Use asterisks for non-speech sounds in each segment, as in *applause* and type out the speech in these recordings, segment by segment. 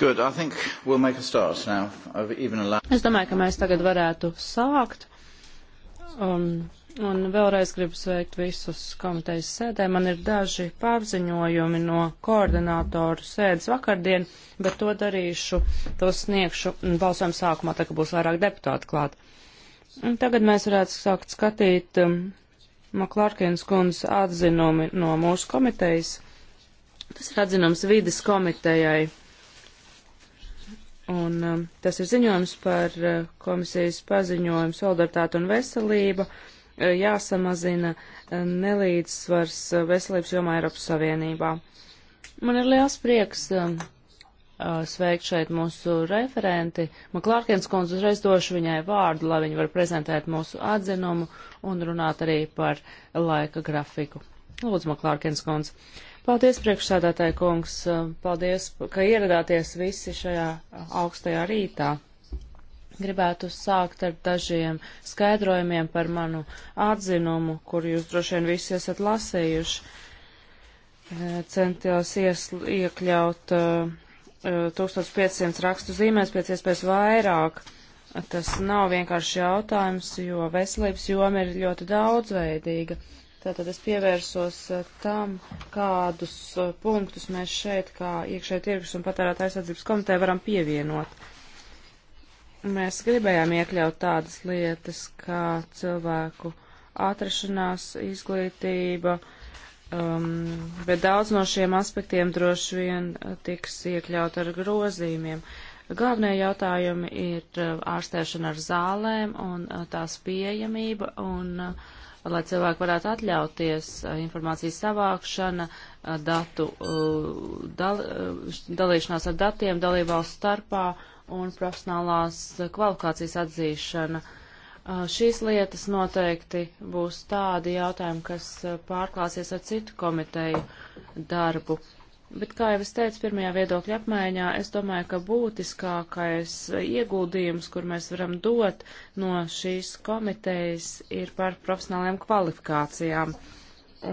Good, I think we'll make a start now. I've even allowed... Es domāju, ka mēs tagad varētu sākt. Um, un vēlreiz gribu sveikt visus komitejas sēdē. Man ir daži pārziņojumi no koordinātoru sēdes vakardien, bet to darīšu, to sniegšu balsojumu sākumā, tā ka būs vairāk deputāti klāt. Un tagad mēs varētu sākt skatīt um, Maklārkins kundzes atzinumi no mūsu komitejas. Tas ir atzinums vides komitejai Un um, tas ir ziņojums par uh, komisijas paziņojumu solidaritāte un veselība. Uh, jāsamazina uh, nelīdzsvars uh, veselības jomā Eiropas Savienībā. Man ir liels prieks um, uh, sveikt šeit mūsu referenti. Man Klārkins kundze uzreiz došu viņai vārdu, lai viņa var prezentēt mūsu atzinumu un runāt arī par laika grafiku. Lūdzu, man Klārkins kundze. Uh, Paldies, priekšsādātāji kungs. Paldies, ka ieradāties visi šajā augstajā rītā. Gribētu sākt ar dažiem skaidrojumiem par manu atzinumu, kur jūs droši vien visi esat lasējuši. Centos iekļaut uh, 1500 uh, rakstu zīmēs pēc iespējas vairāk. Tas nav vienkārši jautājums, jo veselības joma ir ļoti daudzveidīga. Uh, Tātad es pievērsos e, tam, kādus e, punktus mēs šeit, kā iekšēja tirgus un patērētā aizsardzības komiteja, varam pievienot. Mēs gribējām iekļaut tādas lietas, kā cilvēku atrašanās, izglītība, um, bet daudz no šiem aspektiem droši vien e, tiks iekļaut ar grozījumiem. Galvenie jautājumi ir ārstēšana ar zālēm un tās pieejamība un uh, lai cilvēki varētu atļauties eh, informācijas savākšana, eh, datu eh, dal, dalīšanās ar datiem dalībvalstu starpā un profesionālās kvalifikācijas atzīšana. Šīs lietas noteikti būs tādi jautājumi, kas pārklāsies ar citu komiteju darbu. Bet, kā jau es teicu, pirmajā viedokļa apmaiņā, es domāju, ka būtiskākais ieguldījums, kur mēs varam dot no šīs komitejas, ir par profesionālajām kvalifikācijām.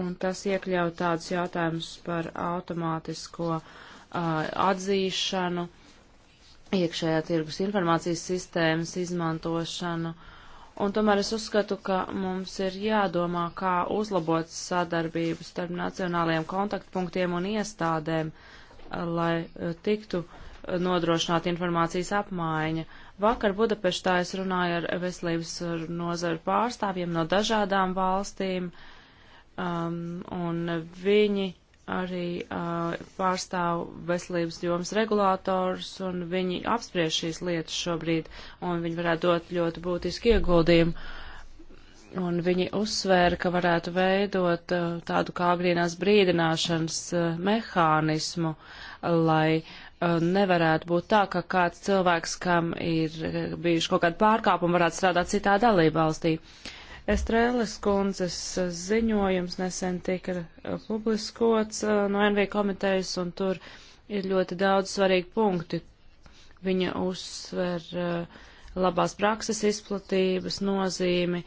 Un tas iekļauj tādus jautājumus par automātisko uh, atzīšanu, iekšējā tirgus informācijas sistēmas izmantošanu. Uh, Un tomēr es uzskatu, ka mums ir jādomā, kā uzlabot sadarbību starp nacionālajiem kontaktpunktiem un iestādēm, lai eh, tiktu eh, nodrošināt informācijas apmaiņa. Vakar Budapeštā es runāju ar veselības nozaru pārstāvjiem no dažādām valstīm, um, un viņi arī uh, pārstāv veselības jomas regulātors, un viņi apspriež šīs lietas šobrīd, un viņi varētu dot ļoti būtisku ieguldījumu. Un viņi uzsvēra, ka varētu veidot uh, tādu kā agrīnās brīdināšanas uh, mehānismu, lai uh, nevarētu būt tā, ka kāds cilvēks, kam ir uh, bijuši kaut kādi pārkāpumi, varētu strādāt citā dalībvalstī. Uh, Estrēles kundzes eh, ziņojums nesen tika eh, publiskots eh, no NV komitejas, un tur ir ļoti daudz svarīgi punkti. Viņa uzsver labās prakses izplatības nozīmi,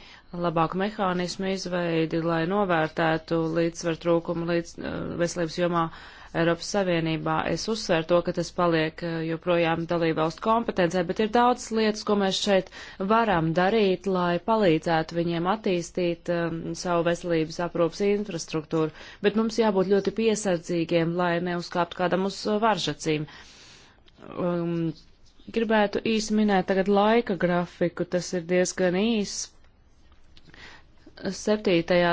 labāku mehānismu izveidi, lai novērtētu līdzsver trūkumu līdz veselības jomā uh, Eiropas Savienībā. Es uzsveru to, ka tas paliek eh, joprojām dalībvalstu kompetencē, bet ir daudz lietas, ko mēs šeit varam darīt, lai palīdzētu viņiem attīstīt um, savu veselības aprūpas infrastruktūru. Bet mums jābūt ļoti piesardzīgiem, lai neuzkāptu kādam uz varžacīm. Um, gribētu īsi minēt tagad laika grafiku, tas ir diezgan īss. 7.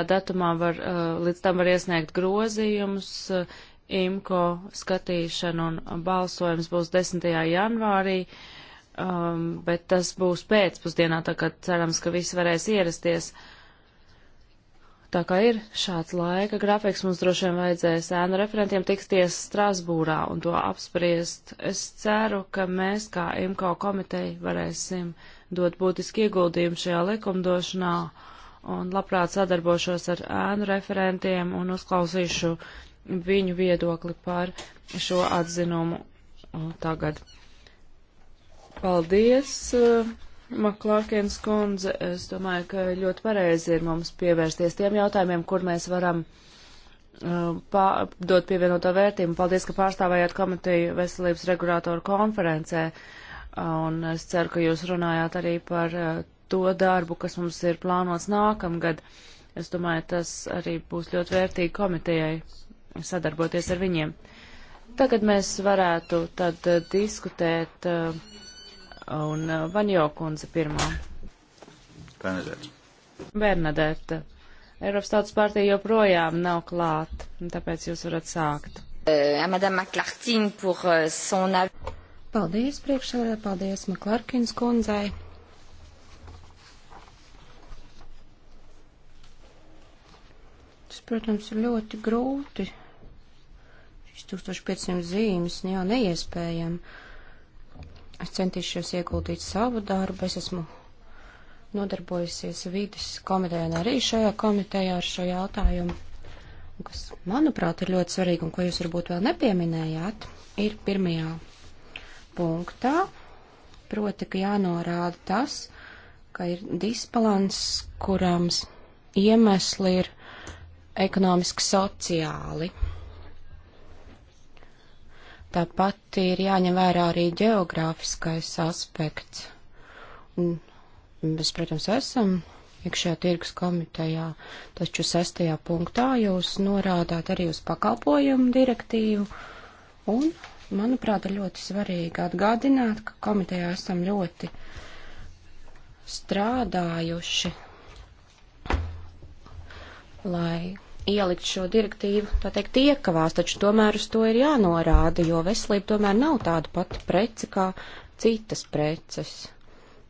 datumā var, uh, līdz tam var iesniegt grozījumus, IMCO skatīšana un balsojums būs 10. janvārī, um, bet tas būs pēcpusdienā, tā kā cerams, ka visi varēs ierasties. Tā kā ir šāds laika grafiks, mums droši vien vajadzēs ēnu referentiem tiksties Strasbūrā un to apspriest. Es ceru, ka mēs, kā IMCO komiteja, varēsim dot būtiski ieguldījumu šajā likumdošanā un labprāt sadarbošos ar ēnu referentiem un uzklausīšu viņu viedokli par šo atzinumu uh, tagad. Paldies, uh, Maklārkens kundze. Es domāju, ka ļoti pareizi ir mums pievērsties tiem jautājumiem, kur mēs varam uh, pā, dot pievienoto vērtību. Paldies, ka pārstāvējāt komiteju veselības regulātoru konferencē. Un es ceru, ka jūs runājāt arī par to darbu, kas mums ir plānots nākamgad. Es domāju, tas arī būs ļoti vērtīgi komitejai sadarboties ar viņiem. Tagad mēs varētu tad eh, diskutēt eh, un eh, Vanjo kundze pirmā. Bernadette. Bernadette. Eiropas Tautas partija joprojām nav klāt, tāpēc jūs varat sākt. Euh, euh, paldies priekšsēdē, paldies Maklārkins kundzei. Tas, protams, ir ļoti grūti Šis 1500 zīmes jau nu neiespējami. Es centīšos ieguldīt savu darbu, es esmu nodarbojusies vidas komitejā un arī šajā komitejā ar šo jautājumu, kas, manuprāt, ir ļoti svarīgi un ko jūs varbūt vēl nepieminējāt, ir pirmajā punktā, proti, ka jānorāda tas, ka ir disbalans, kurams iemesli ir ekonomiski sociāli. Tāpat ir jāņem vērā arī geogrāfiskais aspekts. Un mēs, protams, esam iekšējā tirgus komitejā, taču sestajā punktā jūs norādāt arī uz pakalpojumu direktīvu. Un, manuprāt, ir ļoti svarīgi atgādināt, ka komitejā esam ļoti strādājuši, lai ielikt šo direktīvu, tā teikt, iekavās, taču tomēr uz to ir jānorāda, jo veselība tomēr nav tāda pati prece kā citas preces.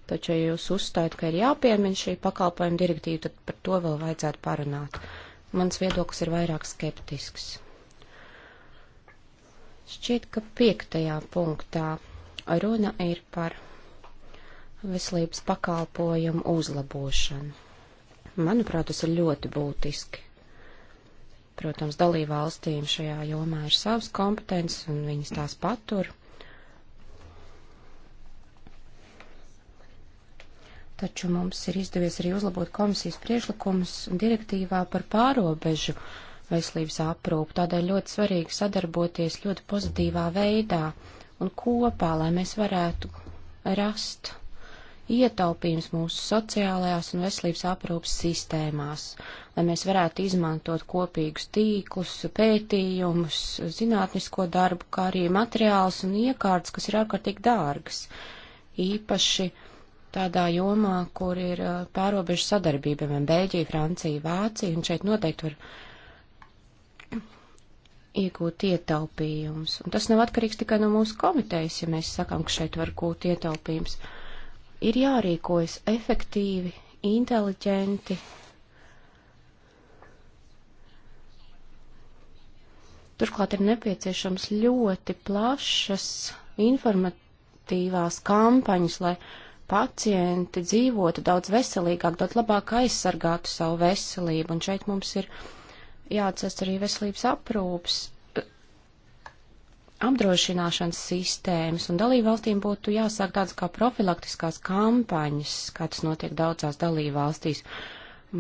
Taču, ja jūs uzstājat, ka ir jāpiemina šī pakalpojuma direktīva, tad par to vēl vajadzētu parunāt. Mans viedoklis ir vairāk skeptisks. Šķiet, ka piektajā punktā runa ir par veselības pakalpojumu uzlabošanu. Manuprāt, tas ir ļoti būtiski. Protams, dalībvalstīm šajā jomā ir savas kompetences un viņas tās patur. Taču mums ir izdevies arī uzlabot komisijas priešlikumus direktīvā par pārobežu veselības aprūpu. Tādēļ ļoti svarīgi sadarboties ļoti pozitīvā veidā un kopā, lai mēs varētu rast ietaupījums mūsu sociālajās un veselības aprūpas sistēmās, lai mēs varētu izmantot kopīgus tīklus, pētījumus, zinātnisko darbu, kā arī materiālus un iekārtas, kas ir ārkārtīgi dārgas. Īpaši tādā jomā, kur ir uh, pārobežu sadarbība, piemēram, Bēļģija, Francija, Vācija, un šeit noteikti var iegūt ietaupījumus. Un tas nav atkarīgs tikai no mūsu komitejas, ja mēs sakām, ka šeit var gūt ietaupījumus ir jārīkojas efektīvi, inteliģenti. Turklāt ir nepieciešams ļoti plašas informatīvās kampaņas, lai pacienti dzīvotu daudz veselīgāk, daudz labāk aizsargātu savu veselību. Un šeit mums ir jāatcest arī veselības aprūpas apdrošināšanas sistēmas, un dalībvalstīm būtu jāsāk tādas kā profilaktiskās kampaņas, kā tas notiek daudzās dalībvalstīs.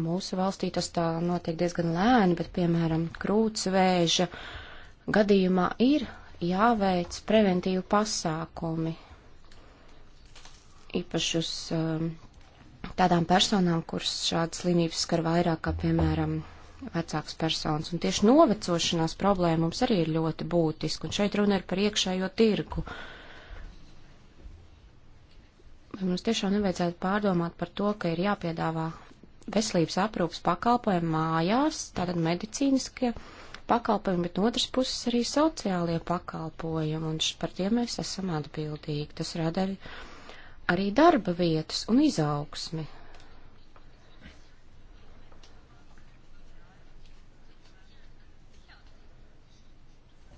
Mūsu valstī tas tā notiek diezgan lēni, bet, piemēram, krūtsvēža gadījumā ir jāveic preventīvu pasākumi, īpaši uz um, tādām personām, kuras šādas slimības skar vairāk, kā, piemēram, vecāks personas. Un tieši novecošanās problēma mums arī ir ļoti būtiska. Un šeit runa ir par iekšējo tirgu. Vai mums tiešām nevajadzētu pārdomāt par to, ka ir jāpiedāvā veselības aprūpas pakalpojumi mājās, tātad medicīniskie pakalpojumi, bet no otras puses arī sociālie pakalpojumi, un par tiem mēs esam atbildīgi. Tas rada arī, arī darba vietas un izaugsmi.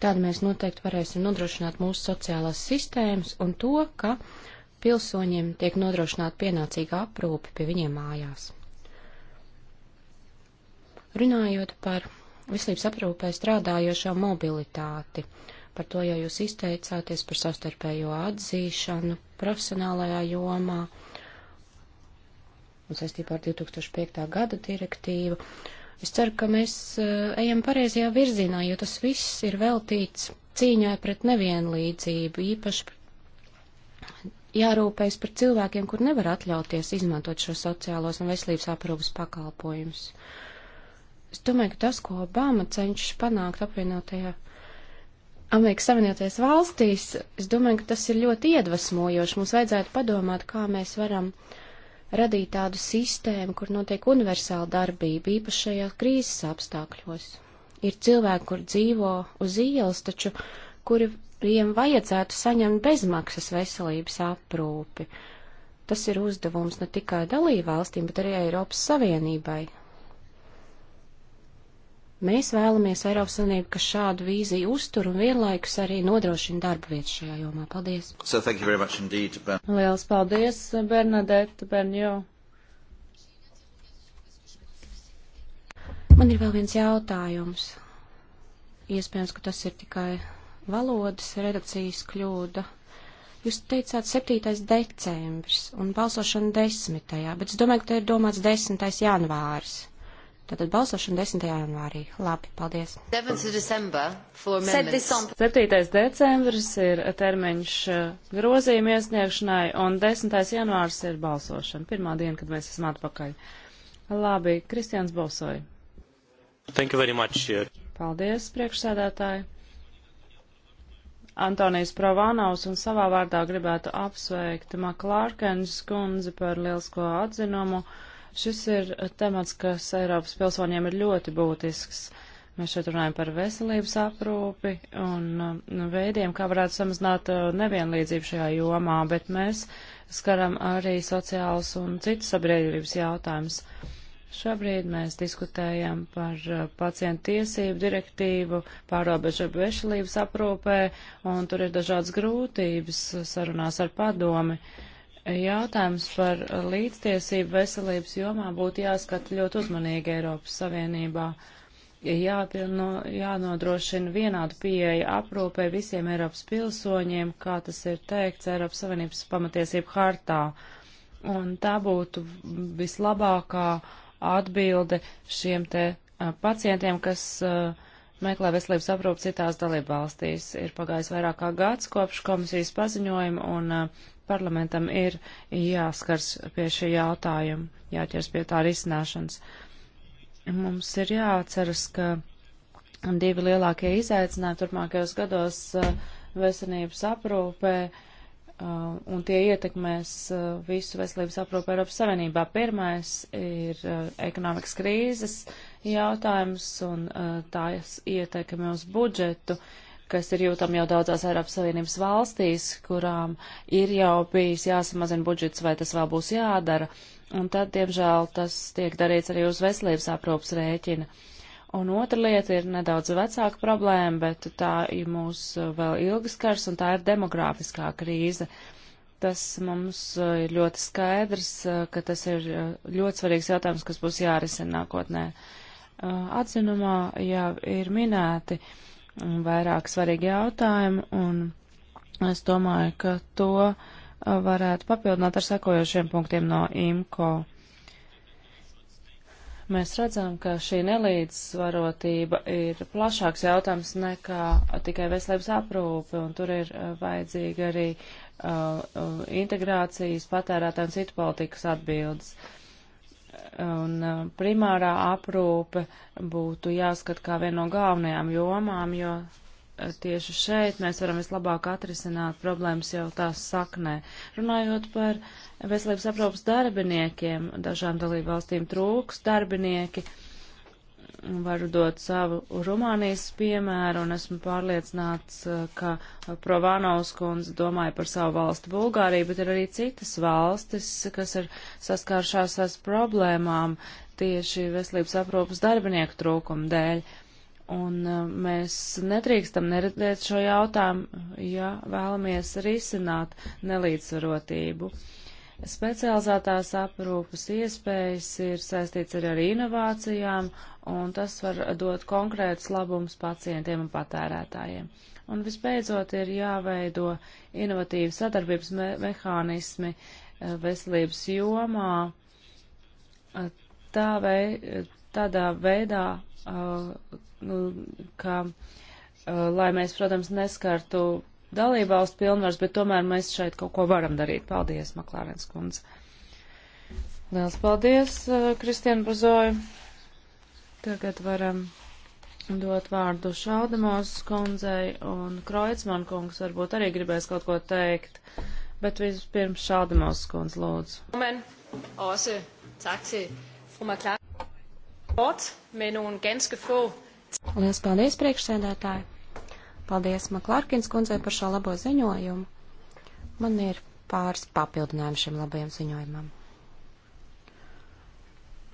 Tad mēs noteikti varēsim nodrošināt mūsu sociālās sistēmas un to, ka pilsoņiem tiek nodrošināta pienācīga aprūpe pie viņiem mājās. Runājot par veselības aprūpē strādājošo mobilitāti, par to jau jūs izteicāties par savstarpējo atzīšanu profesionālajā jomā un saistībā ar 2005. gada direktīvu. Es ceru, ka mēs e, ejam pareizajā virzienā, jo tas viss ir veltīts cīņai pret nevienlīdzību, īpaši jārūpējas par cilvēkiem, kur nevar atļauties izmantot šo sociālos un veselības aprūpas pakalpojumus. Es domāju, ka tas, ko Obama cenšas panākt apvienotajā Amerikas Savienotajās valstīs, es domāju, ka tas ir ļoti iedvesmojoši. Mums vajadzētu padomāt, kā mēs varam uh, radīt tādu sistēmu, kur notiek universāla darbība, īpaši šajā krīzes apstākļos. Ir cilvēki, kur dzīvo uz ielas, taču kuriem vajadzētu saņemt bezmaksas veselības aprūpi. Tas ir uzdevums ne tikai dalībvalstīm, bet arī Eiropas Savienībai, Mēs vēlamies Eiropas Savienību, kas šādu vīziju uztur un vienlaikus arī nodrošina darba vietas šajā jomā. Paldies! So indeed, ben... Liels paldies, Bernadette Bernjo! Man ir vēl viens jautājums. Iespējams, ka tas ir tikai valodas redakcijas kļūda. Jūs teicāt 7. decembris un balsošana 10. bet es domāju, ka te ir domāts 10. janvāris. Tātad balsošana 10. janvārī. Labi, paldies. 7. decembris ir termiņš eh, grozījuma iesniegšanai, un 10. janvārs ir balsošana. Pirmā diena, kad mēs esam atpakaļ. Labi, Kristians Bosoja. Thank you very much. Paldies, priekšsēdētāji. Antonijs Provanovs un savā vārdā gribētu apsveikt Maklārkens kundzi par lielisko atzinumu. Uh, Šis ir temats, kas Eiropas pilsoņiem ir ļoti būtisks. Mēs šeit runājam par veselības aprūpi un um, veidiem, kā varētu samazināt uh, nevienlīdzību šajā jomā, bet mēs skaram arī sociālus un citus sabiedrības jautājumus. Šobrīd mēs diskutējam par uh, pacientu tiesību direktīvu pārobežu veselības aprūpē, un tur ir dažādas grūtības sarunās ar padomi. Uh, Jautājums par līdztiesību veselības jomā būtu jāskata ļoti uzmanīgi Eiropas Savienībā. Jāpilno, jānodrošina vienādu pieeju aprūpē visiem Eiropas pilsoņiem, kā tas ir teikts Eiropas Savienības pamatiesību hartā. Un tā būtu vislabākā atbilde šiem te pacientiem, kas uh, meklē veselības aprūpu citās dalībvalstīs. Ir pagājis vairāk kā gads kopš komisijas paziņojuma, un parlamentam ir jāskars pie šī jautājuma, jāķers pie tā risināšanas. Mums ir jāatceras, ka divi lielākie izaicinājumi turpmākajos gados uh, veselības aprūpē uh, un tie ietekmēs uh, visu veselības aprūpu Eiropas Savienībā. Pirmais ir ekonomikas krīzes jautājums un tās ietekme uz budžetu kas ir jūtama jau daudzās Eiropas Savienības valstīs, kurām ir jau bijis jāsamazina budžets, vai tas vēl būs jādara. Un tad, diemžēl, tas tiek darīts arī uz veselības aprūpas rēķina. Un otra lieta ir nedaudz vecāka problēma, bet tā ir mūs vēl ilgas kars, un tā ir demografiskā krīze. Tas mums uh, ir ļoti skaidrs, uh, ka tas ir uh, ļoti svarīgs jautājums, kas būs jārisina nākotnē. Atzinumā jau ir minēti. Uh, vairāk svarīgi jautājumi, un es domāju, ka to uh, varētu papildināt ar sekojošiem punktiem no IMCO mēs redzam, ka šī nelīdzsvarotība ir plašāks jautājums nekā tikai veselības aprūpe, un tur ir uh, vajadzīga arī uh, uh integrācijas, patērētā un citu politikas atbildes un uh, primārā aprūpe būtu jāskat kā viena no galvenajām jomām, jo uh, tieši šeit mēs varam vislabāk atrisināt problēmas jau tās saknē. Runājot par veselības aprūpas darbiniekiem, dažām dalību valstīm trūks darbinieki, varu dot savu Rumānijas piemēru, un esmu pārliecināts, eh, ka Provānaus kundze domāja par savu valsti Bulgāriju, bet ir arī citas valstis, kas ir saskāršās ar problēmām tieši veselības aprūpas darbinieku trūkumu dēļ. Un eh, mēs nedrīkstam neredzēt šo jautājumu, ja vēlamies risināt nelīdzsvarotību. Uh, Specializētās aprūpas iespējas ir saistīts arī ar inovācijām, un tas var dot konkrētus labumus pacientiem un patērētājiem. Un visbeidzot ir jāveido inovatīvi sadarbības me mehānismi eh, veselības jomā, eh, tā vei, tādā veidā, eh, ka, lai mēs, protams, neskartu dalībvalstu pilnvars, bet tomēr mēs šeit kaut ko varam darīt. Paldies, Maklārens kundze. Liels paldies, eh, Kristian Buzoju. Tagad varam dot vārdu Šaldemos kundzei un Kreutzmann kungs varbūt arī gribēs kaut ko teikt, bet vispirms Šaldemos kundz lūdzu. Man, også, tak til fru Maklārens. Kort, med nogle ganske få. Liels paldies, priekšsēdētāji. Paldies Maklārkins kundzei par šo labo ziņojumu. Man ir pāris papildinājumi šim labajam ziņojumam.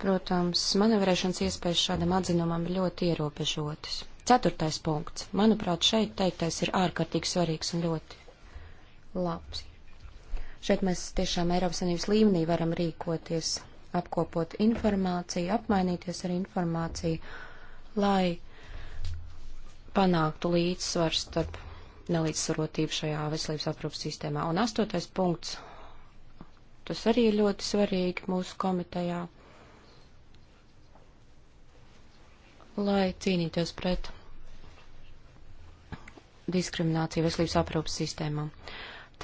Protams, manevrēšanas iespējas šādam atzinumam ir ļoti ierobežotas. Ceturtais punkts. Manuprāt, šeit teiktais ir ārkārtīgi svarīgs un ļoti labs. Šeit mēs tiešām Eiropas Savienības līmenī varam rīkoties, apkopot informāciju, apmainīties ar informāciju, lai panāktu līdzsvars starp nelīdzsvarotību šajā veselības aprūpas sistēmā. Un astotais punkts, tas arī ir ļoti svarīgi mūsu komitejā, lai cīnītos pret diskrimināciju veselības aprūpas sistēmā.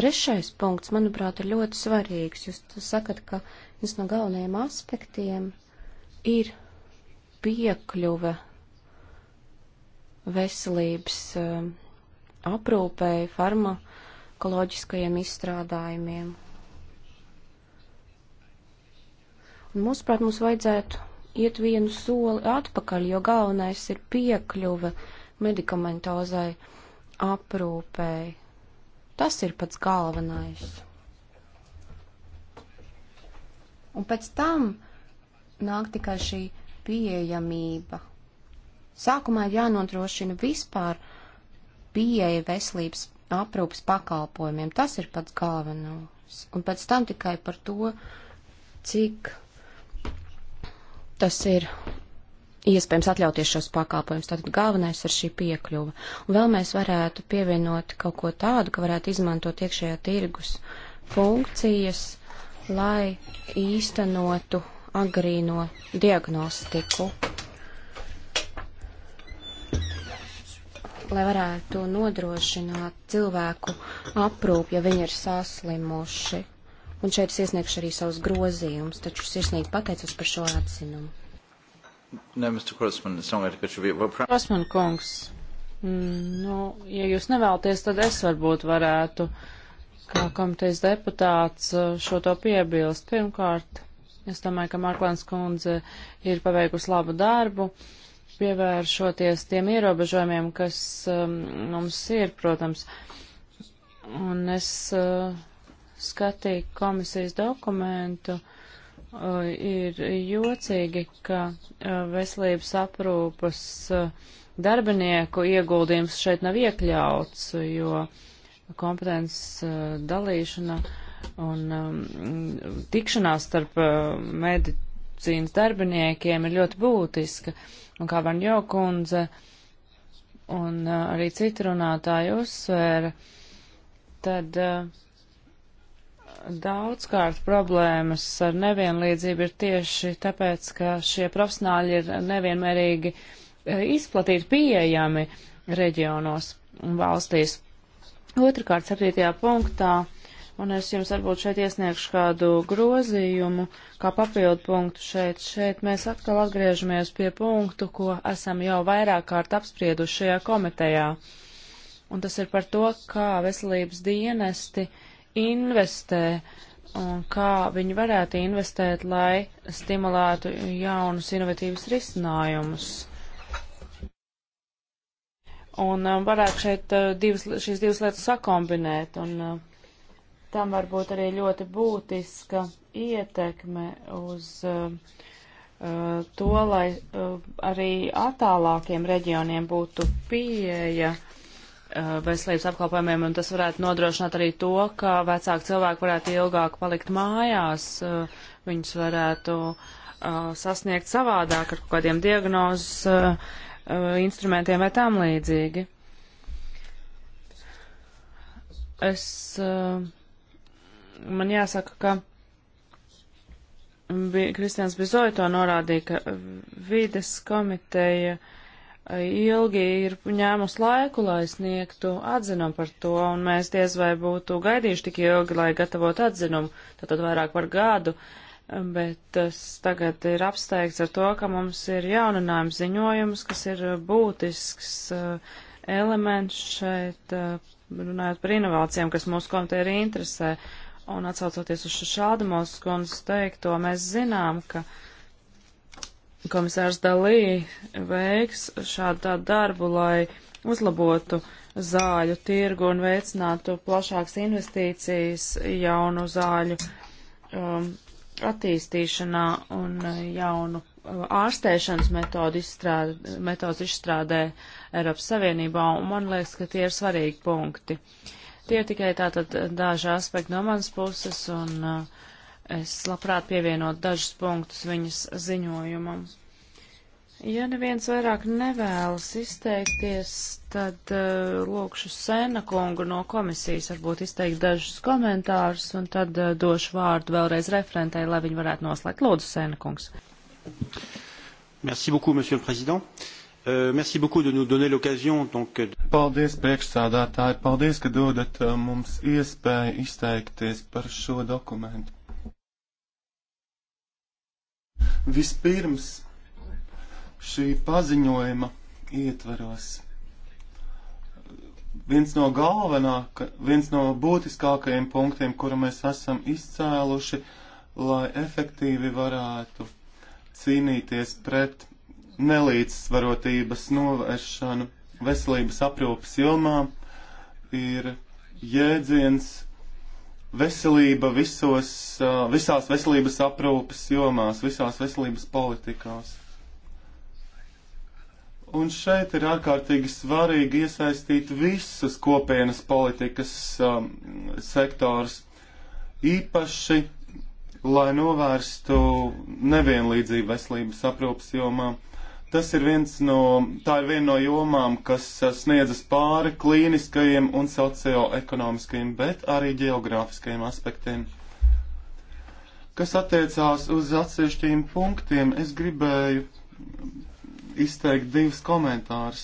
Trešais punkts, manuprāt, ir ļoti svarīgs. Jūs sakat, ka viens no galvenajiem aspektiem ir piekļuve veselības um, aprūpēji, farmakoloģiskajiem izstrādājumiem. Un, mūsuprāt, mums vajadzētu iet vienu soli atpakaļ, jo galvenais ir piekļuve medikamentozai aprūpēji. Tas ir pats galvenais. Un pēc tam nāk tikai šī pieejamība Sākumā ir jānodrošina vispār pieeja veselības aprūpas pakalpojumiem. Tas ir pats galvenais. Un pēc tam tikai par to, cik tas ir iespējams atļauties šos pakalpojumus. Tātad galvenais ir šī piekļuva. Un vēl mēs varētu pievienot kaut ko tādu, ka varētu izmantot iekšējā tirgus funkcijas, lai īstenotu agrīno diagnostiku lai varētu nodrošināt cilvēku aprūpi, ja viņi ir saslimuši. Un šeit es iesniegšu arī savus grozījumus, taču sirsnīgi pateicos par šo atzinumu. Ne, Mr. Krosman, it's not going to get you. Krosman kungs, mm, nu, ja jūs nevēlties, tad es varbūt varētu, kā komitejas deputāts, šo to piebilst. Pirmkārt, es domāju, ka Marklēns kundze ir paveikusi labu darbu. Uh, pievēršoties tiem ierobežojumiem, kas um, mums ir, protams. Un es uh, skatīju komisijas dokumentu. Uh, ir jocīgi, ka uh, veselības aprūpas uh, darbinieku ieguldījums šeit nav iekļauts, jo kompetences uh, dalīšana un um, tikšanās starp uh, medicīnas darbiniekiem ir ļoti būtiska. Uh, un kā Vanjo kundze un uh, arī citi runātāji uzsvēra, tad uh, daudzkārt problēmas ar nevienlīdzību ir tieši tāpēc, ka šie profesionāļi ir nevienmērīgi uh, izplatīti pieejami reģionos un valstīs. Otrakārt, septītajā punktā un es jums varbūt šeit iesniegšu kādu grozījumu, kā papildu punktu šeit. Šeit mēs atkal atgriežamies pie punktu, ko esam jau vairāk kārt apsprieduši šajā komitejā. Un tas ir par to, kā veselības dienesti investē un kā viņi varētu investēt, lai stimulētu jaunus inovatīvus risinājumus. Un um, varētu šeit uh, divas, šīs divas lietas sakombinēt. Un, uh, tam var būt arī ļoti būtiska ietekme uz uh, to, lai uh, arī attālākiem reģioniem būtu pieeja uh, veselības apkalpojumiem, un tas varētu nodrošināt arī to, ka vecāki cilvēki varētu ilgāk palikt mājās, viņus varētu sasniegt savādāk ar kaut kādiem diagnozes instrumentiem vai tam līdzīgi. Es uh, man jāsaka, ka bija, Kristians Bizoja to norādīja, ka vides komiteja ilgi ir ņēmus laiku, lai sniegtu atzinumu par to, un mēs diez vai būtu gaidījuši tik ilgi, lai gatavotu atzinumu, tātad vairāk par gadu, bet tas tagad ir apsteigts ar to, ka mums ir jauninājums ziņojums, kas ir būtisks uh, elements šeit uh, runājot par inovācijām, kas mūsu komitē arī interesē. Un atsaucoties uz šādamos kundzes teikto, mēs zinām, ka komisārs Dalī veiks šādu darbu, lai uzlabotu zāļu tirgu un veicinātu plašākas investīcijas jaunu zāļu um, attīstīšanā un jaunu uh, ārstēšanas metodu izstrādē, metodas izstrādē Eiropas Savienībā, un man liekas, ka tie ir svarīgi punkti. Uh, Tie ir tikai tātad eh, daži aspekti no manas puses, un uh, es labprāt pievienot dažus punktus viņas ziņojumam. Ja neviens vairāk nevēlas izteikties, tad uh, lūkšu Sēna kungu no komisijas varbūt izteikt dažus komentārus, un tad uh, došu vārdu vēlreiz referentai, lai viņi varētu noslēgt. Lūdzu, Sēna kungs. Merci beaucoup, monsieur le président. Uh, Euh, merci beaucoup de nous donner l'occasion. Donc... Paldies, priekšsādātāji. Paldies, ka dodat uh, mums iespēju izteikties par šo dokumentu. Vispirms šī paziņojuma ietveros viens no galvenākajiem, viens no būtiskākajiem punktiem, kuru mēs esam izcēluši, lai efektīvi varētu cīnīties pret nelīdzsvarotības novēršana veselības aprūpas jomā ir jēdziens veselība visos, visās veselības aprūpas jomās, visās veselības politikās. Un šeit ir ārkārtīgi svarīgi iesaistīt visus kopienas politikas um, sektors, īpaši, lai novērstu nevienlīdzību veselības aprūpas jomā. Um, Tas ir viens no, tā ir viena no jomām, kas eh, sniedzas pāri klīniskajiem un socioekonomiskajiem, bet arī geogrāfiskajiem aspektiem. Kas attiecās uz atsevišķiem punktiem, es gribēju izteikt divus komentārus.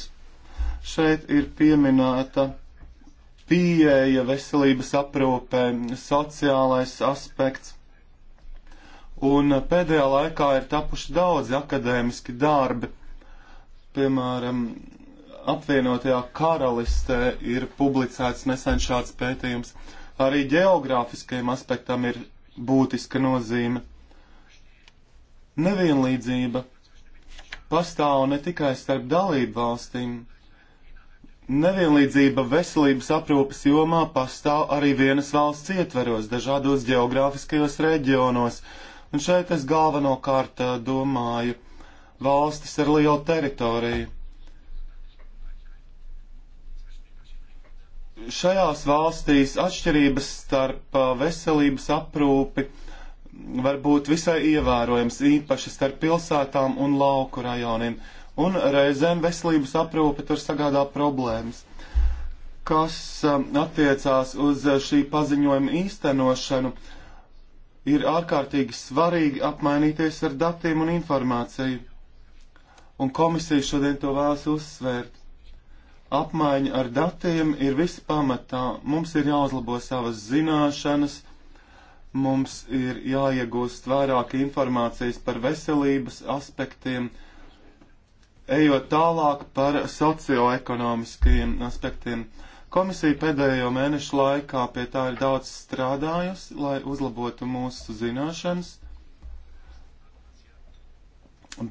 Šeit ir pieminēta pieeja veselības aprūpē, sociālais aspekts. Un eh, pēdējā laikā ir tapuši daudzi akadēmiski darbi Piemēram, apvienotajā karalistē ir publicēts nesen šāds pētījums. Arī geogrāfiskajam aspektam ir būtiska nozīme. Nevienlīdzība pastāv ne tikai starp dalību valstīm. Nevienlīdzība veselības aprūpas jomā pastāv arī vienas valsts ietveros, dažādos geogrāfiskajos reģionos, un šeit es galvenokārt domāju valstis ar lielu teritoriju. Šajās valstīs atšķirības starp uh, veselības aprūpi var būt visai ievērojams, īpaši starp pilsētām un lauku rajoniem, un reizēm veselības aprūpe tur sagādā problēmas. Kas um, attiecās uz šī paziņojuma īstenošanu, ir ārkārtīgi svarīgi apmainīties ar datiem un informāciju un komisija šodien to vēlas uzsvērt. Apmaiņa ar datiem ir viss pamatā. Mums ir jāuzlabo savas zināšanas, mums ir jāiegūst vairāk informācijas par veselības aspektiem, ejot tālāk par socioekonomiskajiem aspektiem. Komisija pēdējo mēnešu laikā pie tā ir daudz strādājusi, lai uzlabotu mūsu zināšanas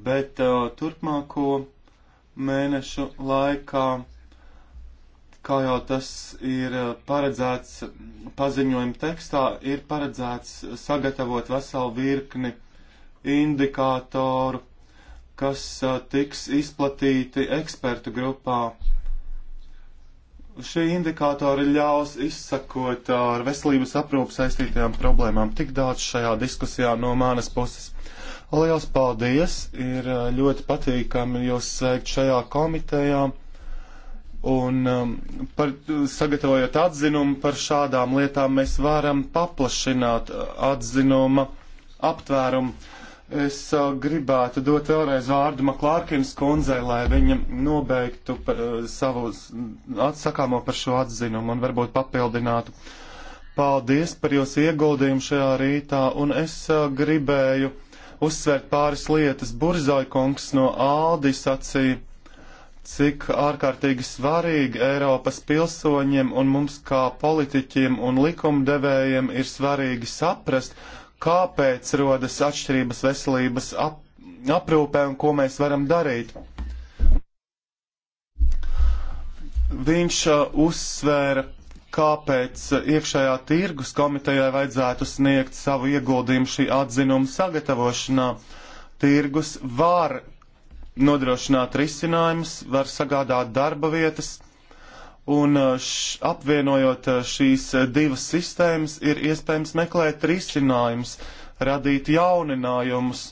bet uh, turpmāko mēnešu laikā, kā jau tas ir uh, paredzēts paziņojuma tekstā, ir paredzēts sagatavot veselu virkni indikātoru, kas uh, tiks izplatīti ekspertu grupā šie indikātori ļaus izsakot uh, ar veselības aprūpu saistītajām problēmām. Tik daudz šajā diskusijā no manas puses. Liels paldies! Ir uh, ļoti patīkami jūs sveikt šajā komitejā un um, par, sagatavojot atzinumu par šādām lietām mēs varam paplašināt uh, atzinuma aptvērumu. Es uh, gribētu dot vēlreiz vārdu Maklārkins kundzei, lai viņa nobeigtu par, uh, savu atsakāmo par šo atzinumu un varbūt papildinātu. Paldies par jūsu ieguldījumu šajā rītā, un es uh, gribēju uh, uzsvērt pāris lietas. Burzaikungs no Aldi sacīja, cik ārkārtīgi svarīgi Eiropas pilsoņiem un mums kā politiķiem un likumdevējiem ir svarīgi saprast, kāpēc rodas atšķirības veselības ap aprūpē un ko mēs varam darīt. Viņš uh, uzsvēra kāpēc iekšējā tirgus komitejai vajadzētu sniegt savu ieguldījumu šī atzinuma sagatavošanā. Tirgus var nodrošināt risinājumus, var sagādāt darba vietas, un uh, š, apvienojot uh, šīs uh, divas sistēmas, ir iespējams meklēt risinājumus, radīt jauninājumus,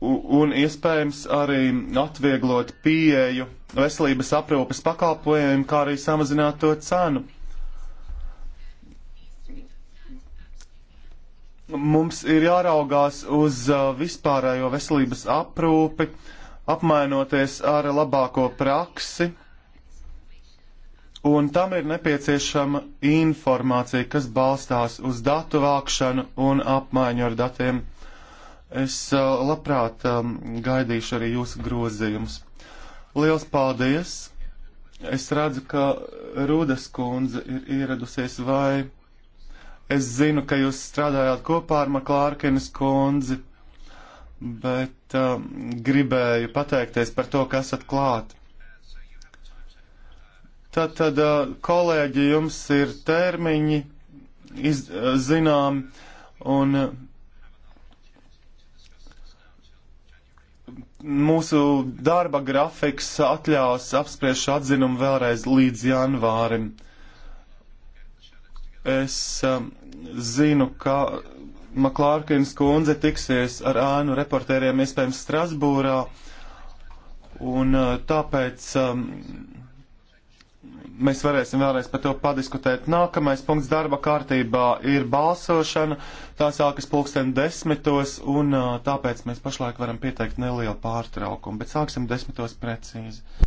un, un iespējams arī atvieglot pieeju veselības aprūpes pakalpojumiem, kā arī samazināt to cenu. Mums ir jāraugās uz uh, vispārējo veselības aprūpi, apmainoties ar labāko praksi, un tam ir nepieciešama informācija, kas balstās uz datu vākšanu un apmaiņu ar datiem. Es uh, labprāt um, gaidīšu arī jūsu grozījumus. Liels paldies! Es redzu, ka Rūdas kundze ir ieradusies vai es zinu, ka jūs strādājāt kopā ar Maklārkenes kundzi, bet um, gribēju pateikties par to, ka esat klāt. Tad, tad uh, kolēģi, jums ir termiņi iz, uh, zinām, un uh, mūsu darba grafiks atļaus apspriest šo atzinumu vēlreiz līdz janvārim. Es um, zinu, ka Maklārkins kundze tiksies ar ānu reportēriem iespējams Strasbūrā, un uh, tāpēc um, mēs varēsim vēlreiz par to padiskutēt. Nākamais punkts darba kārtībā ir balsošana. Tā sākas pulksten desmitos, un tāpēc mēs pašlaik varam pieteikt nelielu pārtraukumu, bet sāksim desmitos precīzi.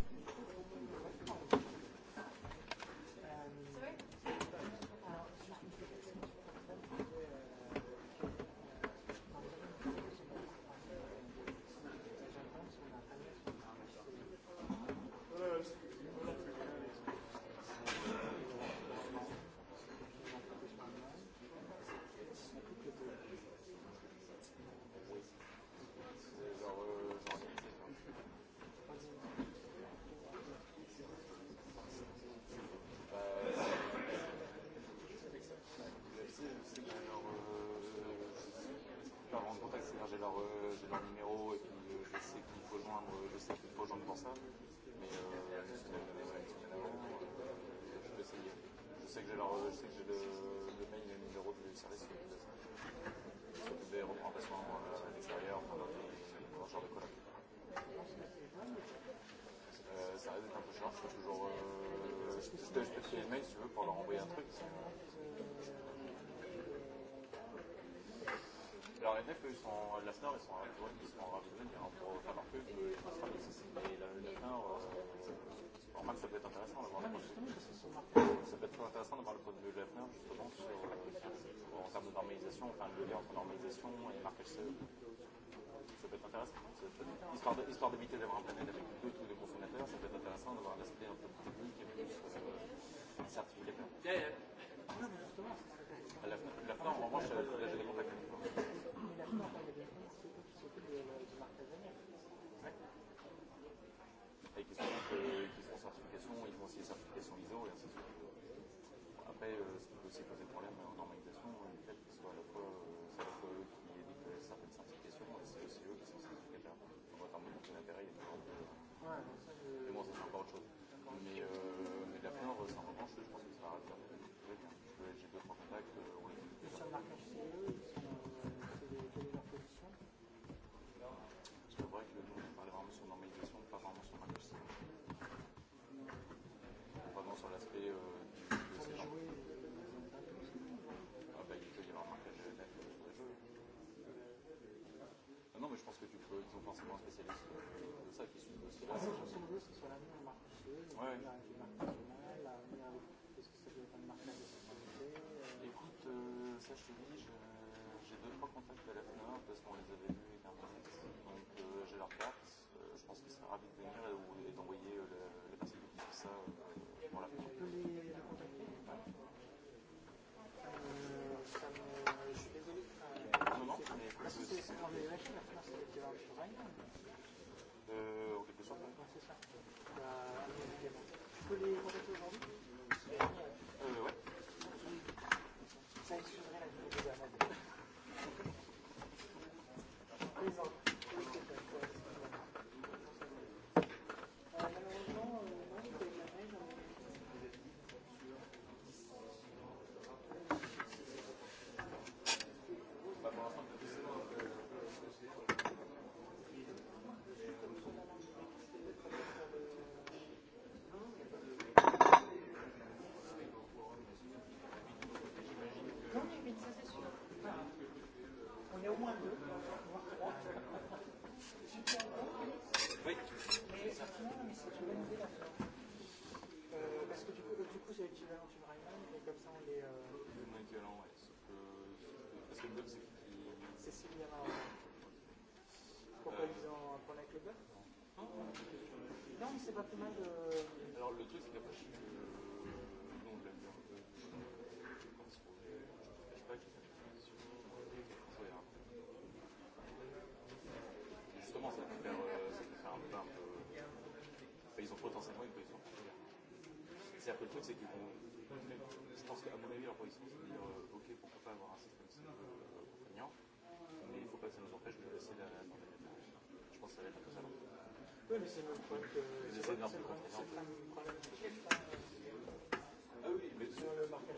Mais bon, ça c'est encore autre chose. Mais, euh, mais la Flandre, en revanche, je pense que ça va très bien. J'ai deux, trois contacts. Euh, on les... Et sur le marquage CE, quelle est leur position C'est vrai que nous, on parlait vraiment sur normalisation, pas vraiment sur marquage CE. Vraiment sur l'aspect euh, du, de ces euh, gens. Ah bah, il peut y avoir un marquage euh, net euh, sur les jeux. Ah non, mais je pense que tu peux, ils ont forcément un spécialiste. Euh, ça qui suit. Parce que là, ah, non, son jeu, c'est sur l'avenir marqueuse, ouais. l'avenir avec les marques nationales, l'avenir avec. Est-ce que ça doit être un marquage de sécurité euh... Écoute, euh, ça, je te dis, j'ai deux, trois contacts à l'AFNA parce qu'on les avait vus internet. Donc, euh, j'ai leur carte. Euh, je pense qu'ils seraient ravis de venir et, et d'envoyer euh, les, les personnes qui font ça. Euh, voilà. Tu peux les, les contacter euh, ça me... Je suis désolé. Euh, non, non, mais. Ah, si, c'est dans les machines, la première, c'est le travail euh, en quelque sorte. Ouais, c'est ça. Tu peux les contacter aujourd'hui euh, Ouais. Ça excuserait la vie des Amades. Plaisante. Ah, c'est pas plus mal de. Alors le truc, c'est qu'il n'a pas su le nom de l'ami. Je pense qu'on est. Je sais pas qui fait sur François Héra. Justement, ça peut faire, euh, ça peut faire un peu. Un peu... Enfin, ils ont potentiellement une position particulière. C'est-à-dire que le truc, c'est qu'ils vont. Je pense qu'à mon avis, leur position, c'est de dire euh, ok, pourquoi pas avoir un système si peu euh, contraignant, mais il ne faut pas que ça nous empêche de laisser la. Je pense que ça va être un peu ça. Oui, mais c'est le même problème que. C'est pas grave de comprendre. Ah oui, mais sur le marquage.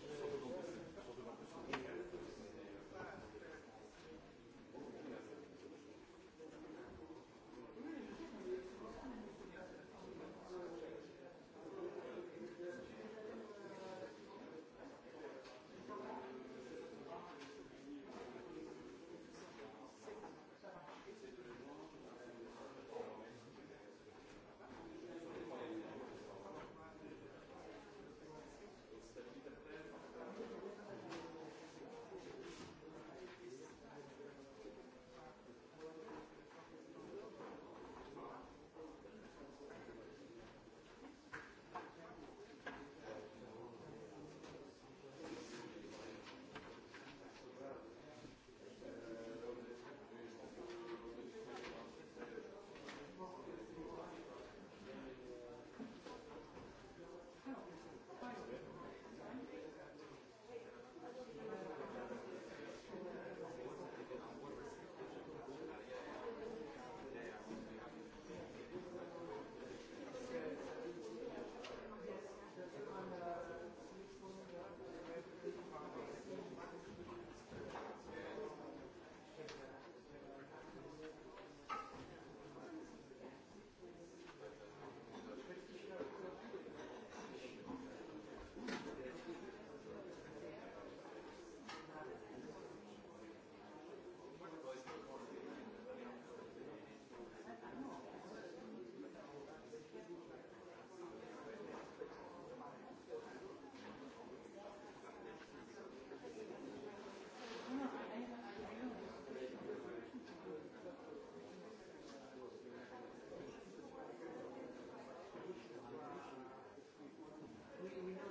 we know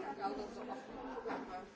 Ja, nou dat is afgelopen.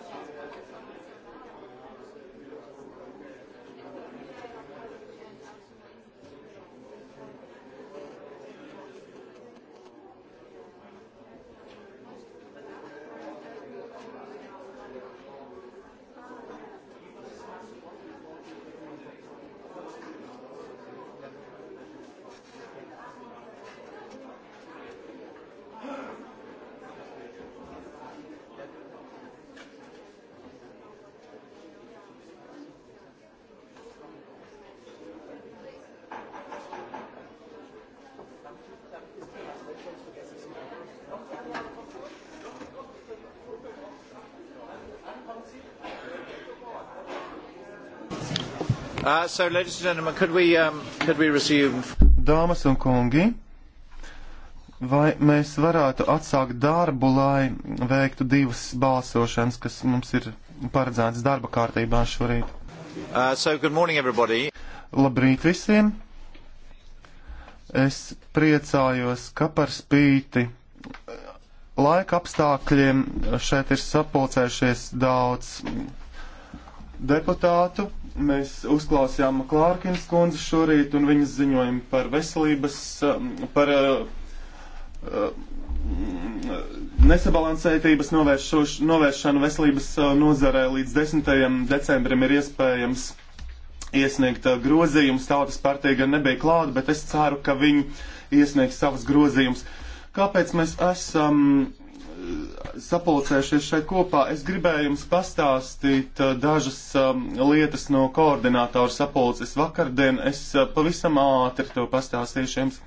Uh, so, ladies and gentlemen, could we, um, could we resume? Dāmas un kungi, vai mēs varētu atsākt darbu, lai veiktu divas balsošanas, kas mums ir paredzētas darba kārtībā šorīt? Uh, so, good morning, everybody. Labrīt visiem! Es priecājos, ka par spīti laika apstākļiem šeit ir sapulcējušies daudz deputātu. Mēs uzklausījām Klārkins kundzi šorīt un viņas ziņojumu par veselības, um, par uh, nesabalansētības novēršanu veselības uh, nozarē līdz 10. decembrim ir iespējams iesniegt uh, grozījumus. Tautas partija gan nebija klāta, bet es ceru, ka viņi iesniegs savus grozījumus. Uh, Kāpēc mēs esam eh, sapulcējušies šeit kopā? Es gribēju jums pastāstīt eh, dažas eh, lietas no koordinātora sapulces vakardien. Es pavisam ātri to pastāstīšu jums.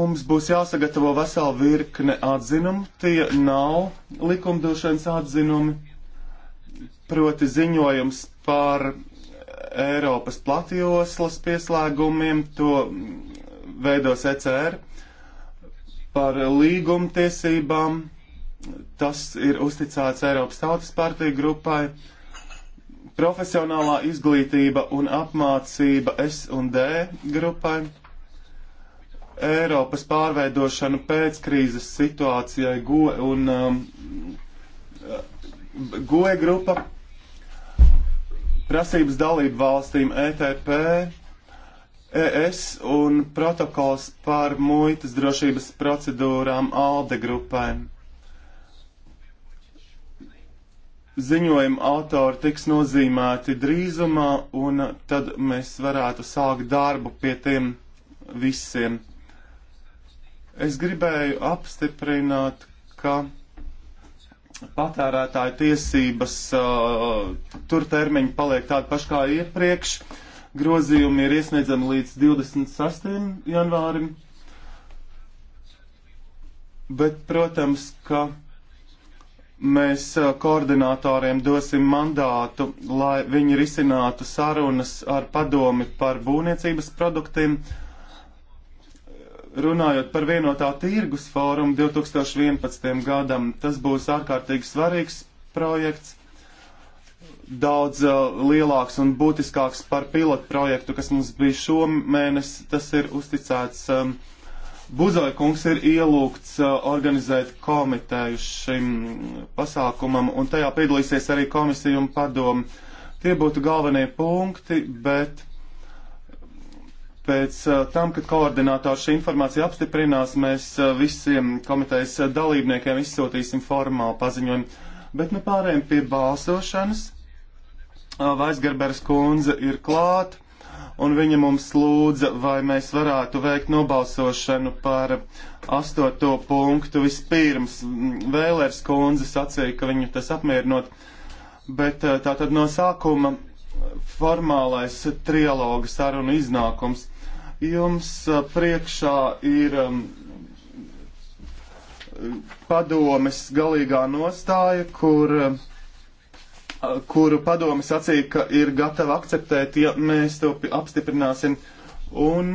Mums būs jāsagatavo vesela virkne atzinumu. Tie nav likumdošanas atzinumi, proti ziņojums par Eiropas platjoslas pieslēgumiem. To veidos ECR par līgumtiesībām. Tas ir uzticēts Eiropas Tautas partija grupai. Profesionālā izglītība un apmācība S un D grupai. Eiropas pārveidošanu pēc krīzes situācijai GOE un um, GOE grupa. Prasības dalību valstīm ETP ES un protokols par muitas drošības procedūrām ALDE grupai. Ziņojuma autori tiks nozīmēti drīzumā, un tad mēs varētu sākt darbu pie tiem visiem. Es gribēju apstiprināt, ka patērētāju tiesības uh, tur termiņi paliek tādi paši kā iepriekš. Uh, Grozījumi ir iesniedzami līdz 26. janvārim. Bet, protams, ka mēs eh, koordinātoriem dosim mandātu, lai viņi risinātu sarunas ar padomi par būvniecības produktiem. Runājot par vienotā tirgus fórumu 2011. gadam, tas būs ārkārtīgi svarīgs projekts, daudz uh, lielāks un būtiskāks par pilotu projektu, kas mums bija šomēnes. Tas ir uzticēts. Um, Buzoja kungs ir ielūgts uh, organizēt komiteju šim pasākumam, un tajā piedalīsies arī komisija un padomu. Tie būtu galvenie punkti, bet pēc uh, tam, kad koordinātors šī informācija apstiprinās, mēs uh, visiem komitejas uh, dalībniekiem izsūtīsim formālu paziņojumu. Bet nu pārējiem pie balsošanas. Vaisgerberas kundze ir klāt, un viņa mums lūdza, vai mēs varētu veikt nobalsošanu par astoto punktu vispirms. Vēlērs kundze sacīja, ka viņu tas apmierinot, bet tātad no sākuma formālais trialoga saruna iznākums. Jums priekšā ir padomes galīgā nostāja, kur uh, kuru padomi sacīja, ka ir gatava akceptēt, ja mēs to apstiprināsim, un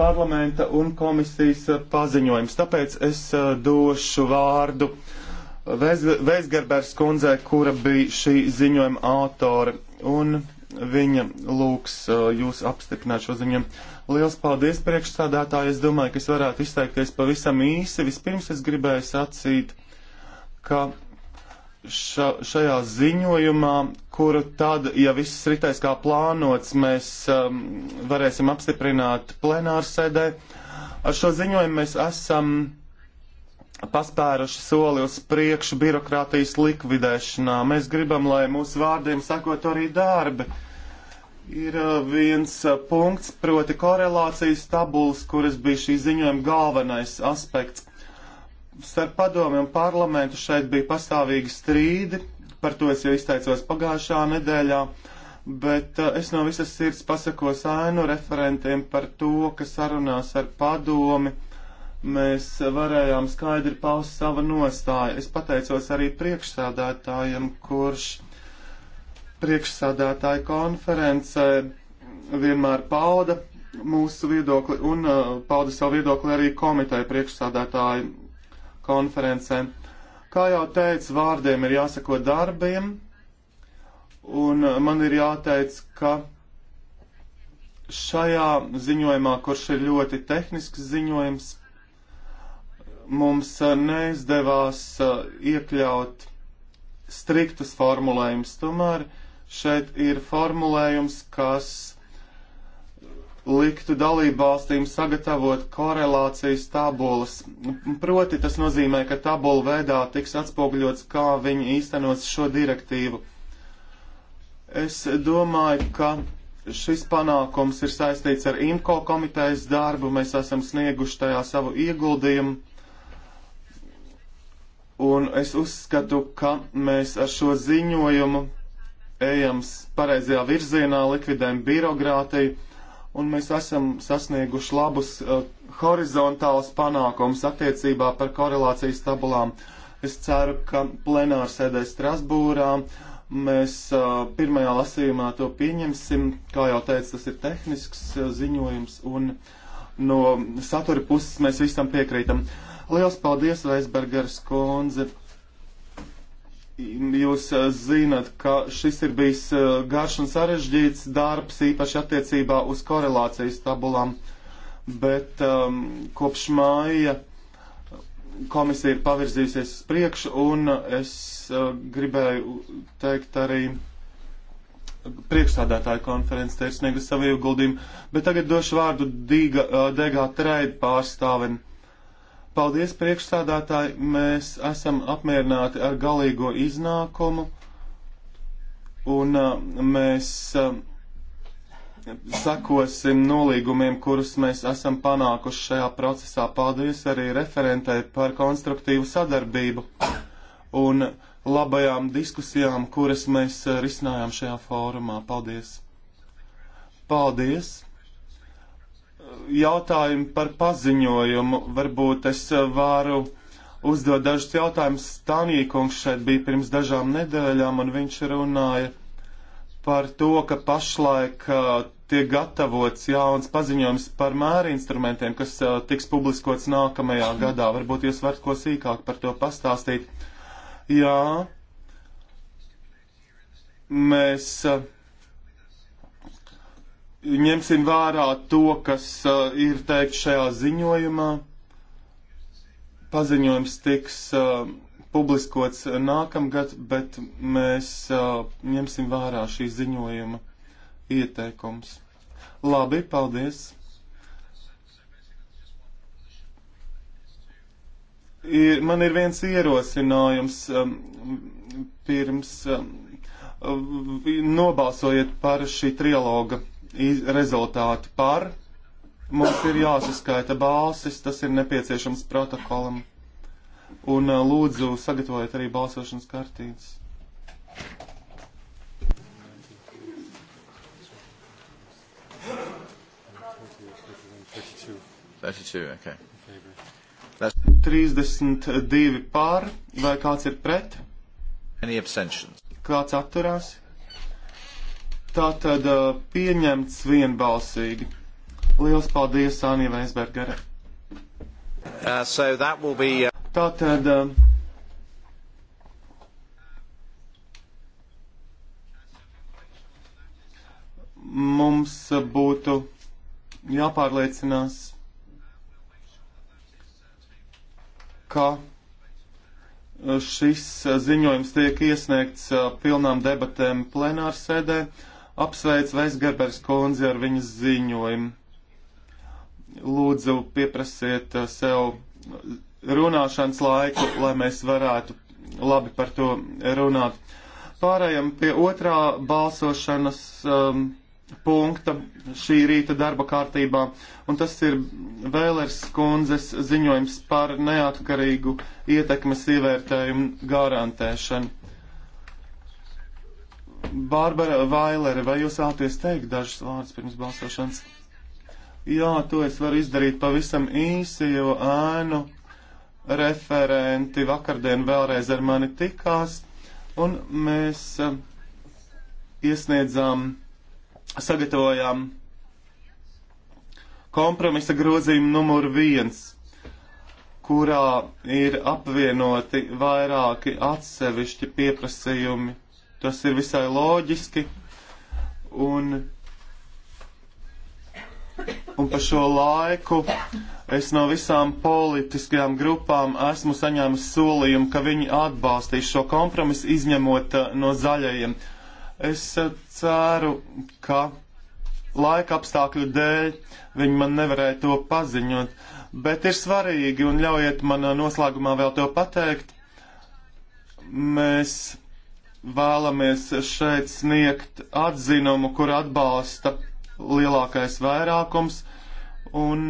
parlamenta un komisijas eh, paziņojums. Tāpēc es eh, došu vārdu Veisgerbers kundzei, kura bija šī ziņojuma autore, un viņa lūgs eh, jūs apstiprināt šo ziņojumu. Liels paldies priekšstādātāji, es domāju, ka es varētu izteikties pavisam īsi. Vispirms es gribēju sacīt, ka ša, šajā ziņojumā, kuru tad, ja viss ritēs kā plānots, mēs um, varēsim apstiprināt plenārsēdē. Ar šo ziņojumu mēs esam paspēruši soli uz priekšu birokrātijas likvidēšanā. Mēs gribam, lai mūsu vārdiem sakot arī darbi. Ir uh, viens uh, punkts, proti korelācijas tabulas, kuras bija šī ziņojuma galvenais aspekts. Starp padomi un parlamentu šeit bija pastāvīgi strīdi, par to es jau izteicos pagājušā nedēļā, bet uh, es no visas sirds pasakos ainu referentiem par to, ka sarunās ar padomi mēs varējām skaidri paust savu nostāju. Es pateicos arī priekšsādātājiem, kurš priekšsādātāja konferencē vienmēr pauda mūsu viedokli un uh, pauda savu viedokli arī komiteja priekšsādātāju konferencē. Kā jau teicu, vārdiem ir jāsako darbiem, un uh, man ir jāteic, ka šajā ziņojumā, kurš ir ļoti tehnisks ziņojums, mums uh, neizdevās uh, iekļaut striktus formulējumus. Tomēr šeit ir formulējums, kas liktu dalībvalstīm sagatavot korelācijas tabulas. Proti tas nozīmē, ka tabula veidā tiks atspoguļots, kā viņi īstenos šo direktīvu. Es domāju, ka šis panākums ir saistīts ar IMCO komitejas darbu. Mēs esam snieguši tajā savu ieguldījumu. Un es uzskatu, ka mēs ar šo ziņojumu ejam pareizajā virzienā, likvidējam birokrātiju un mēs esam sasnieguši labus uh, horizontālus panākumus attiecībā par korelācijas tabulām. Es ceru, ka plenāra sēdē Strasbūrā mēs uh, pirmajā lasījumā to pieņemsim. Kā jau teicu, tas ir tehnisks uh, ziņojums un no satura puses mēs visam piekrītam. Liels paldies, Reisbergers kundze! Jūs eh, zinat, ka šis ir bijis eh, garš un sarežģīts darbs, īpaši attiecībā uz korelācijas tabulām, bet um, kopš māja komisija ir pavirzījusies uz priekšu, un es uh, gribēju teikt arī priekšstādātāju konferences te ir sniegus savu ieguldījumu, bet tagad došu vārdu Dīga, uh, Degā Treid pārstāvim. Paldies, priekšsādātāji! Mēs esam apmierināti ar galīgo iznākumu, un uh, mēs uh, sakosim nolīgumiem, kurus mēs esam panākuši šajā procesā. Paldies arī referentei par konstruktīvu sadarbību un labajām diskusijām, kuras mēs uh, risinājām šajā fórumā. Paldies! Paldies! jautājumu par paziņojumu. Varbūt es eh, varu uzdot dažus jautājumus. Stānīkungs šeit bija pirms dažām nedēļām, un viņš runāja par to, ka pašlaik eh, tiek gatavots jauns paziņojums par mēri instrumentiem, kas uh, tiks publiskots nākamajā gadā. Varbūt jūs varat ko sīkāk par to pastāstīt. Jā, mēs uh, ņemsim vērā to, kas uh, ir teikt šajā ziņojumā. Paziņojums tiks uh, publiskots nākamgad, bet mēs uh, ņemsim vērā šī ziņojuma ieteikums. Labi, paldies! Ir, man ir viens ierosinājums um, pirms um, uh, nobalsojiet par šī trialoga rezultāti par. Mums ir jāsaskaita balsis, tas ir nepieciešams protokolam. Un uh, lūdzu sagatavojiet arī balsošanas kartītes. Okay. 32 pār, vai kāds ir pret? Kāds atturās? Tā tad uh, pieņemts vienbalsīgi. Lielas paldies, Anija Veisbergere. Uh, so be, uh... Tā tad. Uh, mums būtu jāpārliecinās, ka uh, šis ziņojums tiek iesniegts uh, pilnām debatēm plenārsēdē. sēdē apsveic Veisgerbers kundzi ar viņas ziņojumu. Lūdzu, pieprasiet uh, sev runāšanas laiku, lai mēs varētu labi par to runāt. Pārējām pie otrā balsošanas um, punkta šī rīta darba kārtībā, un tas ir Vēlers kundzes ziņojums par neatkarīgu ietekmes ievērtējumu garantēšanu. Bārbara Vailere, vai jūs vēlaties teikt dažus vārdus pirms balsošanas? Jā, to es varu izdarīt pavisam īsi, jo ēnu referenti vakardien vēlreiz ar mani tikās, un mēs eh, iesniedzām, sagatavojām kompromisa grozījumu numur viens, kurā ir apvienoti vairāki atsevišķi pieprasījumi Tas ir visai loģiski. Un, un pa šo laiku es no visām politiskajām grupām esmu saņēmis solījumu, ka viņi atbalstīs šo kompromisu, izņemot eh, no zaļajiem. Es eh, ceru, ka laika apstākļu dēļ viņi man nevarēja to paziņot, bet ir svarīgi, un ļaujiet man eh, noslēgumā vēl to pateikt, mēs vēlamies šeit sniegt atzinumu, kur atbalsta lielākais vairākums, un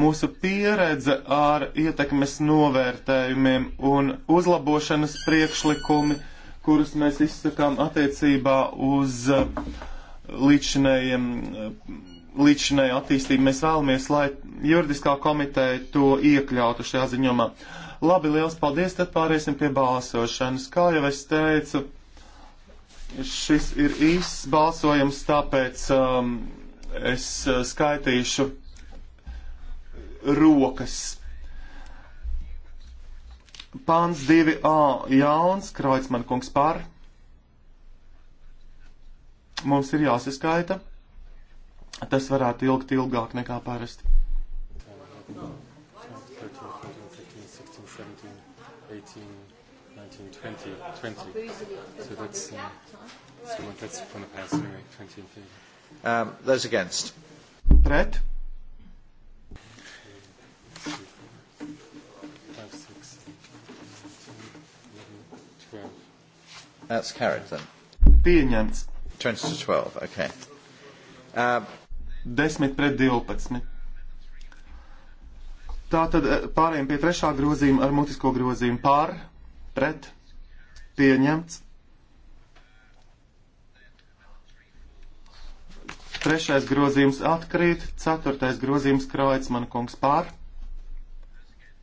mūsu pieredze ar ietekmes novērtējumiem un uzlabošanas priekšlikumi, kurus mēs izsakām attiecībā uz eh, līdzinējiem eh, līdzinēju attīstību. Mēs vēlamies, lai juridiskā komiteja to iekļautu šajā ziņomā. Uh, Labi, liels paldies, tad pāriesim pie balsošanas. Kā jau es teicu, šis ir īsts balsojums, tāpēc um, es uh, skaitīšu rokas. Pāns 2a jauns, Kreutzmann kungs par. Mums ir jāsaskaita. Tas varētu ilgt ilgāk nekā parasti. No. 20, 20. So that's, uh, so that's from the past anyway, 20 in favor. Um, those against? Pret? That's carried then. Pieņemts. 20 to 12, okay. Um, uh, 10 pret 12. Tātad pārējiem pie trešā grozījuma ar mutisko grozījumu pār, pret, pieņemts. Trešais grozījums atkrīt, ceturtais grozījums krājas man kungs pār,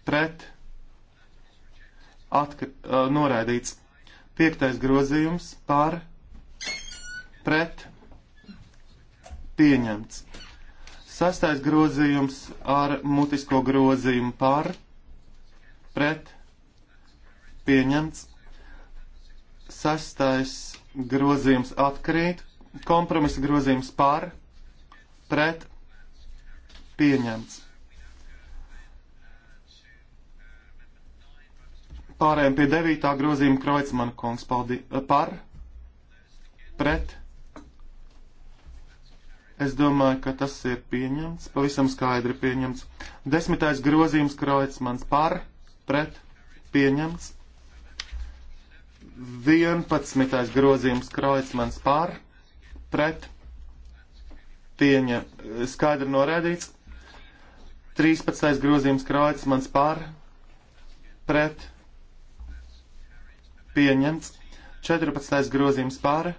pret, atkr, uh, noraidīts. Piektais grozījums pār, pret, pieņemts. Sastais grozījums ar mutisko grozījumu pār, pret, pieņemts. Sastais grozījums atkrīt. Kompromisa grozījums par, pret, pieņemts. Pārējiem pie devītā grozījuma Kreutzmann kungs paldi, eh, par, pret. Es domāju, ka tas ir pieņemts, pavisam skaidri pieņemts. Desmitais grozījums Kreutzmanns par, pret, pieņemts. 11. grozījums Kreutzmans pār, pret, pieņa, skaidri norēdīts. 13. grozījums Kreutzmans pār, pret, pieņemts. 14. grozījums pār,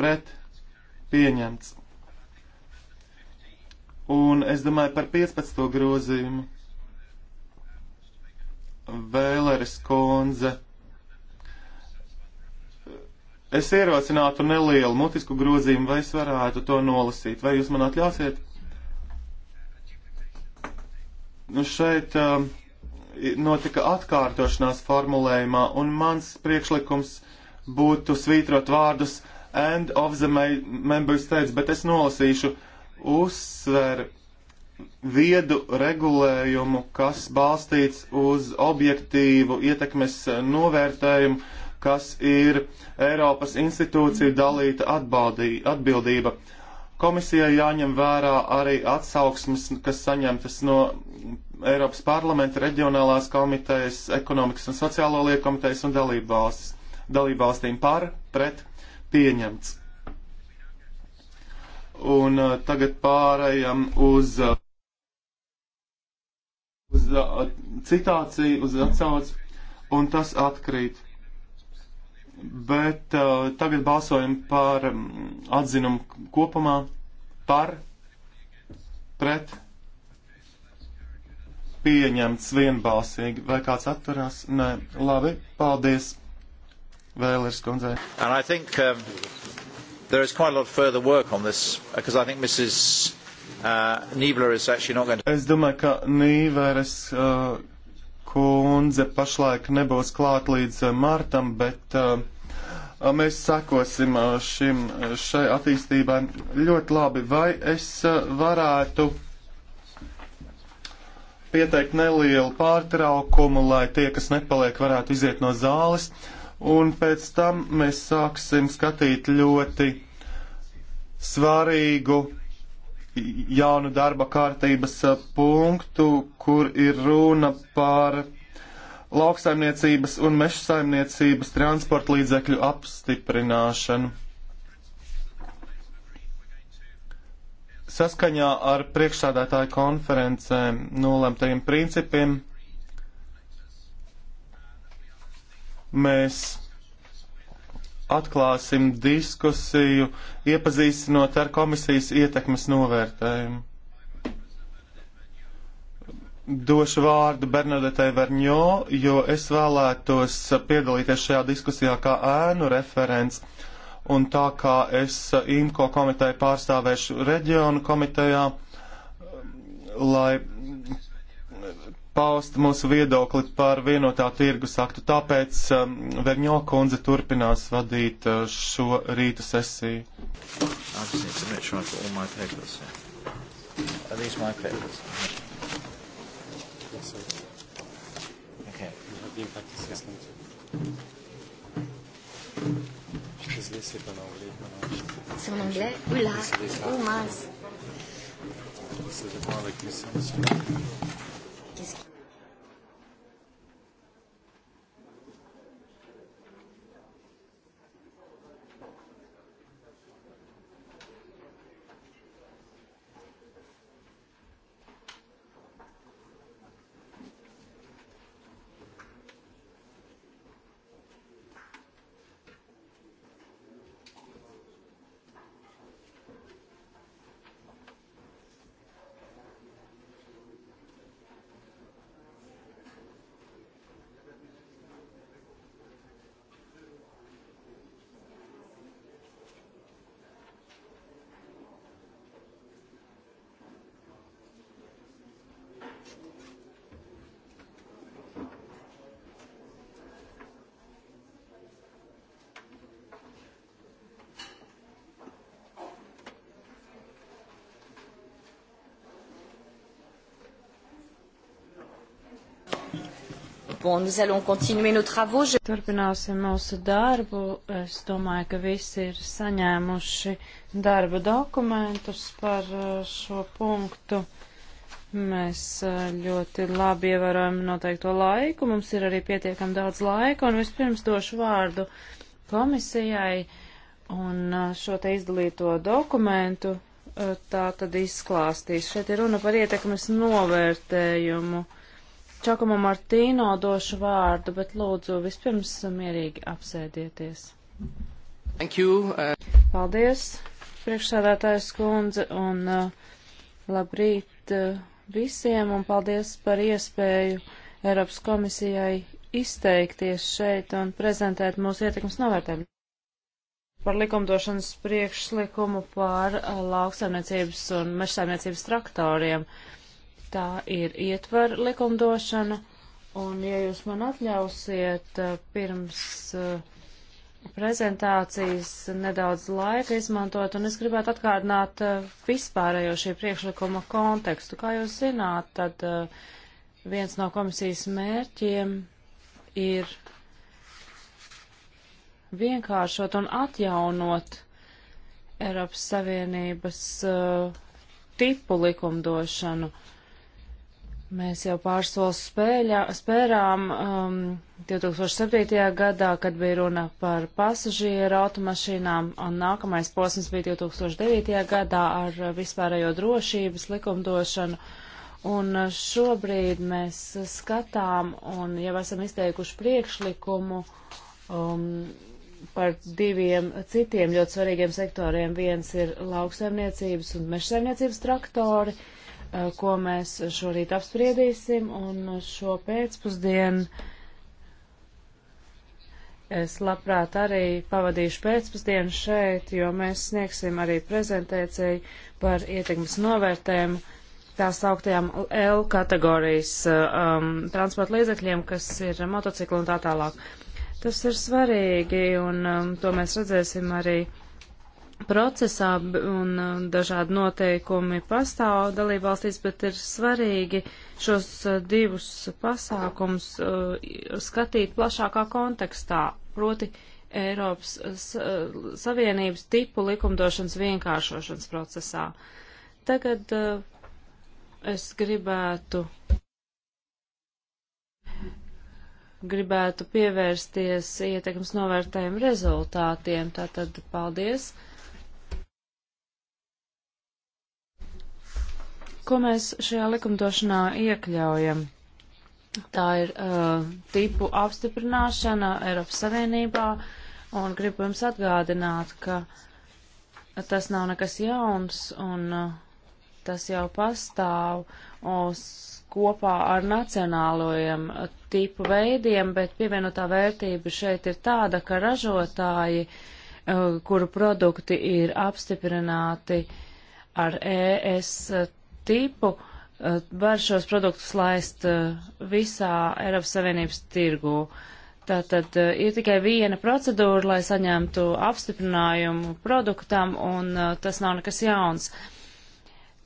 pret, pieņemts. Un es domāju par 15. grozījumu. Vēleris Konze Es ierosinātu nelielu mutisku grozījumu, vai es varētu to nolasīt, vai jūs man atļausiet? Nu šeit uh, notika atkārtošanās formulējumā, un mans priekšlikums būtu svītrot vārdus end of the member states, bet es nolasīšu uzsver viedu regulējumu, kas balstīts uz objektīvu ietekmes novērtējumu kas ir Eiropas institūciju dalīta atbaldī, atbildība. Komisijai jāņem vērā arī atsauksmes, kas saņemtas no Eiropas parlamenta reģionālās komitejas, ekonomikas un sociālo lietu komitejas un dalību, valsts, dalību valstīm par, pret, pieņemts. Un uh, tagad pārējām uz, uh, uz uh, citāciju, uz atsauci, un tas atkrīt bet uh, tagad balsojam par um, atzinumu kopumā par pret pieņemts vienbalsīgi. Vai kāds atturās? Nē, labi, paldies Vēlers kundzei. Um, there is quite a lot of further work on this because uh, I think Mrs. Uh, Niebler is actually not going to. Es domāju, ka Nīveres uh, kundze pašlaik nebūs klāt līdz uh, martam, bet uh, mēs sakosim šim, šai attīstībai ļoti labi. Vai es varētu pieteikt nelielu pārtraukumu, lai tie, kas nepaliek, varētu iziet no zāles, un pēc tam mēs sāksim skatīt ļoti svarīgu jaunu darba kārtības punktu, kur ir runa par lauksaimniecības un meža saimniecības transporta līdzekļu apstiprināšanu. Saskaņā ar priekšsādātāju konferencēm nolemtajiem principiem mēs atklāsim diskusiju, iepazīstinot ar komisijas ietekmes novērtējumu. Došu vārdu Bernadetei Verņo, jo es vēlētos piedalīties šajā diskusijā kā ēnu referents. Un tā kā es IMCO komiteju pārstāvēšu reģionu komitejā, lai paust mūsu viedokli par vienotā tirgus aktu. Tāpēc um, Verņo kundze turpinās vadīt uh, šo rīta sesiju. I just need to make sure I've got all my papers here. Are these my papers? the impact assessment. Je désolé, c'est en anglais. C'est en anglais Oula Oh mince Qu'est-ce qui... Bon, nous allons continuer nos travaux. Je... Turpināsim mūsu darbu. Es domāju, ka visi ir saņēmuši darba dokumentus par uh, šo punktu. Mēs uh, ļoti labi ievērojam noteikto laiku, mums ir arī pietiekam daudz laika, un vispirms došu vārdu komisijai un uh, šo te izdalīto dokumentu tā tad izklāstīs. Šeit ir runa par ietekmes novērtējumu. Uh, Čakamam Martīno došu vārdu, bet lūdzu vispirms mierīgi apsēdieties. Thank you. Uh... Paldies, priekšsādātājs kundze, un uh, labrīt uh, visiem, un paldies par iespēju Eiropas komisijai izteikties šeit un prezentēt mūsu ietekmes novērtējumu par likumdošanas priekšlikumu par uh, lauksaimniecības un mežsaimniecības traktoriem. Uh, tā ir ietver likumdošana, un, ja jūs man atļausiet, eh, pirms eh, prezentācijas nedaudz laika izmantot, un es gribētu atkārdināt eh, vispārējo šī priekšlikuma kontekstu. Kā jūs zināt, tad viens no komisijas mērķiem ir vienkāršot un atjaunot Eiropas Savienības uh, tipu likumdošanu. Uh, Mēs jau pāris solis spērām um, 2007. gadā, kad bija runa par pasažieru automašīnām, un nākamais posms bija 2009. gadā ar vispārējo drošības likumdošanu. Un šobrīd mēs skatām un jau esam izteikuši priekšlikumu um, par diviem citiem ļoti svarīgiem sektoriem. Viens ir lauksaimniecības un mežsaimniecības traktori. Uh, Eh, ko mēs šorīt apspriedīsim, un šo pēcpusdienu es labprāt arī pavadīšu pēcpusdienu šeit, jo mēs sniegsim arī prezentāciju par ietekmes novērtējumu tā sauktajām L kategorijas eh, um, transporta līdzekļiem, kas ir motocikli un tā tālāk. Tas ir svarīgi, un um, to mēs redzēsim arī uh, procesā un uh, dažādi noteikumi pastāv dalībvalstīs, bet ir svarīgi šos uh, divus pasākums uh, skatīt plašākā kontekstā, proti Eiropas Savienības tipu likumdošanas vienkāršošanas procesā. Tagad es gribētu, gribētu pievērsties ietekmes novērtējumu rezultātiem. Tātad paldies! Ko mēs šajā likumdošanā iekļaujam? Tā ir uh, tipu apstiprināšana Eiropas Savienībā, un gribu jums atgādināt, ka tas nav nekas jauns, un uh, tas jau pastāv uz, kopā ar nacionālojiem uh, tipu veidiem, bet pievienotā vērtība šeit ir tāda, ka ražotāji, uh, kuru produkti ir apstiprināti ar ES tipu eh, var šos produktus laist eh, visā Eiropas Savienības tirgū. Tātad eh, ir tikai viena procedūra, lai saņemtu apstiprinājumu produktam, un tas nav nekas jauns.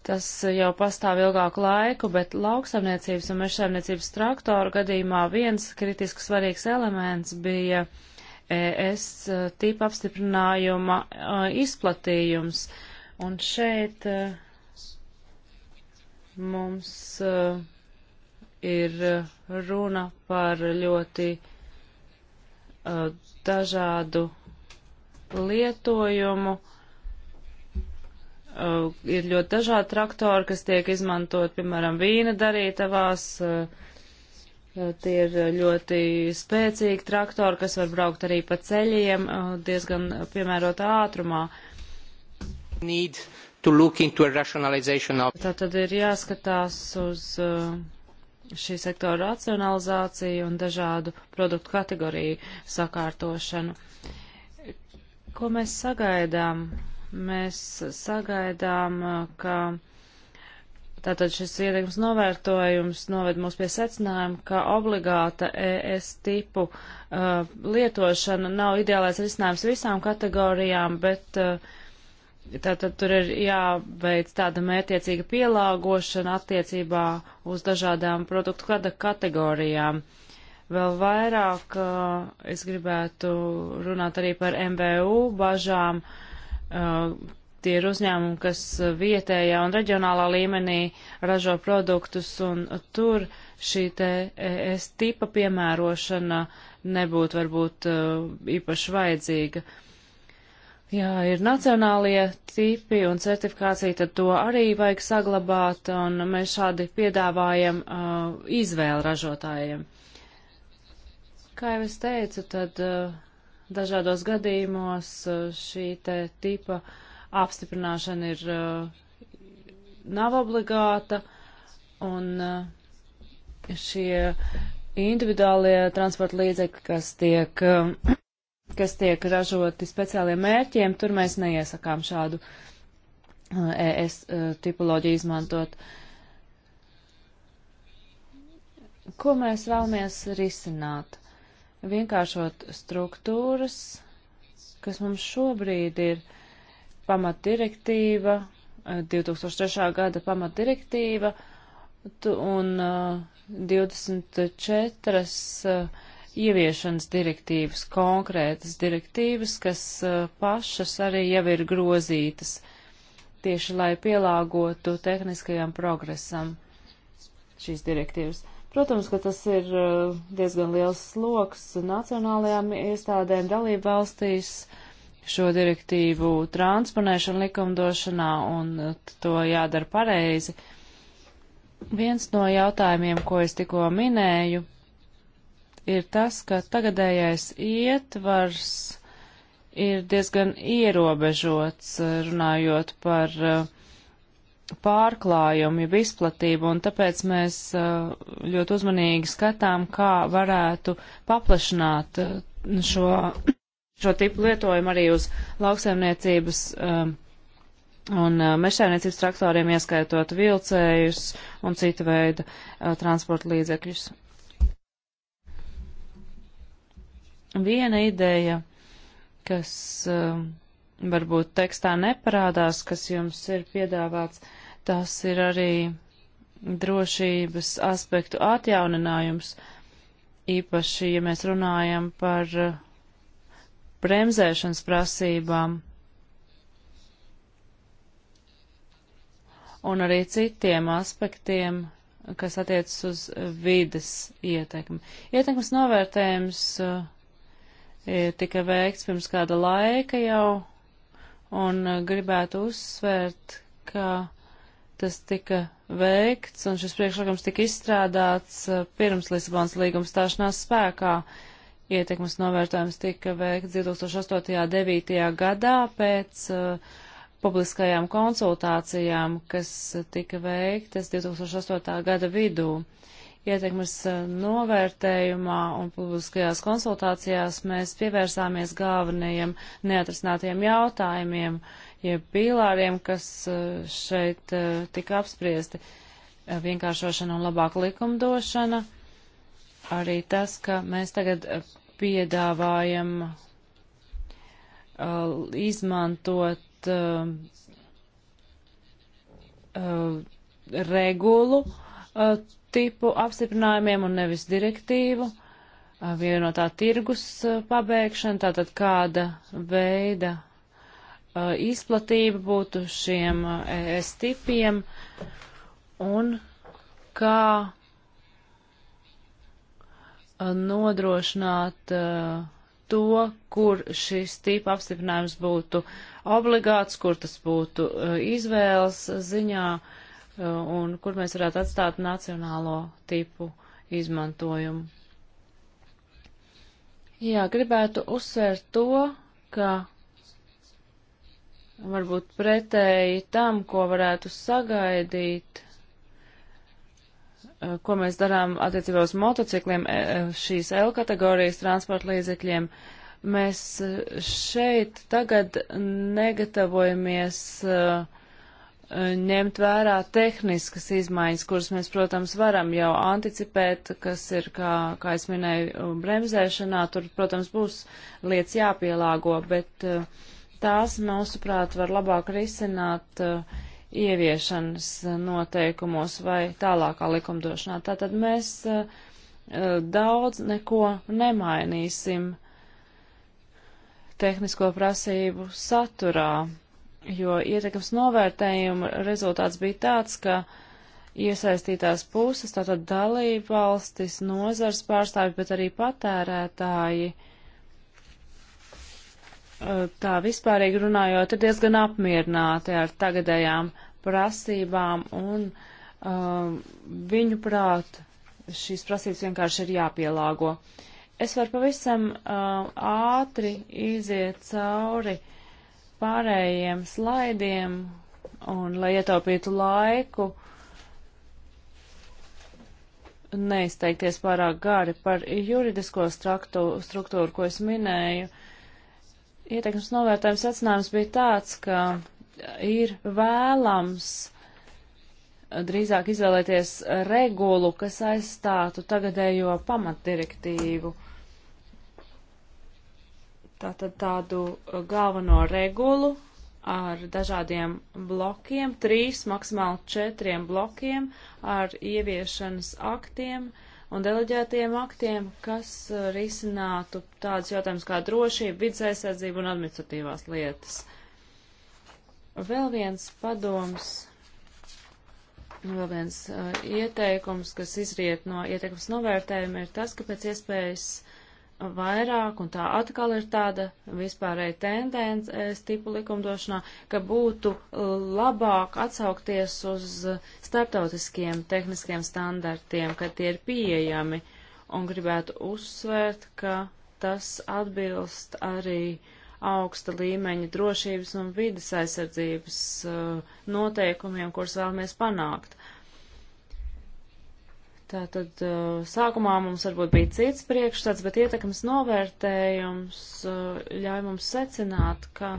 Tas jau pastāv ilgāku laiku, bet lauksaimniecības un mežsaimniecības traktoru gadījumā viens kritiski svarīgs elements bija ES tīpa apstiprinājuma izplatījums. Un šeit uh, Mums uh, ir runa par ļoti uh, dažādu lietojumu. Uh, ir ļoti dažādi traktori, kas tiek izmantot, piemēram, vīna darītavās. Uh, tie ir ļoti spēcīgi traktori, kas var braukt arī pa ceļiem uh, diezgan piemērotā ātrumā. Need to look into a rationalization of. Tā tad ir jāskatās uz uh, šī sektora racionalizāciju un dažādu produktu kategoriju sakārtošanu. Ko mēs sagaidām? Mēs sagaidām, uh, ka Tātad šis ietekmes novērtojums noved mūs pie secinājuma, ka obligāta ES tipu uh, lietošana nav ideālais risinājums visām kategorijām, bet uh, Tātad tur ir jāveic tāda mērķiecīga pielāgošana attiecībā uz dažādām produktu kategorijām. Vēl vairāk uh, es gribētu runāt arī par MVU bažām. Uh, tie ir uzņēmumi, kas vietējā un reģionālā līmenī ražo produktus, un tur šī te es tipa piemērošana nebūtu varbūt uh, īpaši vajadzīga. Uh, Jā, ir nacionālie tipi un certifikācija, tad to arī vajag saglabāt, un mēs šādi piedāvājam uh, izvēlu ražotājiem. Kā jau es teicu, tad uh, dažādos gadījumos uh, šī te tipa apstiprināšana ir uh, nav obligāta, un uh, šie individuālie transporta līdzekļi, kas tiek. Uh, kas tiek ražoti speciāliem mērķiem, tur mēs neiesakām šādu uh, ES uh, tipoloģiju izmantot. Ko mēs vēlamies risināt? Vienkāršot struktūras, kas mums šobrīd ir pamatdirektīva, 2003. Uh, gada pamatdirektīva un 24 ieviešanas direktīvas, konkrētas direktīvas, kas uh, pašas arī jau ir grozītas, tieši lai pielāgotu tehniskajam progresam šīs direktīvas. Protams, ka tas ir uh, diezgan liels sloks nacionālajām iestādēm dalību valstīs šo direktīvu transponēšanu likumdošanā un uh, to jādara pareizi. Viens no jautājumiem, ko es tikko minēju, ir tas, ka tagadējais ietvars ir diezgan ierobežots, runājot par eh, pārklājumu, jeb izplatību, un tāpēc mēs eh, ļoti uzmanīgi skatām, kā varētu paplašināt eh, šo, šo tipu lietojumu arī uz lauksaimniecības un mežsaimniecības traktoriem, ieskaitot vilcējus un citu veidu transporta līdzekļus. Viena ideja, kas uh, varbūt tekstā neparādās, kas jums ir piedāvāts, tas ir arī drošības aspektu atjauninājums, īpaši, ja mēs runājam par uh, bremzēšanas prasībām un arī citiem aspektiem, kas attiecas uz vides ietekmi. Ietekmes novērtējums uh, tika veikts pirms kāda laika jau, un uh, gribētu uzsvērt, ka tas tika veikts, un šis priekšlikums tika izstrādāts uh, pirms Lisabonas līguma stāšanās spēkā. Ietekmes novērtējums tika veikts 2008.-2009. gadā pēc uh, publiskajām konsultācijām, kas tika veiktas 2008. gada vidū. Uh, ietekmes eh, novērtējumā un publiskajās konsultācijās mēs pievērsāmies galvenajiem neatrisinātiem jautājumiem, jeb pīlāriem, kas eh, šeit eh, tika apspriesti - vienkāršošana un labāka likumdošana. Arī tas, ka mēs tagad piedāvājam uh, izmantot uh, uh, regulu, tipu apstiprinājumiem un nevis direktīvu, vienotā tirgus pabeigšana, tātad kāda veida izplatība būtu šiem ES tipiem un kā nodrošināt to, kur šis tipa apstiprinājums būtu obligāts, kur tas būtu izvēles ziņā. Uh, Uh, un kur mēs varētu atstāt nacionālo tipu izmantojumu. Jā, gribētu uzsvērt to, ka varbūt pretēji tam, ko varētu sagaidīt, uh, ko mēs darām attiecībā uz motocikliem, e, e, šīs L kategorijas transporta līdzekļiem, mēs šeit tagad negatavojamies uh, ņemt vērā tehniskas izmaiņas, kuras mēs, protams, varam jau anticipēt, kas ir, kā, kā es minēju, bremzēšanā, tur, protams, būs lietas jāpielāgo, bet eh, tās, mūsuprāt, var labāk risināt eh, ieviešanas noteikumos vai tālākā likumdošanā. Tātad mēs eh, daudz neko nemainīsim tehnisko prasību saturā jo ietekmes novērtējuma rezultāts bija tāds, ka iesaistītās puses, tātad dalība valstis, nozars pārstāvi, bet arī patērētāji, eh, tā vispārīgi runājot, ir diezgan apmierināti ar tagadējām prasībām un um, viņu prāt šīs prasības vienkārši ir jāpielāgo. Es varu pavisam uh, ātri iziet cauri uh, pārējiem slaidiem un, lai ietaupītu laiku, neizteikties pārāk gari par juridisko straktu, struktūru, ko es minēju. Ietekmes novērtējums secinājums bija tāds, ka ir vēlams drīzāk izvēlēties regulu, kas aizstātu tagadējo pamatdirektīvu tātad tādu uh, galveno regulu ar dažādiem blokiem, trīs, maksimāli četriem blokiem ar ieviešanas aktiem un deleģētiem aktiem, kas uh, risinātu tādus jautājumus kā drošība, vidas aizsardzība un administratīvās lietas. Vēl viens padoms, vēl viens uh, ieteikums, kas izriet no ieteikums novērtējuma, ir tas, ka pēc iespējas uh, vairāk, un tā atkal ir tāda vispārēja tendence stipu likumdošanā, ka būtu uh, labāk atsaukties uz starptautiskiem tehniskiem standartiem, ka tie ir pieejami, un gribētu uzsvērt, ka tas atbilst arī augsta līmeņa drošības un vidas aizsardzības uh, noteikumiem, kurus vēlamies panākt. Tātad uh, sākumā mums varbūt bija cits priekšstats, bet ietekmes novērtējums uh, ļauj mums secināt, ka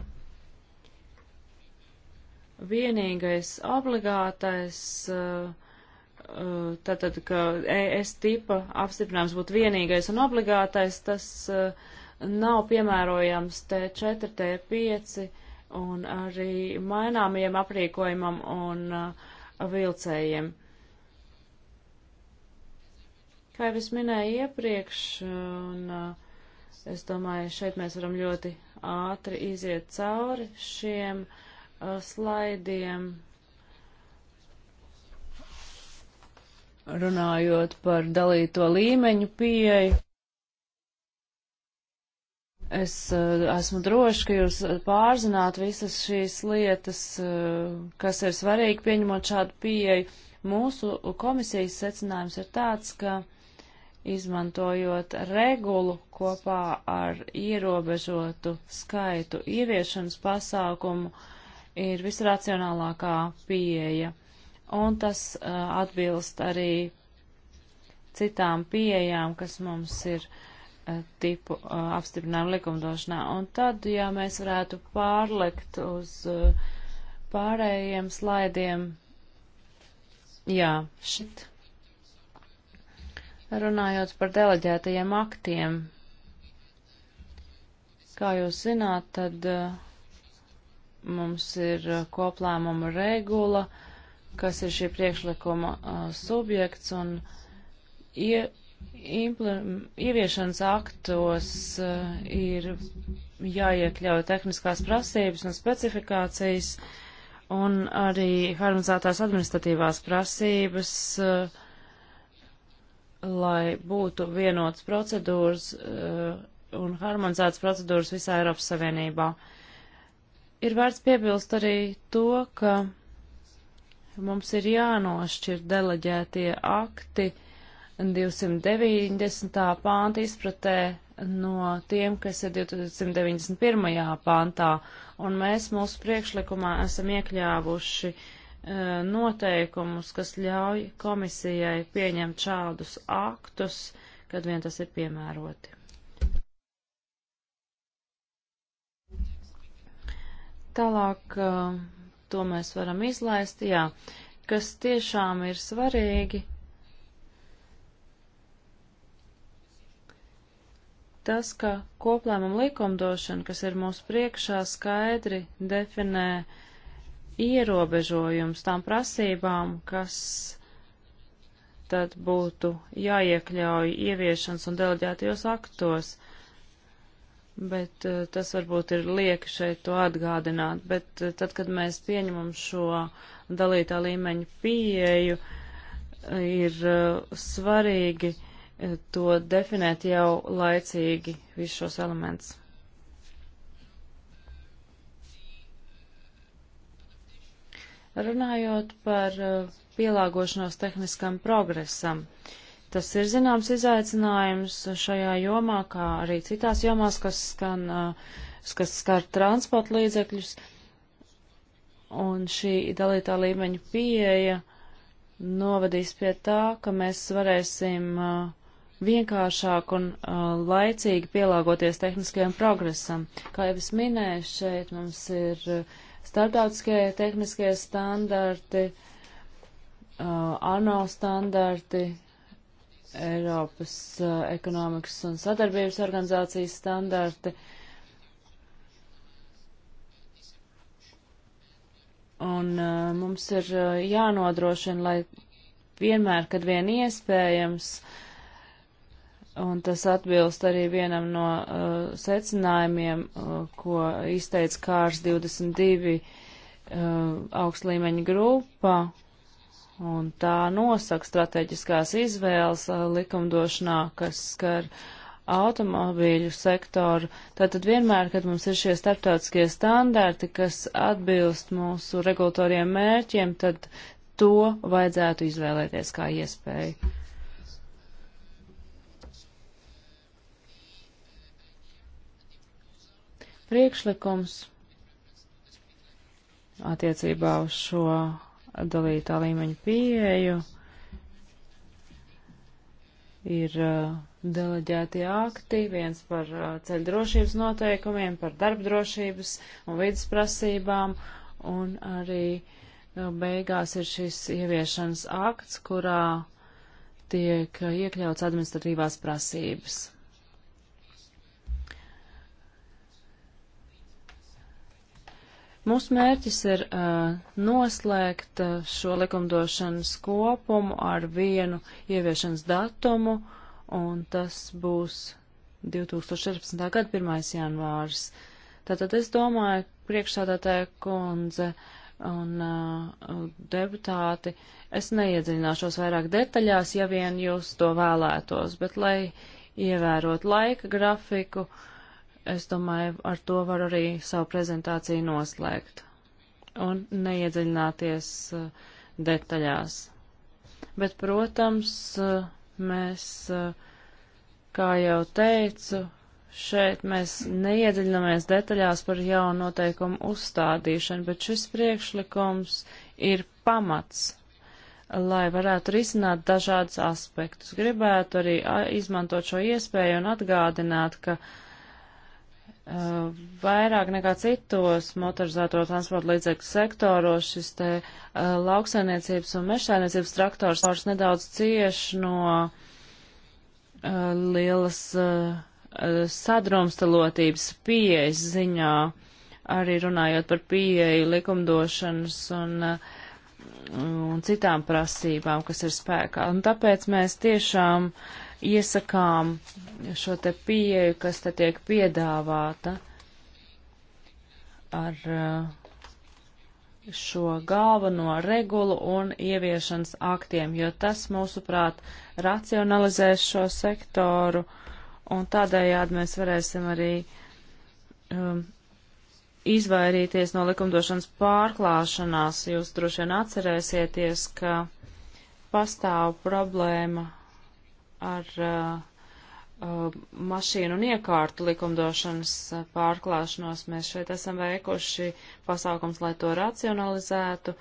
vienīgais obligātais, uh, tātad, ka ES tipa apstiprinājums būtu vienīgais un obligātais, tas nav piemērojams T4, T5 un arī maināmiem aprīkojumam un vilcējiem. Uh, Kā jau es minēju iepriekš, un uh, es domāju, šeit mēs varam ļoti ātri iziet cauri šiem uh, slaidiem, runājot par dalīto līmeņu pieeju. Es uh, esmu droši, ka jūs pārzināt visas šīs lietas, uh, kas ir svarīgi pieņemot šādu pieeju. Mūsu komisijas secinājums ir tāds, ka uh, izmantojot regulu kopā ar ierobežotu skaitu ieviešanas pasākumu, ir visracionālākā pieeja. Un tas uh, atbilst arī citām pieejām, kas mums ir uh, tipu uh, apstiprinājumu likumdošanā. Un tad, ja mēs varētu pārlekt uz uh, pārējiem slaidiem, jā, šit. Mm. Runājot par deleģētajiem aktiem, kā jūs zināt, tad uh, mums ir uh, koplēmuma regula, kas ir šī priekšlikuma uh, subjekts, un ie, impl, ieviešanas aktos ir jāiekļauj tehniskās prasības un specifikācijas, un arī harmonizētās administratīvās prasības, uh, lai būtu vienots procedūras uh, un harmonizēts procedūras visā Eiropas Savienībā. Ir vērts piebilst arī to, ka mums ir jānošķir deleģētie akti 290. pānta izpratē no tiem, kas ir 291. pāntā, un mēs mūsu priekšlikumā esam iekļāvuši uh, E, noteikumus, kas ļauj komisijai pieņemt šādus aktus, kad vien tas ir piemēroti. Tālāk e, to mēs varam izlaist, jā, kas tiešām ir svarīgi. Tas, ka koplēmuma likumdošana, kas ir mūsu priekšā, skaidri definē uh, ierobežojums tām prasībām, kas tad būtu jāiekļauj ieviešanas un deleģētajos aktos. Bet eh, tas varbūt ir lieki šeit to atgādināt, bet eh, tad, kad mēs pieņemam šo dalītā līmeņa pieeju, ir eh, svarīgi to definēt jau laicīgi visus šos elementus. Runājot par uh, pielāgošanos tehniskam progresam, tas ir zināms izaicinājums šajā jomā, kā arī citās jomās, kas, skan, uh, kas skar transporta līdzekļus. Un šī dalītā līmeņa pieeja novadīs pie tā, ka mēs varēsim uh, vienkāršāk un laicīgi pielāgoties tehniskajam progresam. Kā jau es minēju, šeit mums ir uh, starptautiskie tehniskie standarti, uh, ANO standarti, Eiropas uh, ekonomikas un sadarbības organizācijas standarti. Un uh, mums ir uh, jānodrošina, lai vienmēr, kad vien iespējams, uh, Un tas atbilst arī vienam no uh, secinājumiem, uh, ko izteica Kārs 22 uh, augstlīmeņa grupa, un tā nosaka strateģiskās izvēles uh, likumdošanā, kas skar automobīļu sektoru. Tātad vienmēr, kad mums ir šie starptautiskie standarti, kas atbilst mūsu regulatoriem mērķiem, tad to vajadzētu izvēlēties kā iespēju. priekšlikums attiecībā uz šo dalītā līmeņa pieeju ir uh, deleģētie akti, viens par uh, ceļdrošības noteikumiem, par darbdrošības un vidas prasībām, un arī uh, beigās ir šis ieviešanas akts, kurā tiek uh, iekļauts administratīvās prasības. Mūsu mērķis ir uh, noslēgt uh, šo likumdošanas kopumu ar vienu ieviešanas datumu, un tas būs 2014. gada 1. janvāris. Tātad es domāju, priekšsādātāja kundze un uh, deputāti, es neiedziļināšos vairāk detaļās, ja vien jūs to vēlētos, bet lai ievērot laika grafiku, uh, es domāju, ar to var arī savu prezentāciju noslēgt un neiedziļināties eh, detaļās. Bet, protams, eh, mēs, eh, kā jau teicu, šeit mēs neiedziļināmies detaļās par jaunu noteikumu uzstādīšanu, bet šis priekšlikums ir pamats, lai varētu risināt dažādus aspektus. Gribētu arī izmantot šo iespēju un atgādināt, ka uh, Eh, vairāk nekā citos motorizēto transporta līdzekļu sektoros šis te uh, lauksainiecības un mežsainiecības traktors pāris nedaudz cieš no uh, lielas uh, sadrumstalotības pieejas ziņā, arī runājot par pieeju likumdošanas un, un citām prasībām, kas ir spēkā. Un tāpēc mēs tiešām uh, iesakām šo te pieeju, kas te tiek piedāvāta ar uh, šo galveno regulu un ieviešanas aktiem, jo tas, mūsuprāt, racionalizēs šo sektoru un tādējādi mēs varēsim arī um, izvairīties no likumdošanas pārklāšanās. Jūs droši vien atcerēsieties, ka pastāv problēma ar uh, uh, mašīnu un iekārtu likumdošanas uh, pārklāšanos. Mēs šeit esam veikuši pasākums, lai to racionalizētu,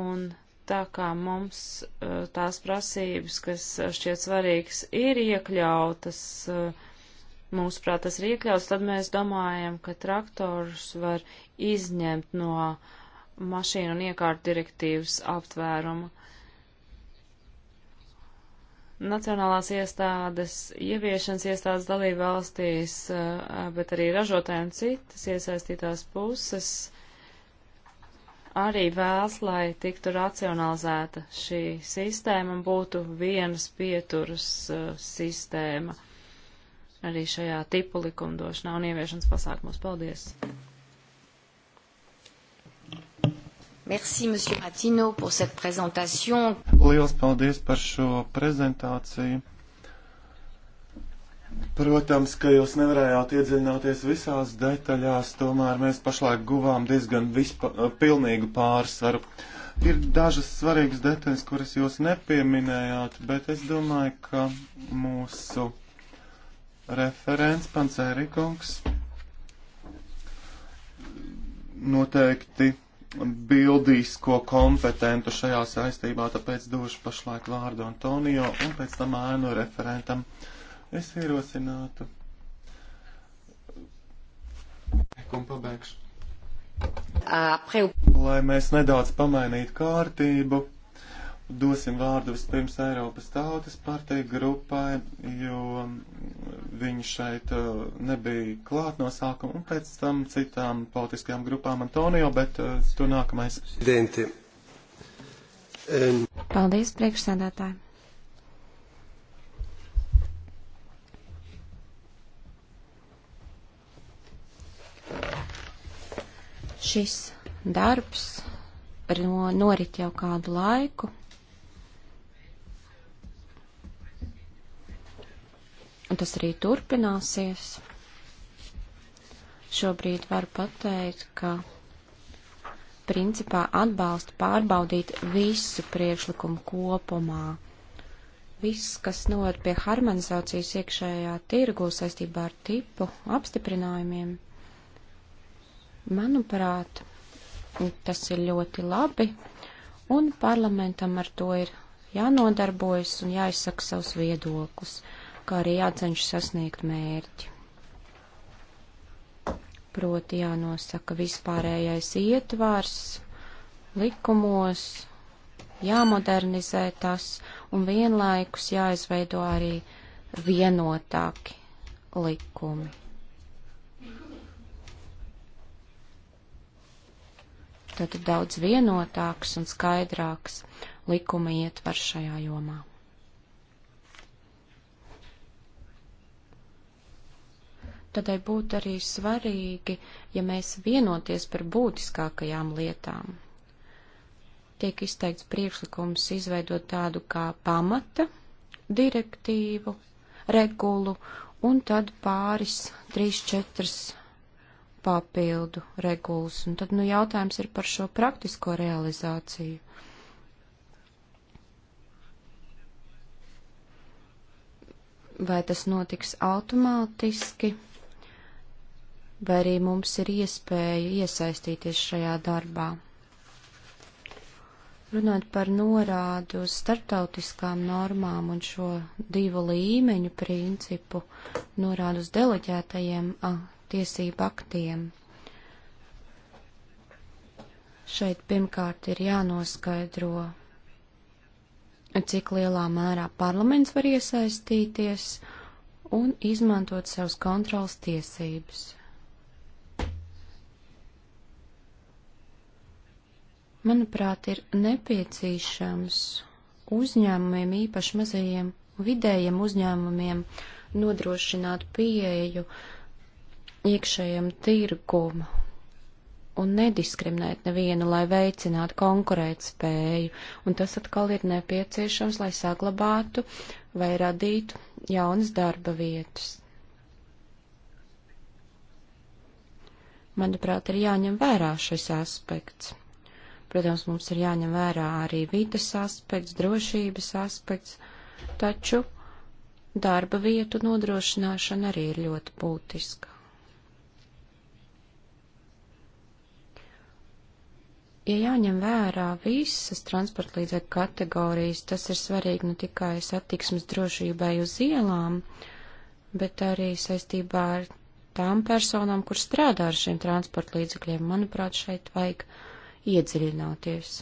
un tā kā mums uh, tās prasības, kas uh, šķiet svarīgas, ir iekļautas, uh, mūsuprāt, tas ir iekļauts, tad mēs domājam, ka traktorus var izņemt no mašīnu un iekārtu direktīvas aptvēruma. Uh, nacionālās iestādes, ieviešanas iestādes dalību valstīs, bet arī ražotāji un citas iesaistītās puses arī vēlas, lai tiktu racionalizēta šī sistēma un būtu vienas pieturas sistēma arī šajā tipu likumdošanā un ieviešanas pasākumos. Paldies! Merci, monsieur Matino, pour cette présentation. Lielas paldies par šo prezentāciju. Protams, ka jūs nevarējāt iedziļināties visās detaļās, tomēr mēs pašlaik guvām diezgan vispa, pilnīgu pārsvaru. Ir dažas svarīgas detaļas, kuras jūs nepieminējāt, bet es domāju, ka mūsu referents Pancērikungs noteikti bildīsko kompetentu šajā saistībā, tāpēc došu pašlaik vārdu Antonio un pēc tam ēnu referentam. Es ierosinātu. Un pabeigšu. Lai mēs nedaudz pamainītu kārtību dosim vārdu vispirms Eiropas tautas partija grupai, jo viņi šeit eh, nebija klāt no sākuma, un pēc tam citām politiskajām grupām Antonio, bet eh, tu nākamais. Denti. Um. Paldies, priekšsēdētāji. Šis darbs no, norit jau kādu laiku, un tas arī turpināsies. Šobrīd varu pateikt, ka principā atbalsta pārbaudīt visu priekšlikumu kopumā. Viss, kas noved pie harmonizācijas iekšējā tirgu saistībā ar tipu apstiprinājumiem, manuprāt, tas ir ļoti labi, un parlamentam ar to ir jānodarbojas un jāizsaka savus viedoklis. Uh, kā arī jācenšas sasniegt mērķi. Proti jānosaka vispārējais ietvars likumos, jāmodernizē tas un vienlaikus jāizveido arī vienotāki likumi. Tad daudz vienotāks un skaidrāks likuma ietvars šajā jomā. tādai būtu arī svarīgi, ja mēs vienoties par būtiskākajām lietām. Tiek izteikts priekšlikums izveidot tādu kā pamata direktīvu, regulu un tad pāris, trīs, četras papildu regulas. Un tad, nu, jautājums ir par šo praktisko realizāciju. Vai tas notiks automātiski? vai arī mums ir iespēja iesaistīties šajā darbā. Runāt par norādu uz starptautiskām normām un šo divu līmeņu principu, norādu uz deleģētajiem a, tiesību aktiem. Šeit pirmkārt ir jānoskaidro, cik lielā mērā parlaments var iesaistīties un izmantot savus kontrols tiesības. manuprāt, ir nepieciešams uzņēmumiem, īpaši mazajiem vidējiem uzņēmumiem, nodrošināt pieeju iekšējiem tirgum un nediskriminēt nevienu, lai veicinātu konkurētspēju. Un tas atkal ir nepieciešams, lai saglabātu vai radītu jaunas darba vietas. Manuprāt, ir jāņem vērā šis aspekts. Protams, mums ir jāņem vērā arī vides aspekts, drošības aspekts, taču darba vietu nodrošināšana arī ir ļoti būtiska. Ja jāņem vērā visas transporta līdzekļu kategorijas, tas ir svarīgi ne nu tikai satiksmes drošībai uz ielām, bet arī saistībā ar tām personām, kur strādā ar šiem transporta līdzekļiem. Manuprāt, šeit vajag uh, iedziļināties.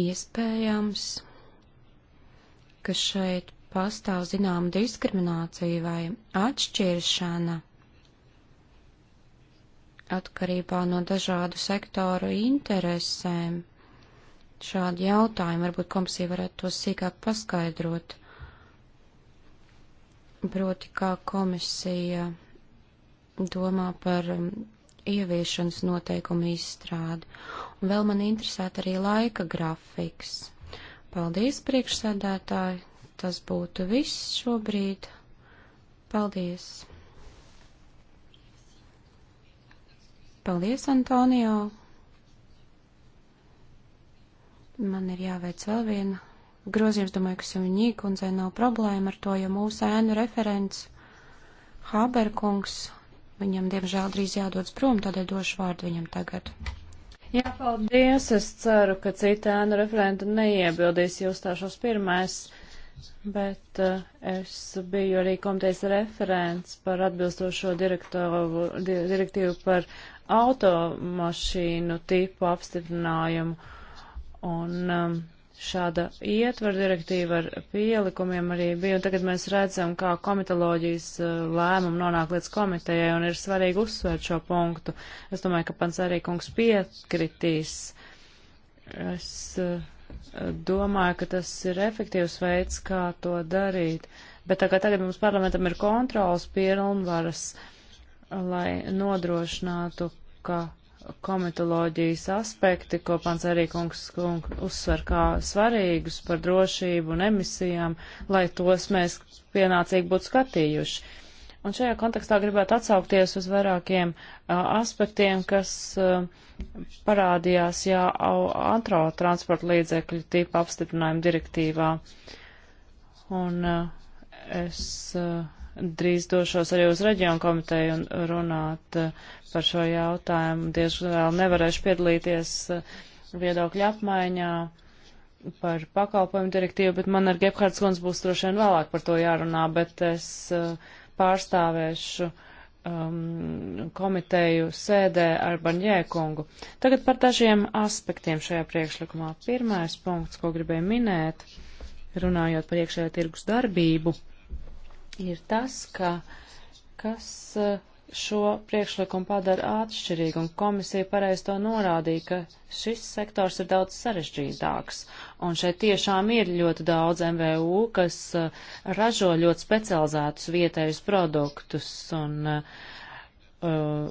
Iespējams, ka šeit pastāv zinām diskriminācija vai atšķiršana atkarībā no dažādu sektoru interesēm šādi jautājumi. Varbūt komisija varētu to sīkāk paskaidrot. Proti, kā komisija domā par um, ieviešanas noteikumu izstrādi. Un vēl man interesēta arī laika grafiks. Paldies, priekšsēdētāji! Tas būtu viss šobrīd. Paldies! Paldies, Antonio! Man ir jāveic vēl viena grozījums, domāju, ka Simņī kundzei nav problēma ar to, jo mūsu ēnu referents Haberkungs, viņam diemžēl drīz jādodas prom, tādēļ došu vārdu viņam tagad. Jā, paldies. Es ceru, ka cita ēnu referenta neiebildīs, jo uzstāšos pirmais, bet uh, es biju arī komitejas referents par atbilstošo direktoru, di direktīvu par automašīnu tipu apstiprinājumu Un um, šāda ietvara direktīva ar pielikumiem arī bija, un tagad mēs redzam, kā komitoloģijas uh, lēmumu nonāk līdz komitejai, un ir svarīgi uzsvērt šo punktu. Es domāju, ka pants arī kungs piekritīs. Es uh, domāju, ka tas ir efektīvs veids, kā to darīt, bet tā kā tagad mums parlamentam ir kontrols pilnvaras, lai nodrošinātu, ka komitoloģijas aspekti, ko pants arī kungs, kungs uzsver kā svarīgus par drošību un emisijām, lai tos mēs pienācīgi būtu skatījuši. Un šajā kontekstā gribētu atsaukties uz vairākiem a, aspektiem, kas a, parādījās jā, antro transporta līdzekļu tipu apstiprinājuma direktīvā. Un a, es. A, drīz došos arī uz reģionu komiteju un runāt eh, par šo jautājumu. Diezvēl nevarēšu piedalīties eh, viedokļu apmaiņā par pakalpojumu direktīvu, bet man ar Gebhards Guns būs droši vien vēlāk par to jārunā, bet es eh, pārstāvēšu um, komiteju sēdē ar Baņēkungu. Tagad par dažiem aspektiem šajā priekšlikumā. Pirmais punkts, ko gribēju minēt, runājot par iekšējā tirgus darbību ir tas, ka kas e, šo priekšlikumu padara atšķirīgu, un komisija pareiz to norādīja, ka šis sektors ir daudz sarežģītāks. Un šeit tiešām ir ļoti daudz MVU, kas e, ražo ļoti specializētus vietējus produktus, un uh,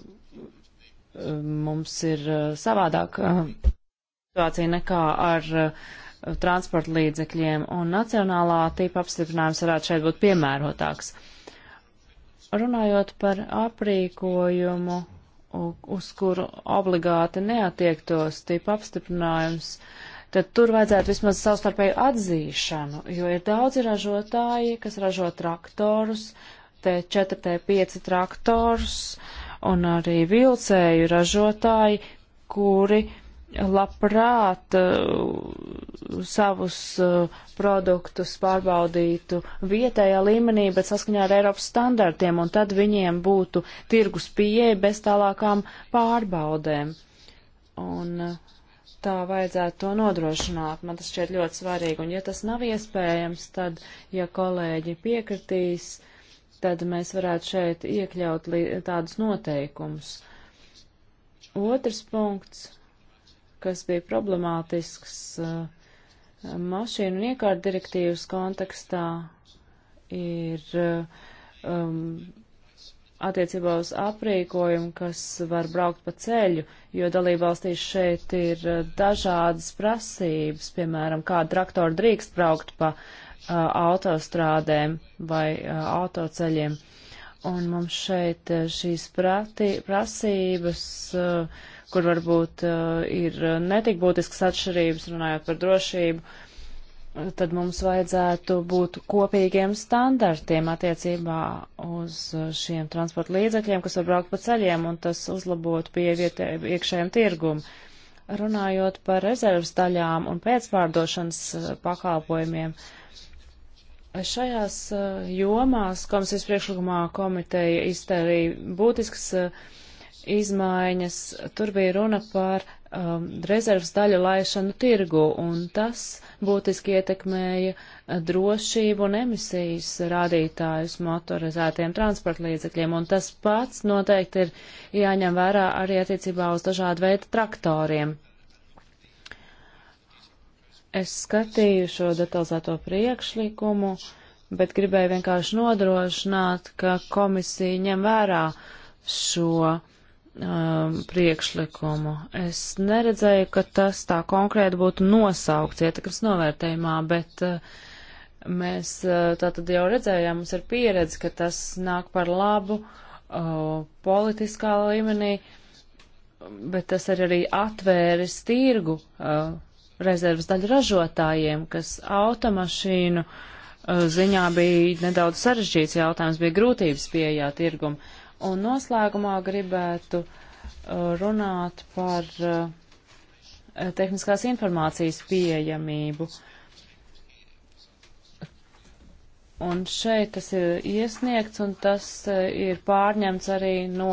mums ir savādāk situācija nekā ar uh, Uh, transporta līdzekļiem, un nacionālā tipa apstiprinājums varētu šeit būt piemērotāks. Runājot par aprīkojumu, uz kuru obligāti neatiektos tipa apstiprinājums, tad tur vajadzētu vismaz savstarpēju atzīšanu, jo ir daudzi ražotāji, kas ražo traktorus, T4, T5 traktorus un arī vilcēju ražotāji, kuri uh, labprāt uh, savus uh, produktus pārbaudītu vietējā līmenī, bet saskaņā ar Eiropas standartiem, un tad viņiem būtu tirgus pieeja bez tālākām pārbaudēm. Un uh, tā vajadzētu to nodrošināt. Man tas šķiet ļoti svarīgi, un ja tas nav iespējams, tad, ja kolēģi piekritīs, tad mēs varētu šeit iekļaut tādus noteikumus. Otrs punkts kas bija problemātisks eh, mašīnu un iekārtu direktīvas kontekstā, ir eh, um, attiecībā uz aprīkojumu, kas var braukt pa ceļu, jo dalībvalstīs šeit ir eh, dažādas prasības, piemēram, kā traktori drīkst braukt pa uh, autostrādēm vai uh, autoceļiem. Un mums šeit šīs prati, prasības uh, kur varbūt uh, ir uh, netik būtiskas atšķirības, runājot par drošību, uh, tad mums vajadzētu būt kopīgiem standartiem attiecībā uz uh, šiem transporta līdzekļiem, kas var braukt pa ceļiem, un tas uzlabotu pie vietē, iekšējiem tirgumu. Runājot par rezervas daļām un pēcpārdošanas pakalpojumiem, šajās jomās komisijas priekšlikumā komiteja iztērīja būtisks uh, izmaiņas, tur bija runa par um, rezerves daļu laišanu tirgu, un tas būtiski ietekmēja uh, drošību un emisijas rādītājus motorizētiem transportlīdzekļiem, un tas pats noteikti ir jāņem vērā arī attiecībā uz dažādu veidu traktoriem. Es skatīju šo detalizēto priekšlikumu, bet gribēju vienkārši nodrošināt, ka komisija ņem vērā šo um, priekšlikumu. Es neredzēju, ka tas tā konkrēti būtu nosaukts ietekmes novērtējumā, bet uh, mēs uh, tātad jau redzējām, mums ir pieredze, ka tas nāk par labu uh, politiskā līmenī, bet tas ir arī atvēris tirgu uh, rezerves daļu ražotājiem, kas automašīnu uh, ziņā bija nedaudz sarežģīts jautājums, bija grūtības pieejā tirgumu. Un noslēgumā gribētu uh, runāt par uh, tehniskās informācijas pieejamību. Un šeit tas ir iesniegts, un tas uh, ir pārņemts arī no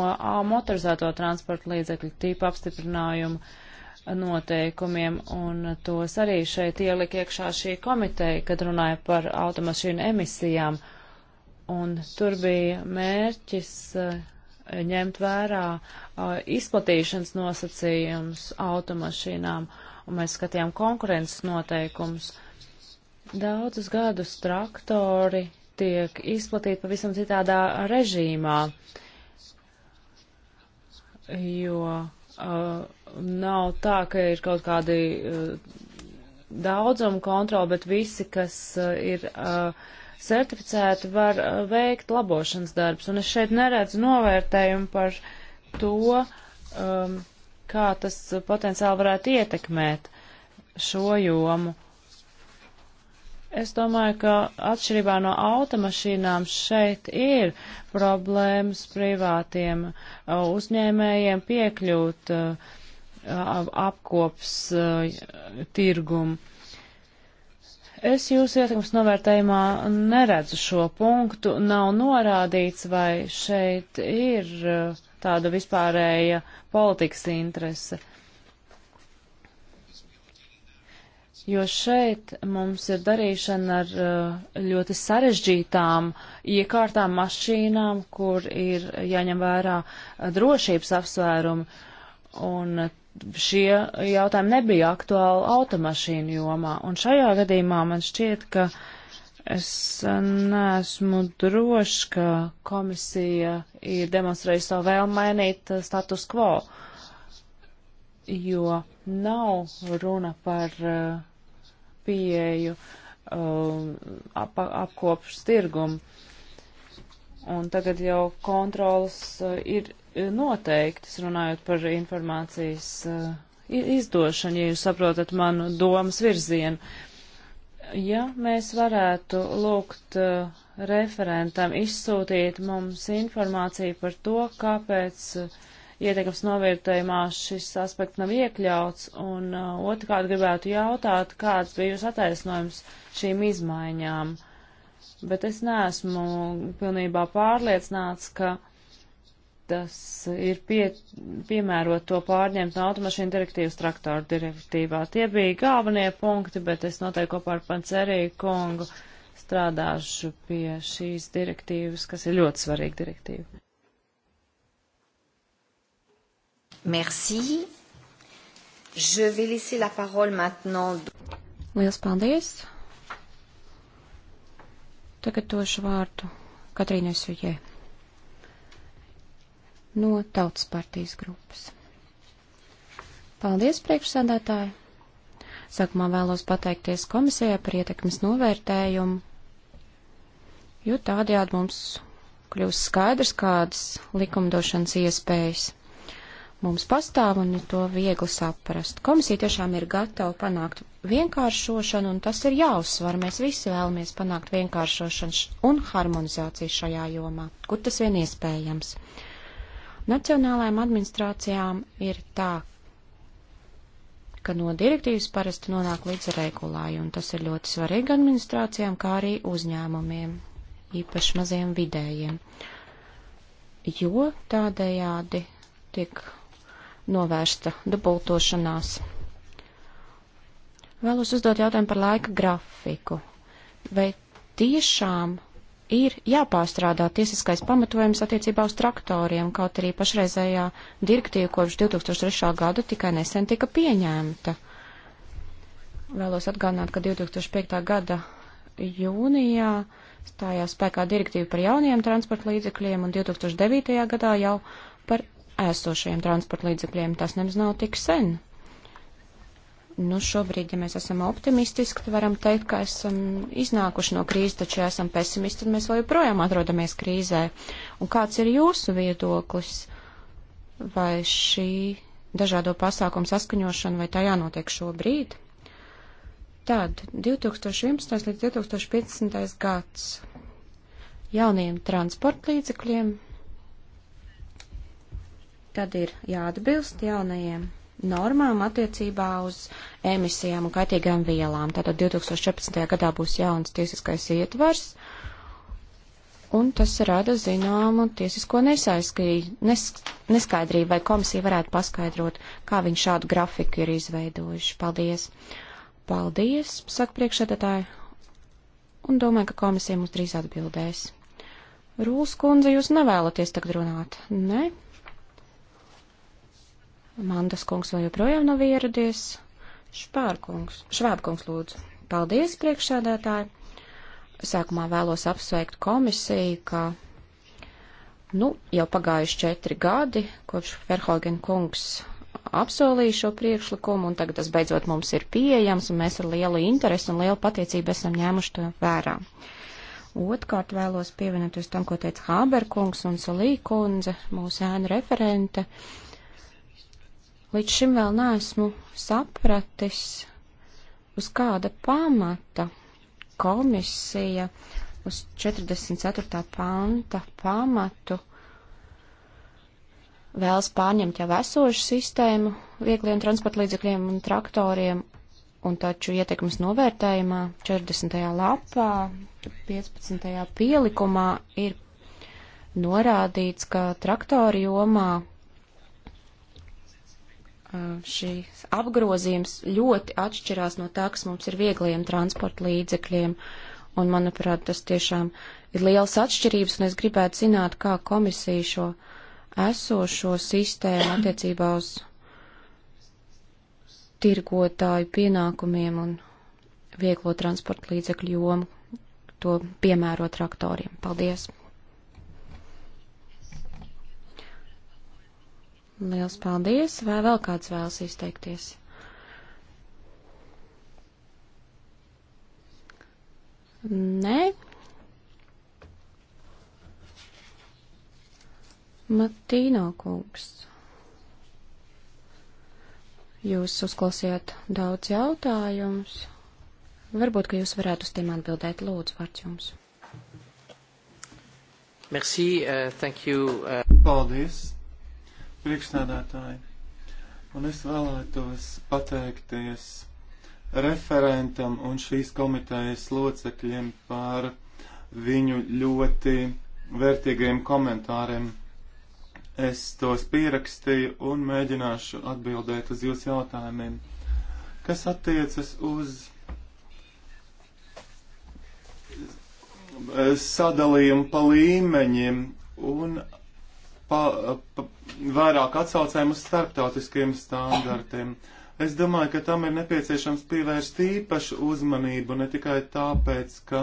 motorizēto transporta līdzekļu tīpa apstiprinājuma noteikumiem, un tos arī šeit ielika iekšā šī komiteja, kad runāja par automašīnu emisijām. Uh, Un tur bija mērķis eh, ņemt vērā eh, izplatīšanas nosacījums automašīnām, un mēs skatījām konkurences noteikumus. Daudzus gadus traktori tiek izplatīti pavisam citādā režīmā, jo uh, nav tā, ka ir kaut kādi uh, daudzuma kontroli, bet visi, kas uh, ir uh, certificēti var uh, veikt labošanas darbs. Un es šeit neredzu novērtējumu par to, um, kā tas potenciāli varētu ietekmēt šo jomu. Es domāju, ka atšķirībā no automašīnām šeit ir problēmas privātiem uh, uzņēmējiem piekļūt uh, apkops tirgumu. Es jūsu ietekmes novērtējumā neredzu šo punktu. Nav norādīts, vai šeit ir uh, tāda vispārēja politikas interese. Jo šeit mums ir darīšana ar uh, ļoti sarežģītām iekārtām, mašīnām, kur ir jāņem vērā drošības apsvērumi. Un šie jautājumi nebija aktuāli automašīnu jomā. Un šajā gadījumā man šķiet, ka es neesmu drošs, ka komisija ir demonstrējusi savu vēlmu mainīt status quo, jo nav runa par uh, pieeju uh, ap, apkopšu tirgumu. Un tagad jau kontrols uh, ir noteiktas, runājot par informācijas uh, izdošanu, ja jūs saprotat manu domas virzienu. Ja mēs varētu lūgt uh, referentam izsūtīt mums informāciju par to, kāpēc uh, ietekmes novērtējumā šis aspekts nav iekļauts, un otrkārt gribētu jautāt, kāds bija jūs attaisnojums šīm izmaiņām. Bet es neesmu pilnībā pārliecināts, ka tas ir pie, piemērot to pārņemt no automašīnu direktīvas traktoru direktīvā. Tie bija galvenie punkti, bet es noteikti kopā ar Panceriju kungu strādāšu pie šīs direktīvas, kas ir ļoti svarīga direktīva. Merci. Je vais laisser la parole maintenant. Liels paldies. Tagad došu vārdu Katrīnai Sujai no Tautas partijas grupas. Paldies, priekšsādātāji! Sākumā vēlos pateikties komisijai par ietekmes novērtējumu, jo tādējādi mums kļūs skaidrs, kādas likumdošanas iespējas mums pastāv un to viegli saprast. Komisija tiešām ir gatava panākt vienkāršošanu, un tas ir jāuzsver. Mēs visi vēlamies panākt vienkāršošanu un harmonizāciju šajā jomā, kur tas vien iespējams. Nacionālajām administrācijām ir tā, ka no direktīvas parasti nonāk līdz regulāju, un tas ir ļoti svarīgi administrācijām, kā arī uzņēmumiem, īpaši maziem vidējiem, jo tādējādi tiek novērsta dubultošanās. Vēlos uzdot jautājumu par laika grafiku. Vai tiešām ir jāpārstrādā tiesiskais pamatojums attiecībā uz traktoriem, kaut arī pašreizējā direktīva kopš 2003. gada tikai nesen tika pieņemta. Vēlos atgādināt, ka 2005. gada jūnijā stājās spēkā direktīva par jauniem transporta līdzekļiem un 2009. gadā jau par esošajiem transporta līdzekļiem. Tas nemaz nav tik sen nu, šobrīd, ja mēs esam optimistiski, tad varam teikt, ka esam iznākuši no krīzes, taču, ja esam pesimisti, tad mēs vēl joprojām atrodamies krīzē. Un kāds ir jūsu viedoklis? Vai šī dažādo pasākumu saskaņošana, vai tā jānotiek šobrīd? Tad 2011. līdz 2015. gads jauniem transportlīdzekļiem. Tad ir jāatbilst jaunajiem normām attiecībā uz emisijām un kaitīgām vielām. Tātad 2014. gadā būs jauns tiesiskais ietvars, un tas rada zināmu tiesisko nes, neskaidrību, vai komisija varētu paskaidrot, kā viņi šādu grafiku ir izveidojuši. Paldies! Paldies, saka priekšsēdētāji, un domāju, ka komisija mums drīz atbildēs. Rūs kundze, jūs nevēlaties tagad runāt? Nē? Ne? Mandas kungs vēl joprojām nav ieradies. Špārkungs, švābkungs lūdzu. Paldies, priekšsēdētāji. Sākumā vēlos apsveikt komisiju, ka, nu, jau pagājuši četri gadi, kopš Ferhogen kungs apsolīja šo priekšlikumu, un tagad tas beidzot mums ir pieejams, un mēs ar lielu interesi un lielu patiecību esam ņēmuši to vērā. Otkārt vēlos pievienoties tam, ko teica Hāberkungs un Salī kundze, mūsu ēnu referente. Uh, Līdz šim vēl neesmu sapratis, uz kāda pamata komisija uz 44. panta pamatu vēlas pārņemt jau esošu sistēmu viegliem transportlīdzekļiem un traktoriem, un taču ietekmes novērtējumā 40. lapā, 15. pielikumā ir norādīts, ka traktori jomā Uh, šīs apgrozījums ļoti atšķirās no tā, kas mums ir viegliem transporta līdzekļiem. Un, manuprāt, tas tiešām ir liels atšķirības, un es gribētu zināt, kā komisija šo esošo sistēmu attiecībā uz tirgotāju pienākumiem un vieglo transporta līdzekļu jomu to piemēro traktoriem. Paldies! Liels paldies! Vai vēl kāds vēlas izteikties? Nē. Matīno kungs. Jūs uzklausījāt daudz jautājumus. Varbūt, ka jūs varētu uz tiem atbildēt. Lūdzu, vārds jums. Merci, uh, thank you. Uh... Paldies priekšsēdētāji. Un es vēlētos pateikties referentam un šīs komitejas locekļiem par viņu ļoti vērtīgiem komentāriem. Es tos pierakstīju un mēģināšu atbildēt uz jūsu jautājumiem. Kas attiecas uz sadalījumu pa līmeņiem un pa, pa, vairāk atsaucēm uz starptautiskiem standartiem. Es domāju, ka tam ir nepieciešams pievērst īpašu uzmanību ne tikai tāpēc, ka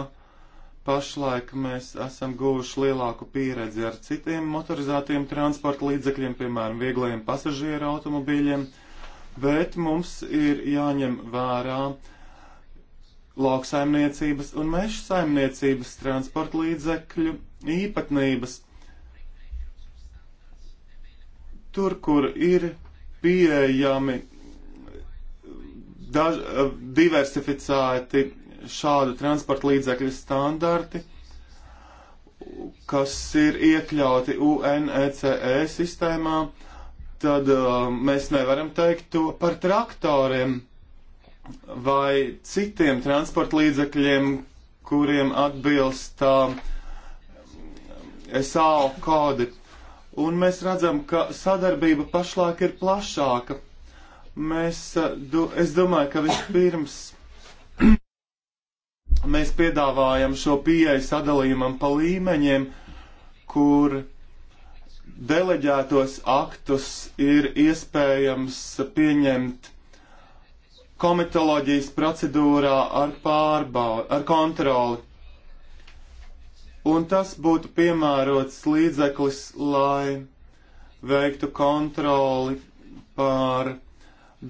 pašlaik mēs esam guvuši lielāku pieredzi ar citiem motorizētiem transporta līdzekļiem, piemēram, vieglajiem pasažieru automobīļiem, bet mums ir jāņem vērā lauksaimniecības un meža saimniecības transporta līdzekļu īpatnības Tur, kur ir pieejami daž, eh, diversificēti šādu transporta līdzekļu standarti, kas ir iekļauti UNECE e sistēmā, tad uh, mēs nevaram teikt to par traktoriem vai citiem transporta līdzekļiem, kuriem atbilst tā SAO kodi un mēs redzam, ka sadarbība pašlaik ir plašāka. Mēs, eh, du, es domāju, ka vispirms *clears throat* mēs piedāvājam šo pieeju sadalījumam pa līmeņiem, kur deleģētos aktus ir iespējams pieņemt komitoloģijas procedūrā ar pārbaudi, ar kontroli un tas būtu piemērots līdzeklis, lai veiktu kontroli pār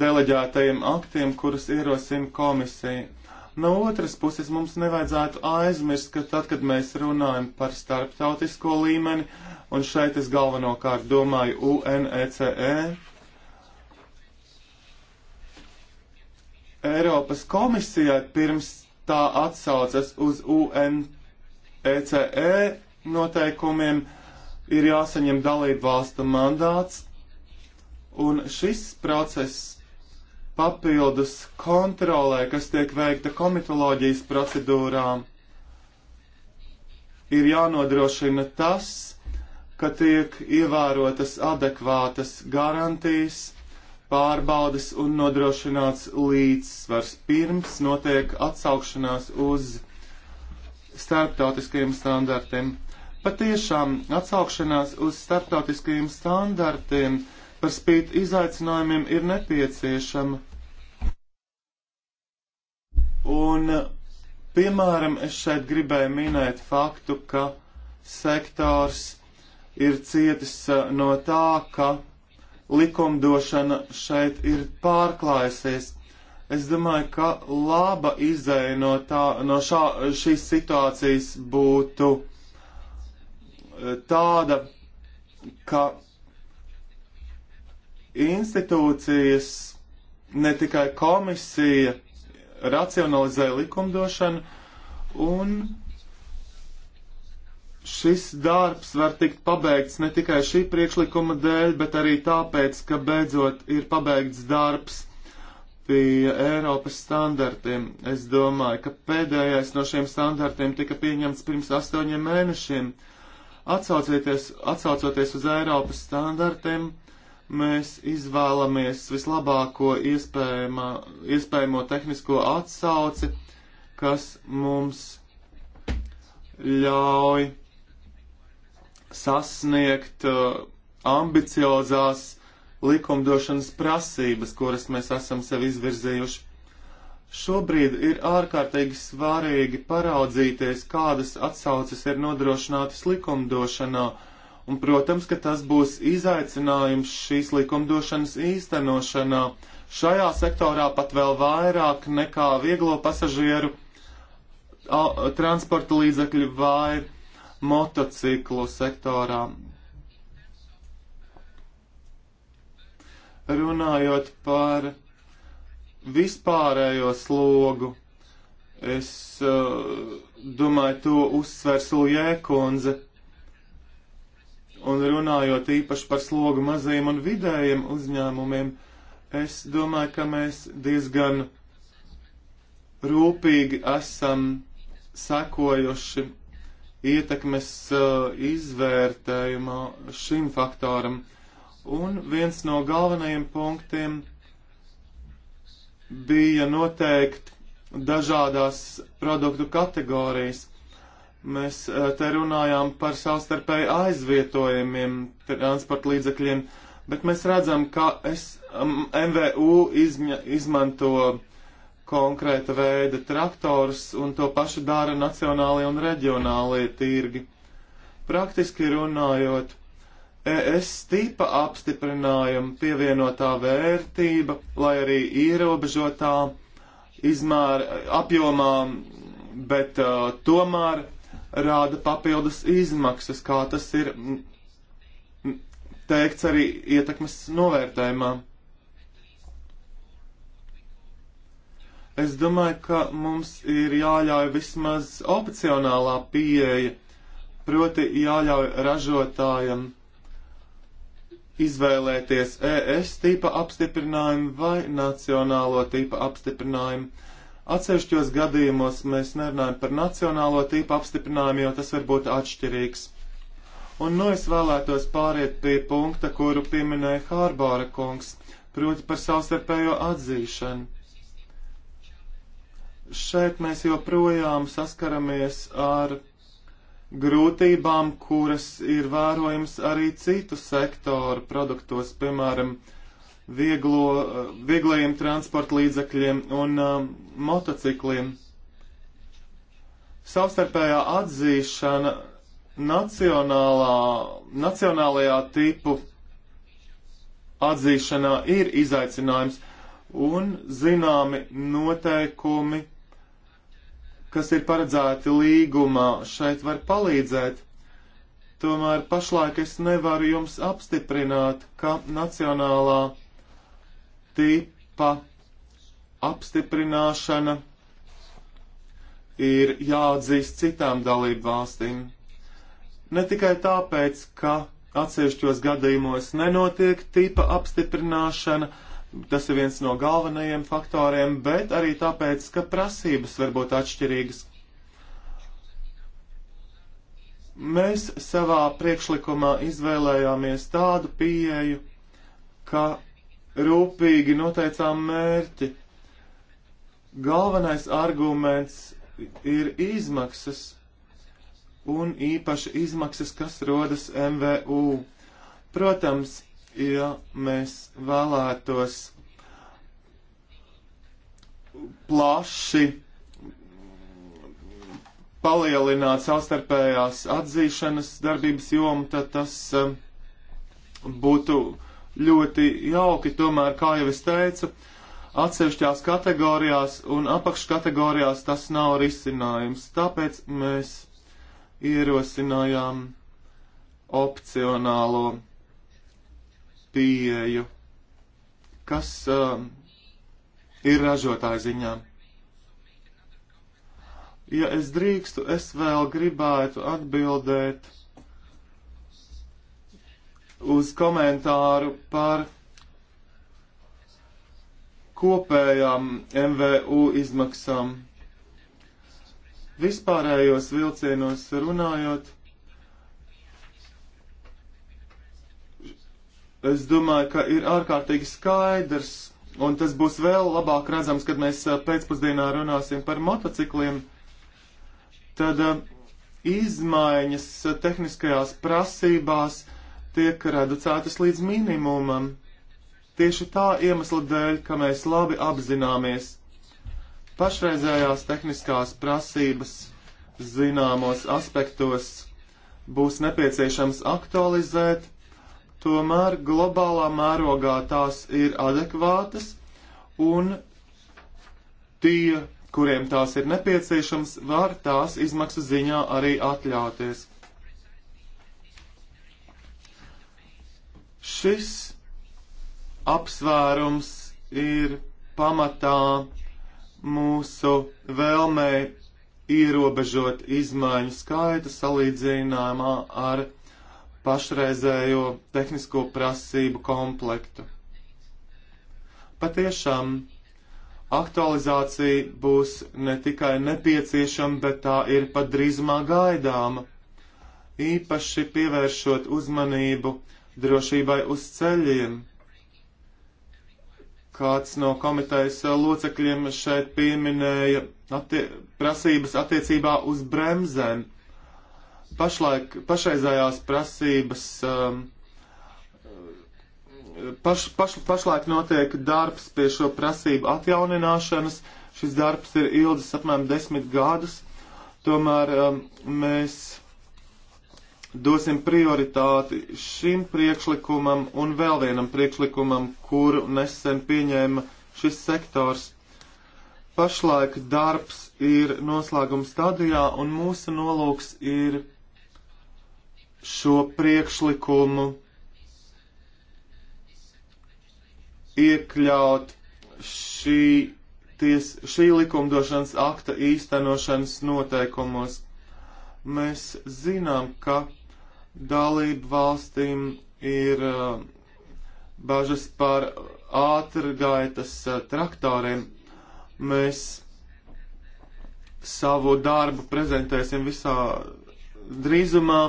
deleģētajiem aktiem, kurus ierosina komisija. No otras puses, mums nevajadzētu aizmirst, ka tad, kad mēs runājam par starptautisko līmeni, un šeit es galvenokārt domāju UNECE, e, Eiropas komisijai pirms tā atsaucas uz UNP ECE e noteikumiem ir jāsaņem dalību valstu mandāts, un šis process papildus kontrolē, kas tiek veikta komitoloģijas procedūrām, ir jānodrošina tas, ka tiek ievērotas adekvātas garantijas, pārbaudas un nodrošināts līdzsvars pirms notiek atsaukšanās uz starptautiskajiem standartiem. Patiešām atsaukšanās uz starptautiskajiem standartiem par spīti izaicinājumiem ir nepieciešama. Un, piemēram, es šeit gribēju minēt faktu, ka sektors ir cietis eh, no tā, ka likumdošana šeit ir pārklājusies Es domāju, ka laba izēja no, tā, no šā, šīs situācijas būtu e, tāda, ka institūcijas, ne tikai komisija, racionalizē likumdošanu, un šis darbs var tikt pabeigts ne tikai šī priekšlikuma dēļ, bet arī tāpēc, ka beidzot ir pabeigts darbs pie Eiropas standartiem. Es domāju, ka pēdējais no šiem standartiem tika pieņemts pirms astoņiem mēnešiem. Atsaucoties uz Eiropas standartiem, mēs izvēlamies vislabāko iespējama, iespējamo tehnisko atsauci, kas mums ļauj sasniegt uh, ambiciozās likumdošanas prasības, kuras mēs esam sev izvirzījuši. Šobrīd ir ārkārtīgi svarīgi paraudzīties, kādas atsauces ir nodrošinātas likumdošanā, un, protams, ka tas būs izaicinājums šīs likumdošanas īstenošanā, šajā sektorā pat vēl vairāk nekā vieglo pasažieru transporta līdzekļu vai motociklu sektorā. runājot par vispārējo slogu, es uh, domāju, to uzsvers Ljēkundze. Un runājot īpaši par slogu mazajiem un vidējiem uzņēmumiem, es domāju, ka mēs diezgan rūpīgi esam sekojuši ietekmes uh, izvērtējumā šim faktoram. Uh, Un viens no galvenajiem punktiem bija noteikt dažādās produktu kategorijas. Mēs eh, te runājām par savstarpēji aizvietojumiem transporta līdzekļiem, bet mēs redzam, ka es, um, MVU izņa, izmanto konkrēta veida traktors un to pašu dara nacionālie un reģionālie tirgi. Praktiski runājot, ES tipa apstiprinājuma pievienotā vērtība, lai arī ierobežotā izmēra apjomā, bet uh, tomēr rāda papildus izmaksas, kā tas ir teikts arī ietekmes novērtējumā. Es domāju, ka mums ir jāļauj vismaz opcionālā pieeja, proti jāļauj ražotājam izvēlēties ES tipa apstiprinājumu vai nacionālo tipa apstiprinājumu. Atsevišķos gadījumos mēs nerunājam par nacionālo tipu apstiprinājumu, jo tas var būt atšķirīgs. Un nu es vēlētos pāriet pie punkta, kuru pieminēja Hārbāra kungs, proti par savstarpējo atzīšanu. Šeit mēs joprojām saskaramies ar grūtībām, kuras ir vērojams arī citu sektoru produktos, piemēram, vieglo, vieglajiem transporta līdzekļiem un um, motocikliem. Savstarpējā atzīšana nacionālajā tipu atzīšanā ir izaicinājums un zināmi noteikumi kas ir paredzēti līgumā, šeit var palīdzēt. Tomēr pašlaik es nevaru jums apstiprināt, ka nacionālā tipa apstiprināšana ir jāatzīst citām dalību valstīm. Ne tikai tāpēc, ka atsevišķos gadījumos nenotiek tipa apstiprināšana, Tas ir viens no galvenajiem faktoriem, bet arī tāpēc, ka prasības var būt atšķirīgas. Mēs savā priekšlikumā izvēlējāmies tādu pieeju, ka rūpīgi noteicām mērķi. Galvenais arguments ir izmaksas, un īpaši izmaksas, kas rodas MVU. Protams, ja mēs vēlētos plaši palielināt savstarpējās atzīšanas darbības jomu, tad tas um, būtu ļoti jauki. Tomēr, kā jau es teicu, atsevišķās kategorijās un apakškategorijās tas nav risinājums. Tāpēc mēs ierosinājām opcionālo pieeju, kas um, ir ražotāja ziņā. Ja es drīkstu, es vēl gribētu atbildēt uz komentāru par kopējām MVU izmaksām. Vispārējos vilcienos runājot, es domāju, ka ir ārkārtīgi skaidrs, un tas būs vēl labāk redzams, kad mēs pēcpusdienā runāsim par motocikliem, tad izmaiņas tehniskajās prasībās tiek reducētas līdz minimumam. Tieši tā iemesla dēļ, ka mēs labi apzināmies pašreizējās tehniskās prasības zināmos aspektos būs nepieciešams aktualizēt tomēr globālā mērogā tās ir adekvātas un tie, kuriem tās ir nepieciešams, var tās izmaksu ziņā arī atļauties. Šis apsvērums ir pamatā mūsu vēlmē ierobežot izmaiņu skaitu salīdzinājumā ar pašreizējo tehnisko prasību komplektu. Patiešām aktualizācija būs ne tikai nepieciešama, bet tā ir pat drīzumā gaidāma, īpaši pievēršot uzmanību drošībai uz ceļiem. Kāds no komitejas locekļiem šeit pieminēja attie prasības attiecībā uz bremzēm pašlaik, pašreizējās prasības. Um, paš, paš, pašlaik notiek darbs pie šo prasību atjaunināšanas. Šis darbs ir ilgs apmēram desmit gadus. Tomēr um, mēs dosim prioritāti šim priekšlikumam un vēl vienam priekšlikumam, kuru nesen pieņēma šis sektors. Pašlaik darbs ir noslēguma stadijā un mūsu nolūks ir šo priekšlikumu iekļaut šī, ties, šī likumdošanas akta īstenošanas noteikumos. Mēs zinām, ka dalību valstīm ir uh, bažas par ātrgaitas uh, traktoriem. Mēs savu darbu prezentēsim visā drīzumā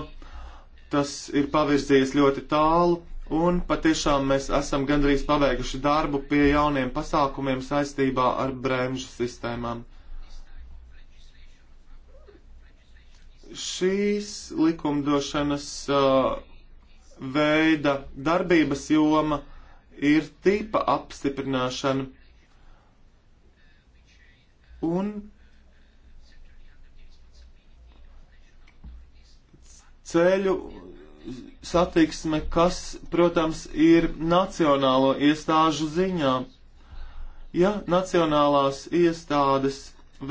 tas ir pavirzījies ļoti tālu, un patiešām mēs esam gandrīz pabeiguši darbu pie jauniem pasākumiem saistībā ar bremžu sistēmām. Šīs likumdošanas uh, veida darbības joma ir tīpa apstiprināšana. Un ceļu satiksme, kas, protams, ir nacionālo iestāžu ziņā. Ja nacionālās iestādes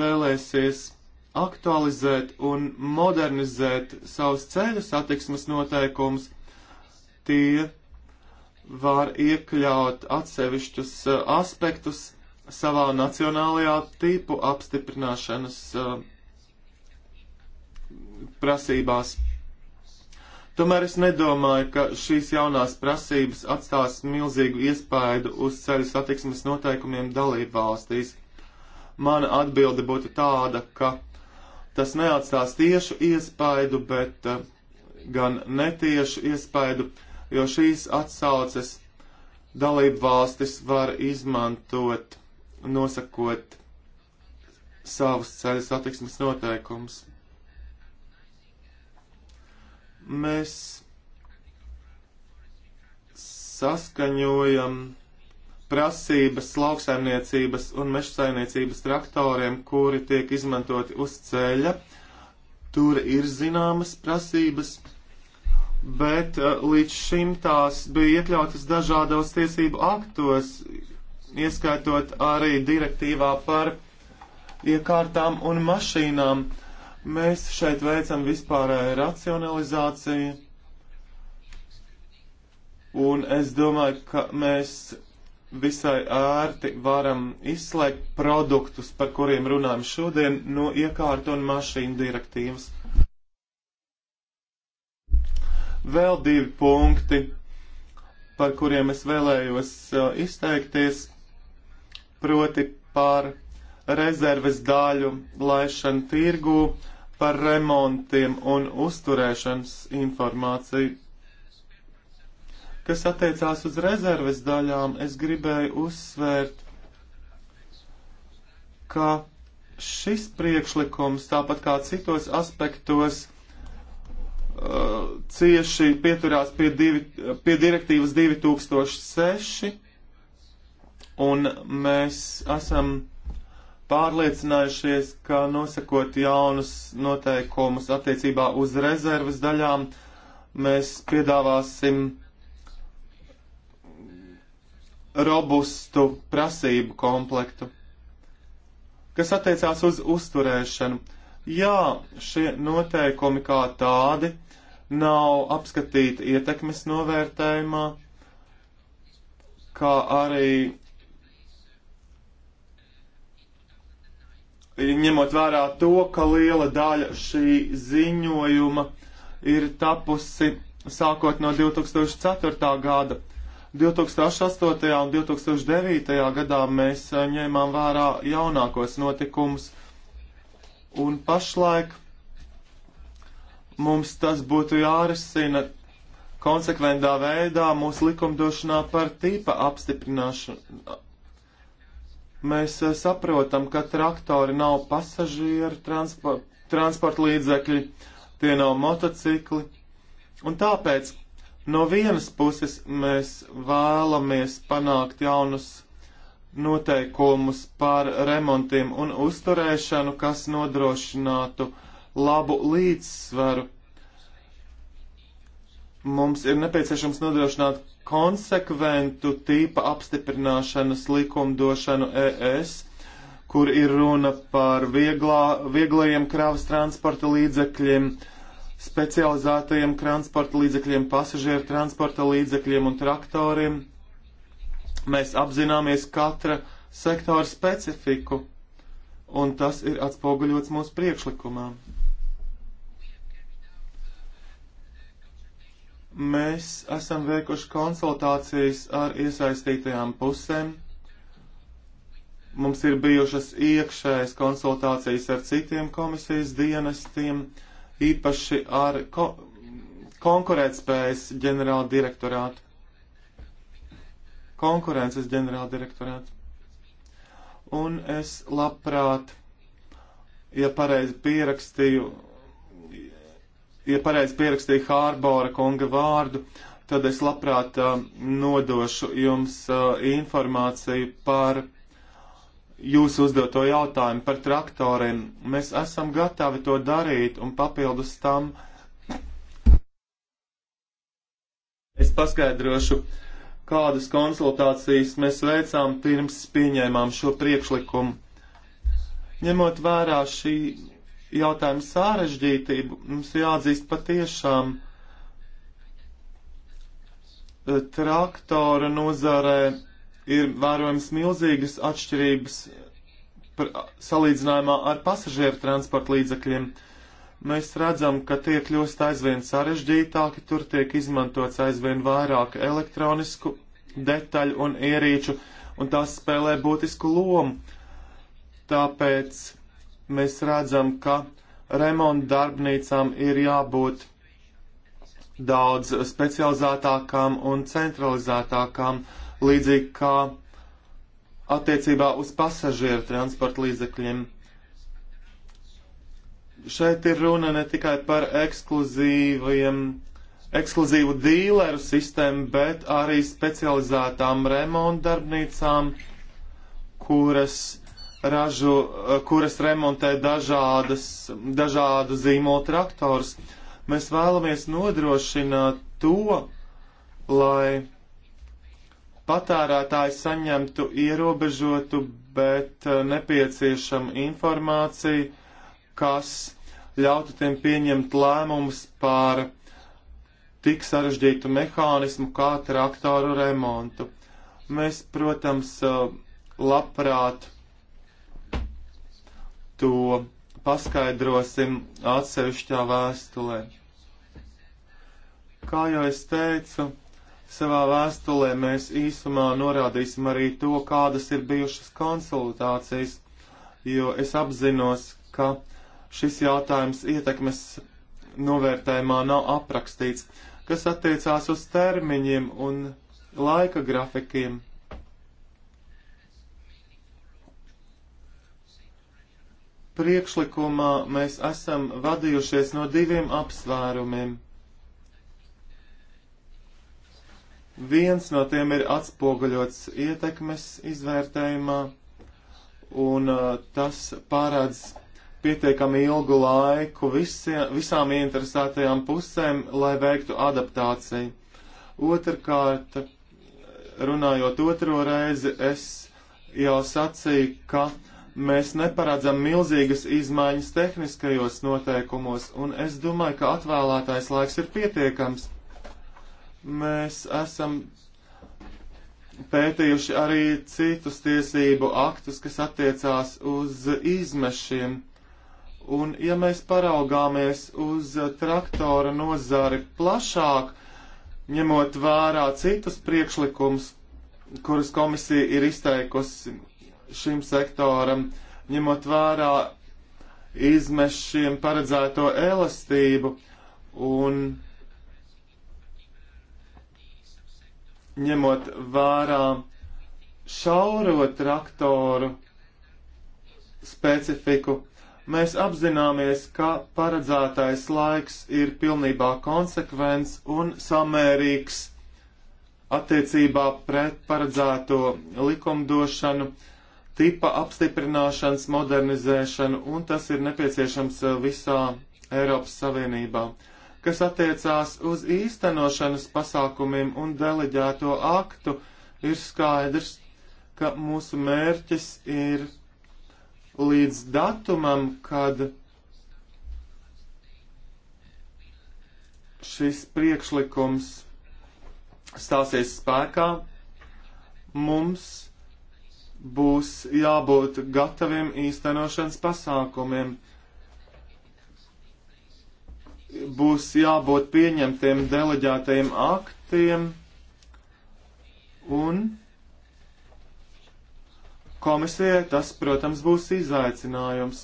vēlēsies aktualizēt un modernizēt savus ceļu satiksmes noteikumus, tie var iekļaut atsevišķus uh, aspektus savā nacionālajā tipu apstiprināšanas uh, prasībās. Tomēr es nedomāju, ka šīs jaunās prasības atstās milzīgu iespaidu uz ceļu satiksmes noteikumiem dalību valstīs. Mana atbilde būtu tāda, ka tas neatstās tiešu iespaidu, bet uh, gan netiešu iespaidu, jo šīs atsauces dalību valstis var izmantot, nosakot savus ceļu satiksmes noteikumus mēs saskaņojam prasības lauksaimniecības un mežsaimniecības traktoriem, kuri tiek izmantoti uz ceļa. Tur ir zināmas prasības, bet eh, līdz šim tās bija iekļautas dažādos tiesību aktos, ieskaitot arī direktīvā par iekārtām un mašīnām. Uh, Mēs šeit veicam vispārēju racionalizāciju, un es domāju, ka mēs visai ērti varam izslēgt produktus, par kuriem runājam šodien, no iekārtu un mašīnu direktīvas. Vēl divi punkti, par kuriem es vēlējos izteikties, proti par rezerves daļu laišanu tirgū par remontiem un uzturēšanas informāciju. Kas attiecās uz rezerves daļām, es gribēju uzsvērt, ka šis priekšlikums, tāpat kā citos aspektos, uh, cieši pieturās pie, divi, pie direktīvas 2006, un mēs esam pārliecinājušies, ka nosakot jaunus noteikumus attiecībā uz rezerves daļām, mēs piedāvāsim robustu prasību komplektu, kas attiecās uz uzturēšanu. Jā, šie noteikumi kā tādi nav apskatīti ietekmes novērtējumā, kā arī ņemot vērā to, ka liela daļa šī ziņojuma ir tapusi sākot no 2004. gada. 2008. un 2009. gadā mēs eh, ņēmām vērā jaunākos notikumus, un pašlaik mums tas būtu jārisina konsekventā veidā mūsu likumdošanā par tīpa apstiprināšanu, Mēs eh, saprotam, ka traktori nav pasažieru transpor transporta līdzekļi, tie nav motocikli. Un tāpēc no vienas puses mēs vēlamies panākt jaunus noteikumus par remontiem un uzturēšanu, kas nodrošinātu labu līdzsvaru. Mums ir nepieciešams nodrošināt konsekventu tīpa apstiprināšanas likumdošanu ES, kur ir runa par vieglā, vieglajiem kravas transporta līdzekļiem, specializētajiem transporta līdzekļiem, pasažieru transporta līdzekļiem un traktoriem. Mēs apzināmies katra sektora specifiku, un tas ir atspoguļots mūsu priekšlikumā. Mēs esam veikuši konsultācijas ar iesaistītajām pusēm. Mums ir bijušas iekšējas konsultācijas ar citiem komisijas dienestiem, īpaši ar ko konkurētspējas ģenerāla direktorātu. Konkurences ģenerāla direktorātu. Un es labprāt, ja pareizi pierakstīju ja pareizi pierakstīju Hārbora kunga vārdu, tad es labprāt uh, nodošu jums uh, informāciju par jūsu uzdoto jautājumu par traktoriem. Mēs esam gatavi to darīt un papildus tam es paskaidrošu, kādas konsultācijas mēs veicām pirms pieņēmām šo priekšlikumu. Ņemot vērā šī jautājumu sārežģītību mums jāatzīst patiešām eh, traktora nozarē ir vērojams milzīgas atšķirības salīdzinājumā ar pasažieru transporta līdzakļiem. Mēs redzam, ka tie kļūst aizvien sarežģītāki, tur tiek izmantots aizvien vairāk elektronisku detaļu un ierīču, un tās spēlē būtisku lomu. Tāpēc mēs redzam, ka remonta darbnīcām ir jābūt daudz specializētākām un centralizētākām, līdzīgi kā attiecībā uz pasažieru transporta līdzekļiem. Šeit ir runa ne tikai par ekskluzīviem, ekskluzīvu dīleru sistēmu, bet arī specializētām remonta darbnīcām, kuras ražu, eh, kuras remontē dažādas, dažādu zīmolu traktors. Mēs vēlamies nodrošināt to, lai patērētāji saņemtu ierobežotu, bet eh, nepieciešamu informāciju, kas ļautu tiem pieņemt lēmumus par tik sarežģītu mehānismu kā traktoru remontu. Mēs, protams, eh, labprāt to paskaidrosim atsevišķā vēstulē. Kā jau es teicu, savā vēstulē mēs īsumā norādīsim arī to, kādas ir bijušas konsultācijas, jo es apzinos, ka šis jautājums ietekmes novērtējumā nav aprakstīts, kas attiecās uz termiņiem un laika grafikiem. priekšlikumā mēs esam vadījušies no diviem apsvērumiem. Viens no tiem ir atspoguļots ietekmes izvērtējumā, un uh, tas pārādz pietiekami ilgu laiku visie, visām interesētajām pusēm, lai veiktu adaptāciju. Otrkārt, runājot otro reizi, es jau sacīju, ka uh, mēs neparedzam milzīgas izmaiņas tehniskajos noteikumos, un es domāju, ka atvēlētais laiks ir pietiekams. Mēs esam pētījuši arī citus tiesību aktus, kas attiecās uz izmešiem. Un, ja mēs paraugāmies uz traktora nozari plašāk, ņemot vērā citus priekšlikumus, kurus komisija ir izteikusi šim sektoram, ņemot vērā izmešiem paredzēto elastību un ņemot vērā šauro traktoru specifiku, mēs apzināmies, ka paredzētais laiks ir pilnībā konsekvents un samērīgs attiecībā pret paredzēto likumdošanu tipa apstiprināšanas modernizēšanu, un tas ir nepieciešams uh, visā Eiropas Savienībā, kas attiecās uz īstenošanas pasākumiem un deleģēto aktu, ir skaidrs, ka mūsu mērķis ir līdz datumam, kad šis priekšlikums stāsies spēkā, mums būs jābūt gataviem īstenošanas pasākumiem. Būs jābūt pieņemtiem deleģētajiem aktiem un komisijai tas, protams, būs izaicinājums.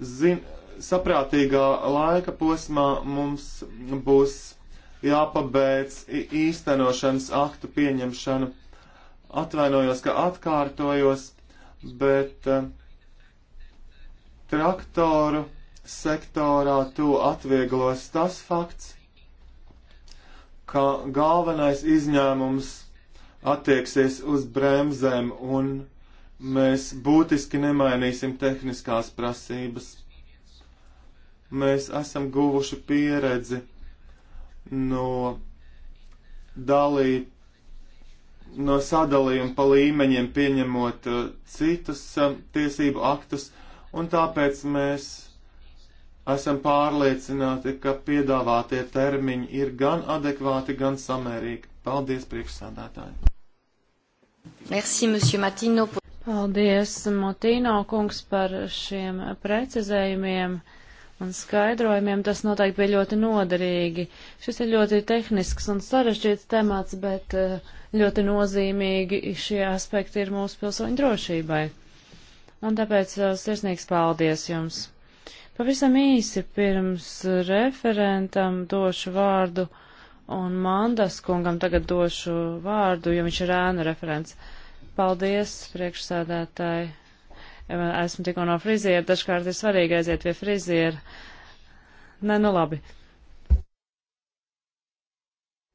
Zin, saprātīgā laika posmā mums būs jāpabeidz īstenošanas aktu pieņemšana Atvainojos, ka atkārtojos, bet uh, traktoru sektorā to atvieglos tas fakts, ka galvenais izņēmums attieksies uz bremzēm un mēs būtiski nemainīsim tehniskās prasības. Mēs esam guvuši pieredzi no dalīt no sadalījuma pa līmeņiem pieņemot uh, citus uh, tiesību aktus, un tāpēc mēs esam pārliecināti, ka piedāvātie termiņi ir gan adekvāti, gan samērīgi. Paldies, priekšsādātāji! Merci, monsieur Matino. Paldies, Matino kungs, par šiem precizējumiem un skaidrojumiem. Tas noteikti bija ļoti noderīgi. Šis ir ļoti tehnisks un sarežģīts temats, bet uh, ļoti nozīmīgi šie aspekti ir mūsu pilsoņu drošībai. Un tāpēc uh, sirsnīgs paldies jums. Pavisam īsi pirms referentam došu vārdu un Mandas kungam tagad došu vārdu, jo viņš ir ēna referents. Paldies, priekšsādātāji. Esmu tikko no friziera, dažkārt ir svarīgi aiziet pie friziera. Nē, nu labi. Uh,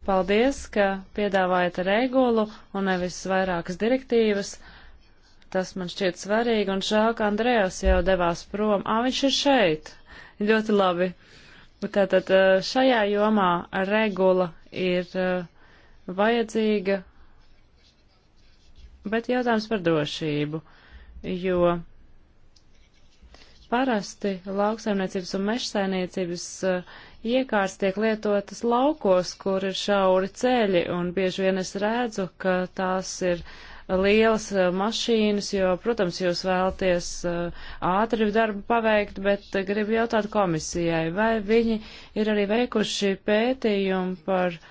Paldies, ka piedāvājat regulu un nevis vairākas direktīvas. Tas man šķiet svarīgi, un žēl, ka Andrejas jau devās prom. Ā, viņš ir šeit. Ļoti labi. Tātad šajā jomā regula ir vajadzīga, bet jautājums par drošību, jo parasti lauksaimniecības un mežsaimniecības uh, iekārts tiek lietotas laukos, kur ir šauri ceļi, un bieži vien es redzu, ka tās ir lielas eh, mašīnas, jo, protams, jūs vēlaties eh, ātri darbu paveikt, bet eh, gribu jautāt komisijai, vai viņi ir arī veikuši pētījumu par uh,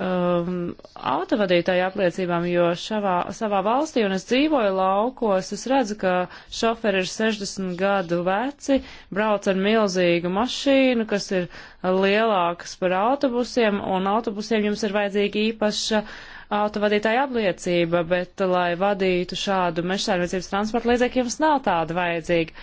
um, autovadītāju apliecībām, jo šavā, savā valstī, un es dzīvoju laukos, es redzu, ka šoferi ir 60 gadu veci, brauc ar milzīgu mašīnu, kas ir lielākas par autobusiem, un autobusiem jums ir vajadzīga īpaša autovadītāja apliecība, bet, lai vadītu šādu mežsārniecības transporta līdzekļu, jums nav tāda vajadzīga.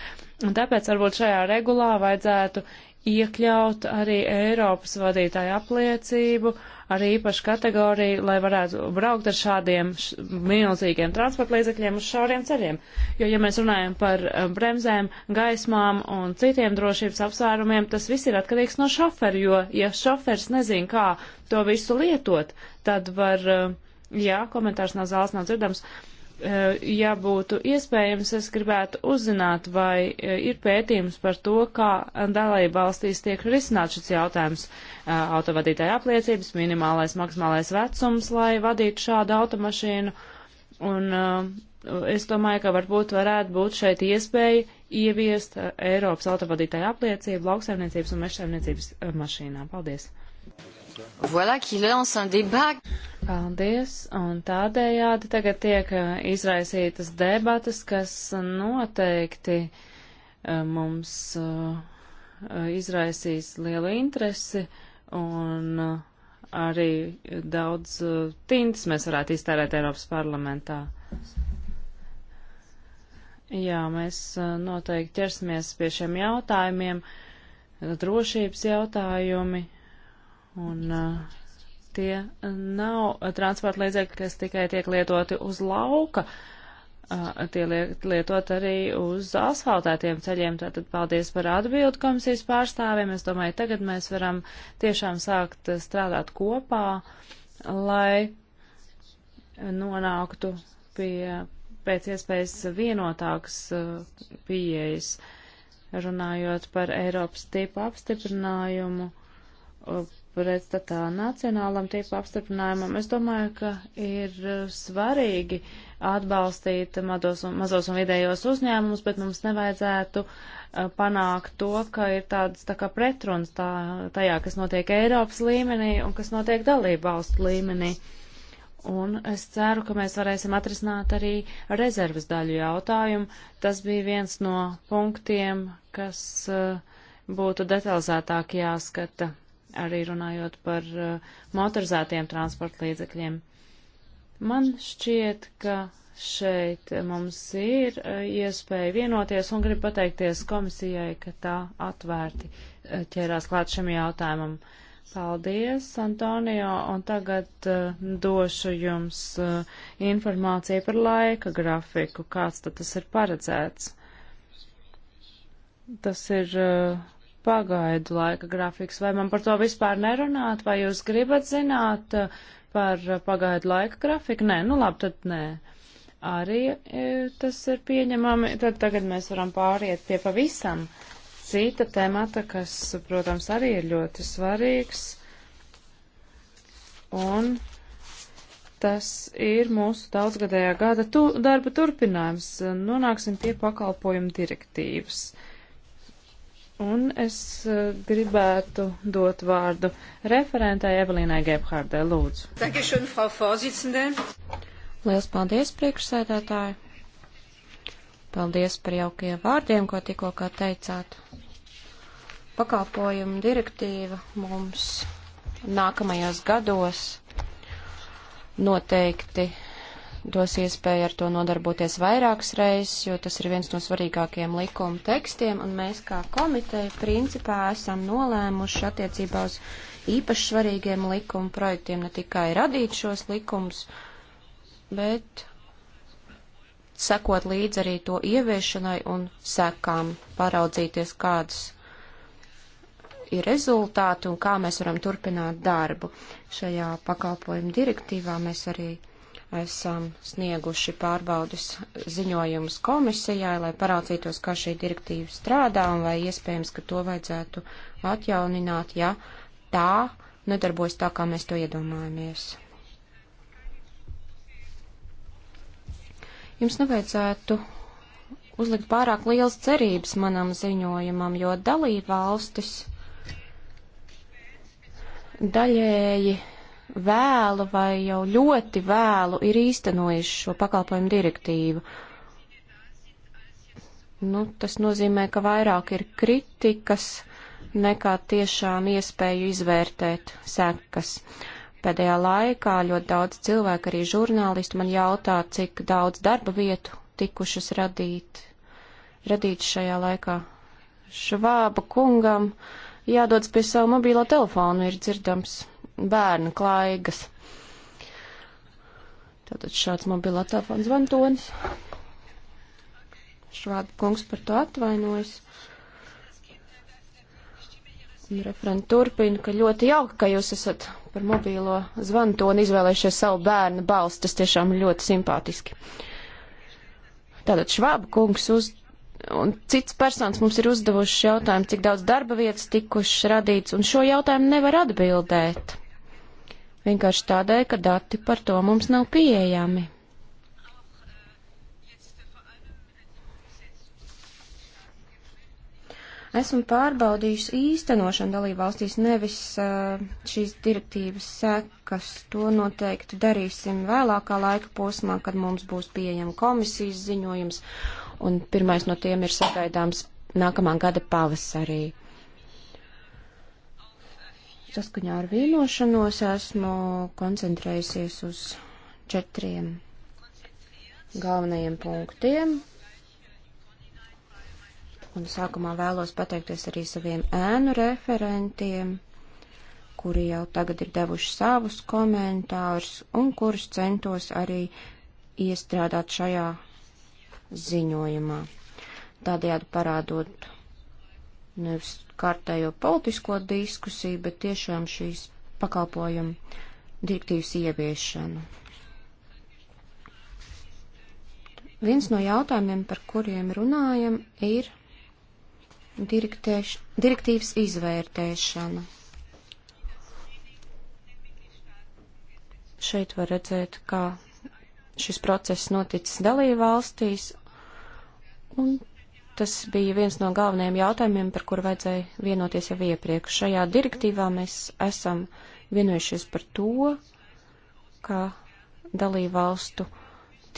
Un tāpēc varbūt šajā regulā vajadzētu iekļaut arī Eiropas vadītāju apliecību ar īpašu kategoriju, lai varētu braukt ar šādiem milzīgiem transportlīdzekļiem uz šauriem ceļiem. Jo, ja mēs runājam par eh, bremzēm, gaismām un citiem drošības apsvērumiem, tas viss ir atkarīgs no šoferu, jo, ja šofers nezin, kā to visu lietot, tad var, eh, jā, komentārs no zāles nav dzirdams. Uh, Eh, ja būtu iespējams, es gribētu uzzināt, vai eh, ir pētījums par to, kā dalība valstīs tiek risināts šis jautājums eh, - autovadītāja apliecības, minimālais, maksimālais vecums, lai vadītu šādu automašīnu. Un es domāju, ka varbūt varētu būt šeit iespēja ieviest Eiropas autovadītāja apliecību lauksaimniecības un mežsaimniecības mašīnām. Paldies! Voilà qui lance un débat. Paldies, un tādējādi tagad tiek uh, izraisītas debatas, kas noteikti uh, mums uh, izraisīs lielu interesi un arī daudz tintas mēs varētu iztērēt Eiropas parlamentā. Jā, mēs noteikti ķersimies pie šiem jautājumiem, drošības jautājumi Un uh, tie nav transporta līdzekļi, kas tikai tiek lietoti uz lauka, uh, tie lietot arī uz asfaltētiem ceļiem. Tātad paldies par atbildu komisijas pārstāvjiem. Es domāju, tagad mēs varam tiešām sākt strādāt kopā, lai nonāktu pie pēc iespējas vienotākas uh, pieejas, runājot par Eiropas tipu apstiprinājumu. Uh, pretstatā nacionālam tipu apstiprinājumam. Es domāju, ka ir eh, svarīgi atbalstīt mazos un, mazos un vidējos uzņēmumus, bet mums nevajadzētu eh, panākt to, ka ir tādas tā kā pretrunas tā, tajā, kas notiek Eiropas līmenī un kas notiek dalību valstu līmenī. Un es ceru, ka mēs varēsim atrisināt arī rezervas daļu jautājumu. Tas bija viens no punktiem, kas eh, būtu detalizētāk jāskata arī runājot par eh, motorizētiem transporta līdzekļiem. Man šķiet, ka šeit mums ir eh, iespēja vienoties un gribu pateikties komisijai, ka tā atvērti eh, ķērās klāt šim jautājumam. Paldies, Antonio, un tagad uh, došu jums uh, informāciju par laika grafiku, kāds tad tas ir paredzēts. Tas ir uh, pagaidu laika grafiks. Vai man par to vispār nerunāt, vai jūs gribat zināt uh, par pagaidu laika grafiku? Nē, nu labi, tad nē. Arī e, tas ir pieņemami. Tad tagad mēs varam pāriet pie pavisam cita temata, kas, protams, arī ir ļoti svarīgs. Un tas ir mūsu daudzgadējā gada tu, darba turpinājums. Nonāksim pie pakalpojumu direktīvas. Uh, Un es eh, gribētu dot vārdu referentai Evelīnai Gebhārdai, lūdzu. Liels paldies, priekšsēdētāji! Paldies par jaukajiem vārdiem, ko tikko teicāt. Pakāpojuma direktīva mums nākamajos gados noteikti dos iespēju ar to nodarboties vairākas reizes, jo tas ir viens no svarīgākajiem likuma tekstiem, un mēs kā komiteja principā esam nolēmuši attiecībā uz īpaši svarīgiem likuma projektiem ne tikai radīt šos likumus, bet sekot līdz arī to ieviešanai un sekām, paraudzīties, kādas ir rezultāti un kā mēs varam turpināt darbu. Šajā pakalpojuma direktīvā mēs arī esam snieguši pārbaudas ziņojumus komisijai, lai paraucītos, kā šī direktīva strādā un vai iespējams, ka to vajadzētu atjaunināt, ja tā nedarbojas tā, kā mēs to iedomājamies. Jums nevajadzētu uzlikt pārāk liels cerības manam ziņojumam, jo dalība valstis daļēji vēlu vai jau ļoti vēlu ir īstenojuši šo pakalpojumu direktīvu. Nu, tas nozīmē, ka vairāk ir kritikas nekā tiešām iespēju izvērtēt sekas. Pēdējā laikā ļoti daudz cilvēku, arī žurnālisti, man jautā, cik daudz darba vietu tikušas radīt, radīt šajā laikā. Švāba kungam jādodas pie savu mobīlo telefonu, ir dzirdams bērnu klaigas. Tātad šāds mobilā telefons zvantonis. Švāba kungs par to atvainojas. Un referenti turpina, ka ļoti jauka, ka jūs esat par mobīlo zvantoni izvēlējušies savu bērnu balstu. Tas tiešām ļoti simpātiski. Tātad Švāba kungs uz un cits personas mums ir uzdevušas jautājumu, cik daudz darba vietas tikušas radīts, un šo jautājumu nevar atbildēt. Vienkārši tādēļ, ka dati par to mums nav pieejami. Esmu pārbaudījusi īstenošanu dalībvalstīs, nevis uh, šīs direktīvas sekas. To noteikti darīsim vēlākā laika posmā, kad mums būs pieejama komisijas ziņojums, un pirmais no tiem ir sagaidāms nākamā gada pavasarī. Saskaņā ar vienošanos esmu koncentrējusies uz četriem galvenajiem punktiem. Un sākumā vēlos pateikties arī saviem ēnu referentiem, kuri jau tagad ir devuši savus komentārus un kurus centos arī iestrādāt šajā ziņojumā. Tādējādi parādot nevis kārtējo politisko diskusiju, bet tiešām šīs pakalpojumu direktīvas ieviešanu. Viens no jautājumiem, par kuriem runājam, ir direktīvas izvērtēšana. Šeit var redzēt, kā šis process noticis dalību valstīs, un Tas bija viens no galvenajiem jautājumiem, par kuru vajadzēja vienoties jau iepriekš. Šajā direktīvā mēs esam vienojušies par to, ka dalībvalstu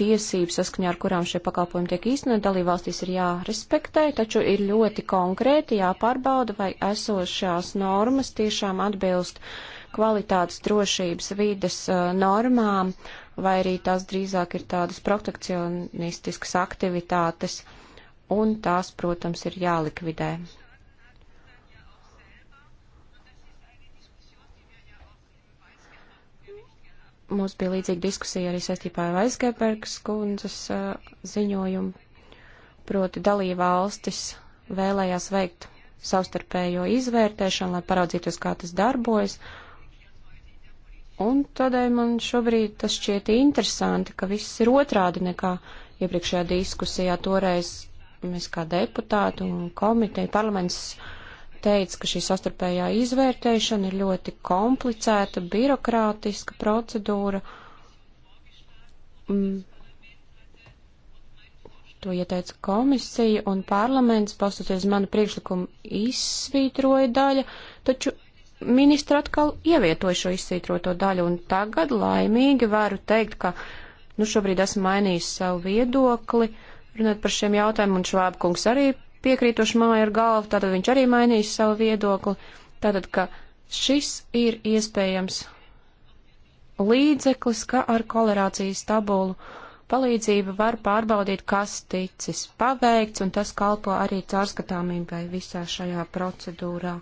tiesības, saskaņā ar kurām šie pakalpojumi tiek īstenot, dalībvalstīs ir jārespektē, taču ir ļoti konkrēti jāpārbauda, vai esošās normas tiešām atbilst kvalitātes drošības vīdes uh, normām, vai arī tās drīzāk ir tādas protekcionistiskas aktivitātes. Uh, un tās, protams, ir jālikvidē. Mums bija līdzīga diskusija arī saistībā ar Aizgebergas kundzes uh, ziņojumu, proti dalībvalstis vēlējās veikt savstarpējo izvērtēšanu, lai paraudzītos, kā tas darbojas. Un tādēļ man šobrīd tas šķiet interesanti, ka viss ir otrādi nekā iepriekšējā diskusijā. Toreiz Mēs kā deputāti un komiteja parlaments teica, ka šī sastarpējā izvērtēšana ir ļoti komplicēta, birokrātiska procedūra. Mm. To ieteica komisija un parlaments, balstoties manu priekšlikumu, izsvītroja daļa, taču ministra atkal ievietoja šo izsvītroto daļu, un tagad laimīgi varu teikt, ka nu šobrīd esmu mainījis savu viedokli. Uh, runāt par šiem jautājumiem, un Švābkungs arī piekrītoši māja ar galvu, tātad viņš arī mainīs savu viedokli. Tātad, ka šis ir iespējams līdzeklis, ka ar kolerācijas tabulu palīdzību var pārbaudīt, kas ticis paveikts, un tas kalpo arī caurskatāmībai visā šajā procedūrā,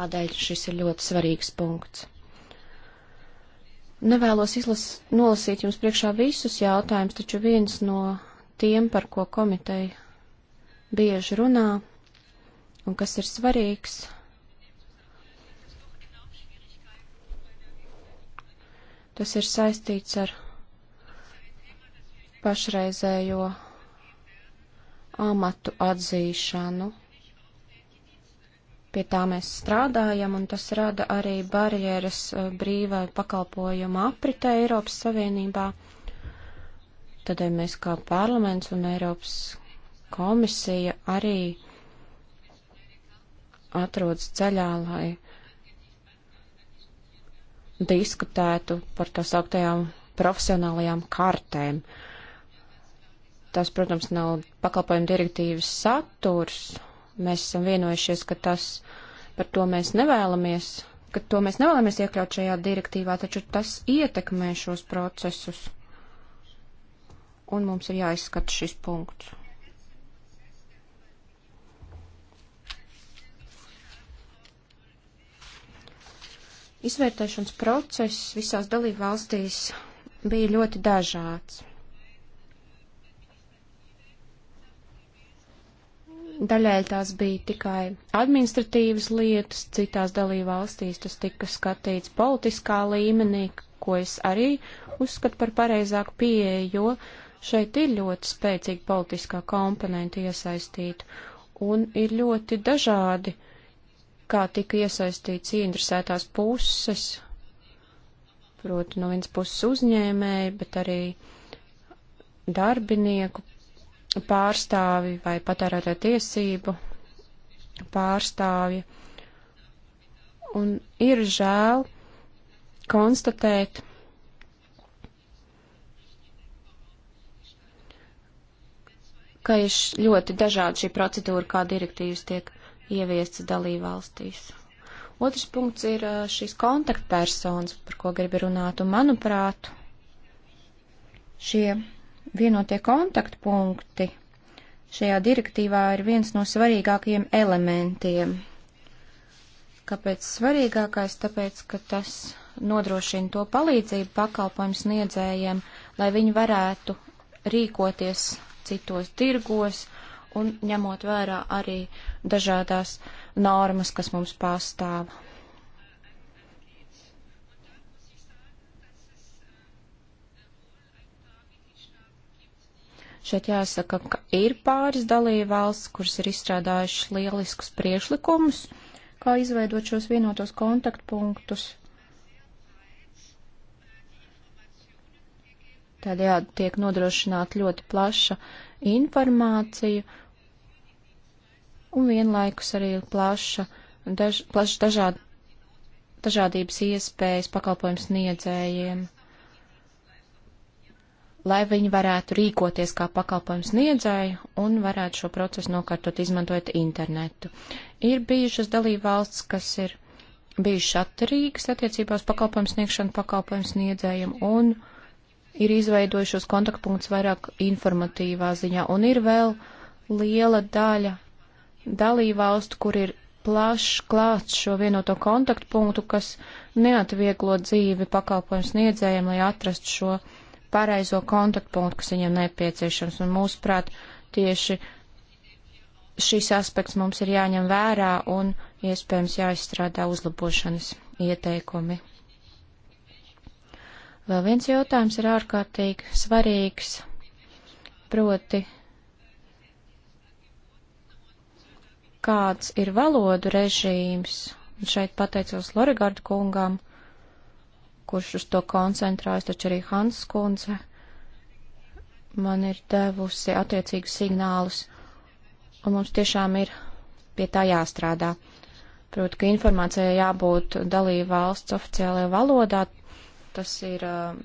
kādēļ šis ir ļoti svarīgs punkts. Nevēlos izlas, nolasīt jums priekšā visus jautājumus, taču viens no tiem, par ko komiteja bieži runā un kas ir svarīgs. Tas ir saistīts ar pašreizējo amatu atzīšanu. Pie tā mēs strādājam, un tas rada arī barjeras eh, brīvai pakalpojumu aprite Eiropas Savienībā. Tādēļ mēs kā parlaments un Eiropas komisija arī atrodas ceļā, lai diskutētu par tā sauktajām profesionālajām kartēm. Tas, protams, nav pakalpojumu direktīvas saturs. Mēs esam vienojušies, ka tas par to mēs nevēlamies, ka to mēs nevēlamies iekļaut šajā direktīvā, taču tas ietekmē šos procesus un mums ir jāizskata šis punkts. Izvērtēšanas process visās dalību valstīs bija ļoti dažāds. Daļēļ tās bija tikai administratīvas lietas, citās dalību valstīs tas tika skatīts politiskā līmenī, ko es arī uzskatu par pareizāku pieeju, jo Šeit ir ļoti spēcīga politiskā komponenta iesaistīta, un ir ļoti dažādi, kā tika iesaistīts ieinteresētās puses, proti no vienas puses uzņēmēji, bet arī darbinieku pārstāvi vai patērētāju tiesību pārstāvji. Un ir žēl konstatēt, ka ir ļoti dažādi šī procedūra, kā direktīvas tiek ieviestas dalībvalstīs. Otrs punkts ir šīs kontaktpersonas, par ko gribu runāt, un manuprāt, šie vienotie kontaktpunkti šajā direktīvā ir viens no svarīgākajiem elementiem. Kāpēc svarīgākais? Tāpēc, ka tas nodrošina to palīdzību pakalpojumu sniedzējiem, lai viņi varētu rīkoties citos tirgos un ņemot vērā arī dažādās normas, kas mums pastāv. Šeit jāsaka, ka ir pāris dalībvalsts, kuras ir izstrādājušas lieliskus priešlikumus, kā izveidot šos vienotos kontaktpunktus Tādējādi tiek nodrošināta ļoti plaša informācija un vienlaikus arī plaša, daž, plaša dažād, dažādības iespējas pakalpojums sniedzējiem, lai viņi varētu rīkoties kā pakalpojums sniedzēji un varētu šo procesu nokārtot izmantojot internetu. Ir bijušas dalībvalsts, kas ir bijušas atturīgas attiecībā uz pakalpojumu sniegšanu pakalpojumu sniedzējiem un uh, ir izveidojušos kontaktpunktus vairāk informatīvā ziņā, un ir vēl liela daļa dalībvalstu, kur ir plašs klāsts šo vienoto kontaktpunktu, kas neatvieglo dzīvi pakalpojumu sniedzējiem, lai atrastu šo pareizo kontaktpunktu, kas viņam nepieciešams. Un mūsuprāt, tieši šis aspekts mums ir jāņem vērā un iespējams jāizstrādā uzlabošanas ieteikumi. Vēl viens jautājums ir ārkārtīgi svarīgs, proti, kāds ir valodu režīms, un šeit pateicos Lorigardu kungam, kurš uz to koncentrājas, taču arī Hans kundze man ir devusi attiecīgus signālus, un mums tiešām ir pie tā jāstrādā. Proti, ka informācijai jābūt dalība valsts oficiālajā valodā, Tas ir,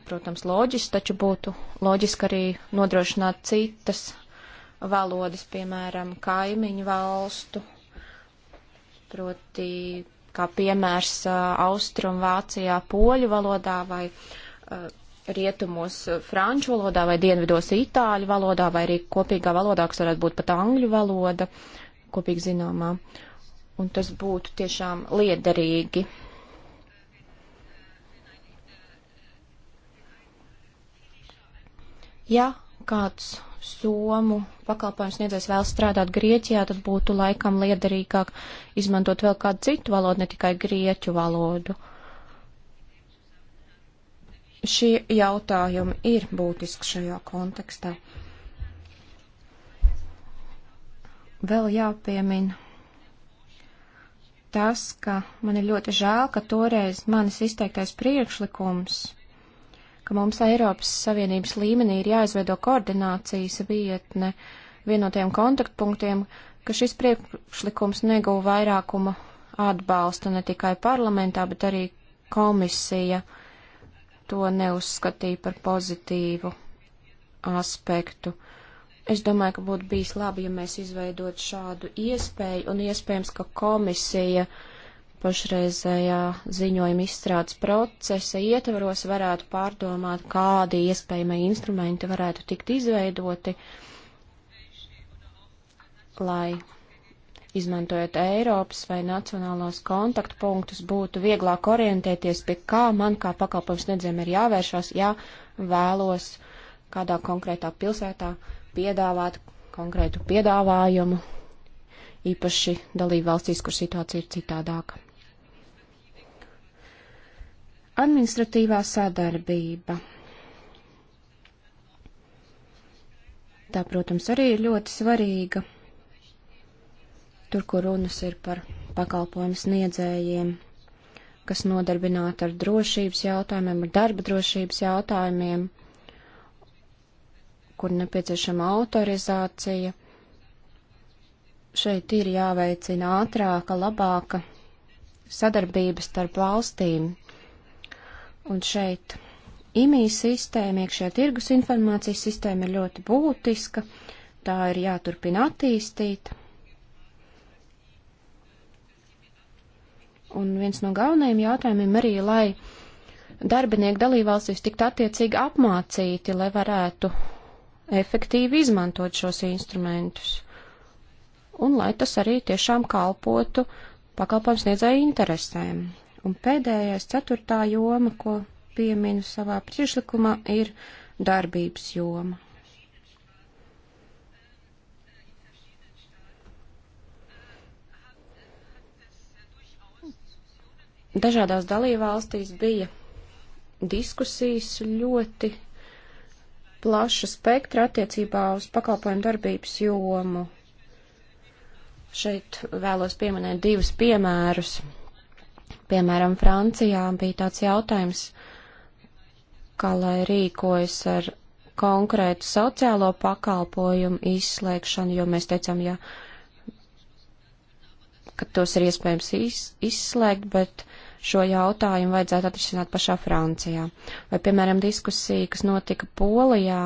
protams, loģiski, taču būtu loģiski arī nodrošināt citas valodas, piemēram, kaimiņu valstu, proti, kā piemērs Austrumvācijā poļu valodā vai rietumos franču valodā vai dienvidos itāļu valodā vai arī kopīgā valodā, kas varētu būt pat angļu valoda, kopīgi zināmā. Un tas būtu tiešām liederīgi Ja kāds somu pakalpojums sniedzējs vēl strādāt Grieķijā, tad būtu laikam liederīgāk izmantot vēl kādu citu valodu, ne tikai grieķu valodu. Šie jautājumi ir būtiski šajā kontekstā. Vēl jāpiemina tas, ka man ir ļoti žēl, ka toreiz manis izteiktais priekšlikums ka mums Eiropas Savienības līmenī ir jāizveido koordinācijas vietne vienotiem kontaktpunktiem, ka šis priekšlikums neguva vairākuma atbalstu ne tikai parlamentā, bet arī komisija to neuzskatīja par pozitīvu aspektu. Es domāju, ka būtu bijis labi, ja mēs izveidot šādu iespēju, un iespējams, ka komisija uh, pašreizējā ziņojuma izstrādes procesa ietvaros varētu pārdomāt, kādi iespējamie instrumenti varētu tikt izveidoti, lai izmantojot Eiropas vai nacionālos kontaktpunktus, būtu vieglāk orientēties pie kā man kā pakalpojums sniedzējiem ir jāvēršās, ja vēlos kādā konkrētā pilsētā piedāvāt konkrētu piedāvājumu, īpaši dalību valstīs, kur situācija ir citādāka. Administratīvā sadarbība. Tā, protams, arī ir ļoti svarīga. Tur, kur runas ir par pakalpojumu sniedzējiem, kas nodarbināti ar drošības jautājumiem, ar darba drošības jautājumiem, kur nepieciešama autorizācija. Šeit ir jāveicina ātrāka, labāka sadarbības starp valstīm, Un šeit IMI sistēma, iekšējā tirgus informācijas sistēma ir ļoti būtiska, tā ir jāturpina attīstīt. Un viens no galvenajiem jautājumiem arī, lai darbinieki dalībvalstīs tiktu attiecīgi apmācīti, lai varētu efektīvi izmantot šos instrumentus. Un lai tas arī tiešām kalpotu pakalpojums niedzēju interesēm. Un pēdējais, ceturtā joma, ko pieminu savā priekšlikumā, ir darbības joma. Dažādās dalībvalstīs bija diskusijas ļoti plaša spektra attiecībā uz pakalpojumu darbības jomu. Šeit vēlos pieminēt divus piemērus. Piemēram, Francijā bija tāds jautājums, kā lai rīkojas ar konkrētu sociālo pakalpojumu izslēgšanu, jo mēs teicām, ja, ka tos ir iespējams iz, izslēgt, bet šo jautājumu vajadzētu atrisināt pašā Francijā. Vai, piemēram, diskusija, kas notika Polijā,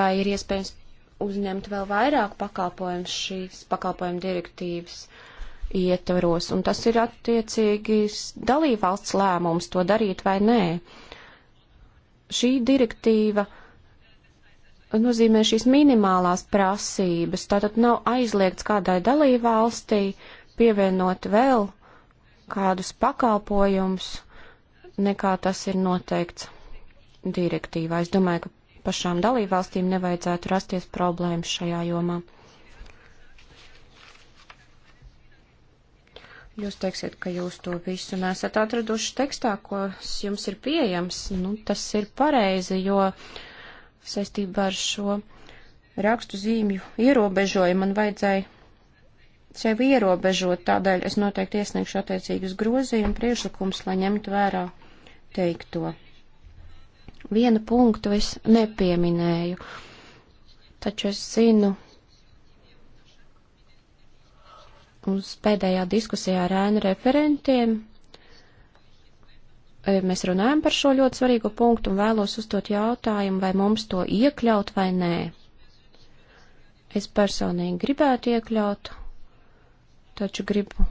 vai ir iespējams uzņemt vēl vairāk pakalpojumu šīs pakalpojumu direktīvas ietvaros, un tas ir attiecīgi dalībvalsts lēmums to darīt vai nē. Šī direktīva nozīmē šīs minimālās prasības, tātad nav aizliegts kādai dalībvalstī pievienot vēl kādus pakalpojumus, nekā tas ir noteikts direktīvā. Es domāju, ka pašām dalībvalstīm nevajadzētu rasties problēmas šajā jomā. Jūs teiksiet, ka jūs to visu nesat atraduši tekstā, kas jums ir pieejams. Nu, tas ir pareizi, jo saistībā ar šo rakstu zīmju ierobežojumu man vajadzēja sevi ierobežot, tādēļ es noteikti iesniegšu attiecīgus grozījumu priekšlikumus, lai ņemtu vērā teikto. Vienu punktu es nepieminēju, taču es zinu, uz pēdējā diskusijā ar ēnu referentiem e, mēs runājam par šo ļoti svarīgo punktu un vēlos uzdot jautājumu, vai mums to iekļaut vai nē. Es personīgi gribētu iekļaut, taču gribu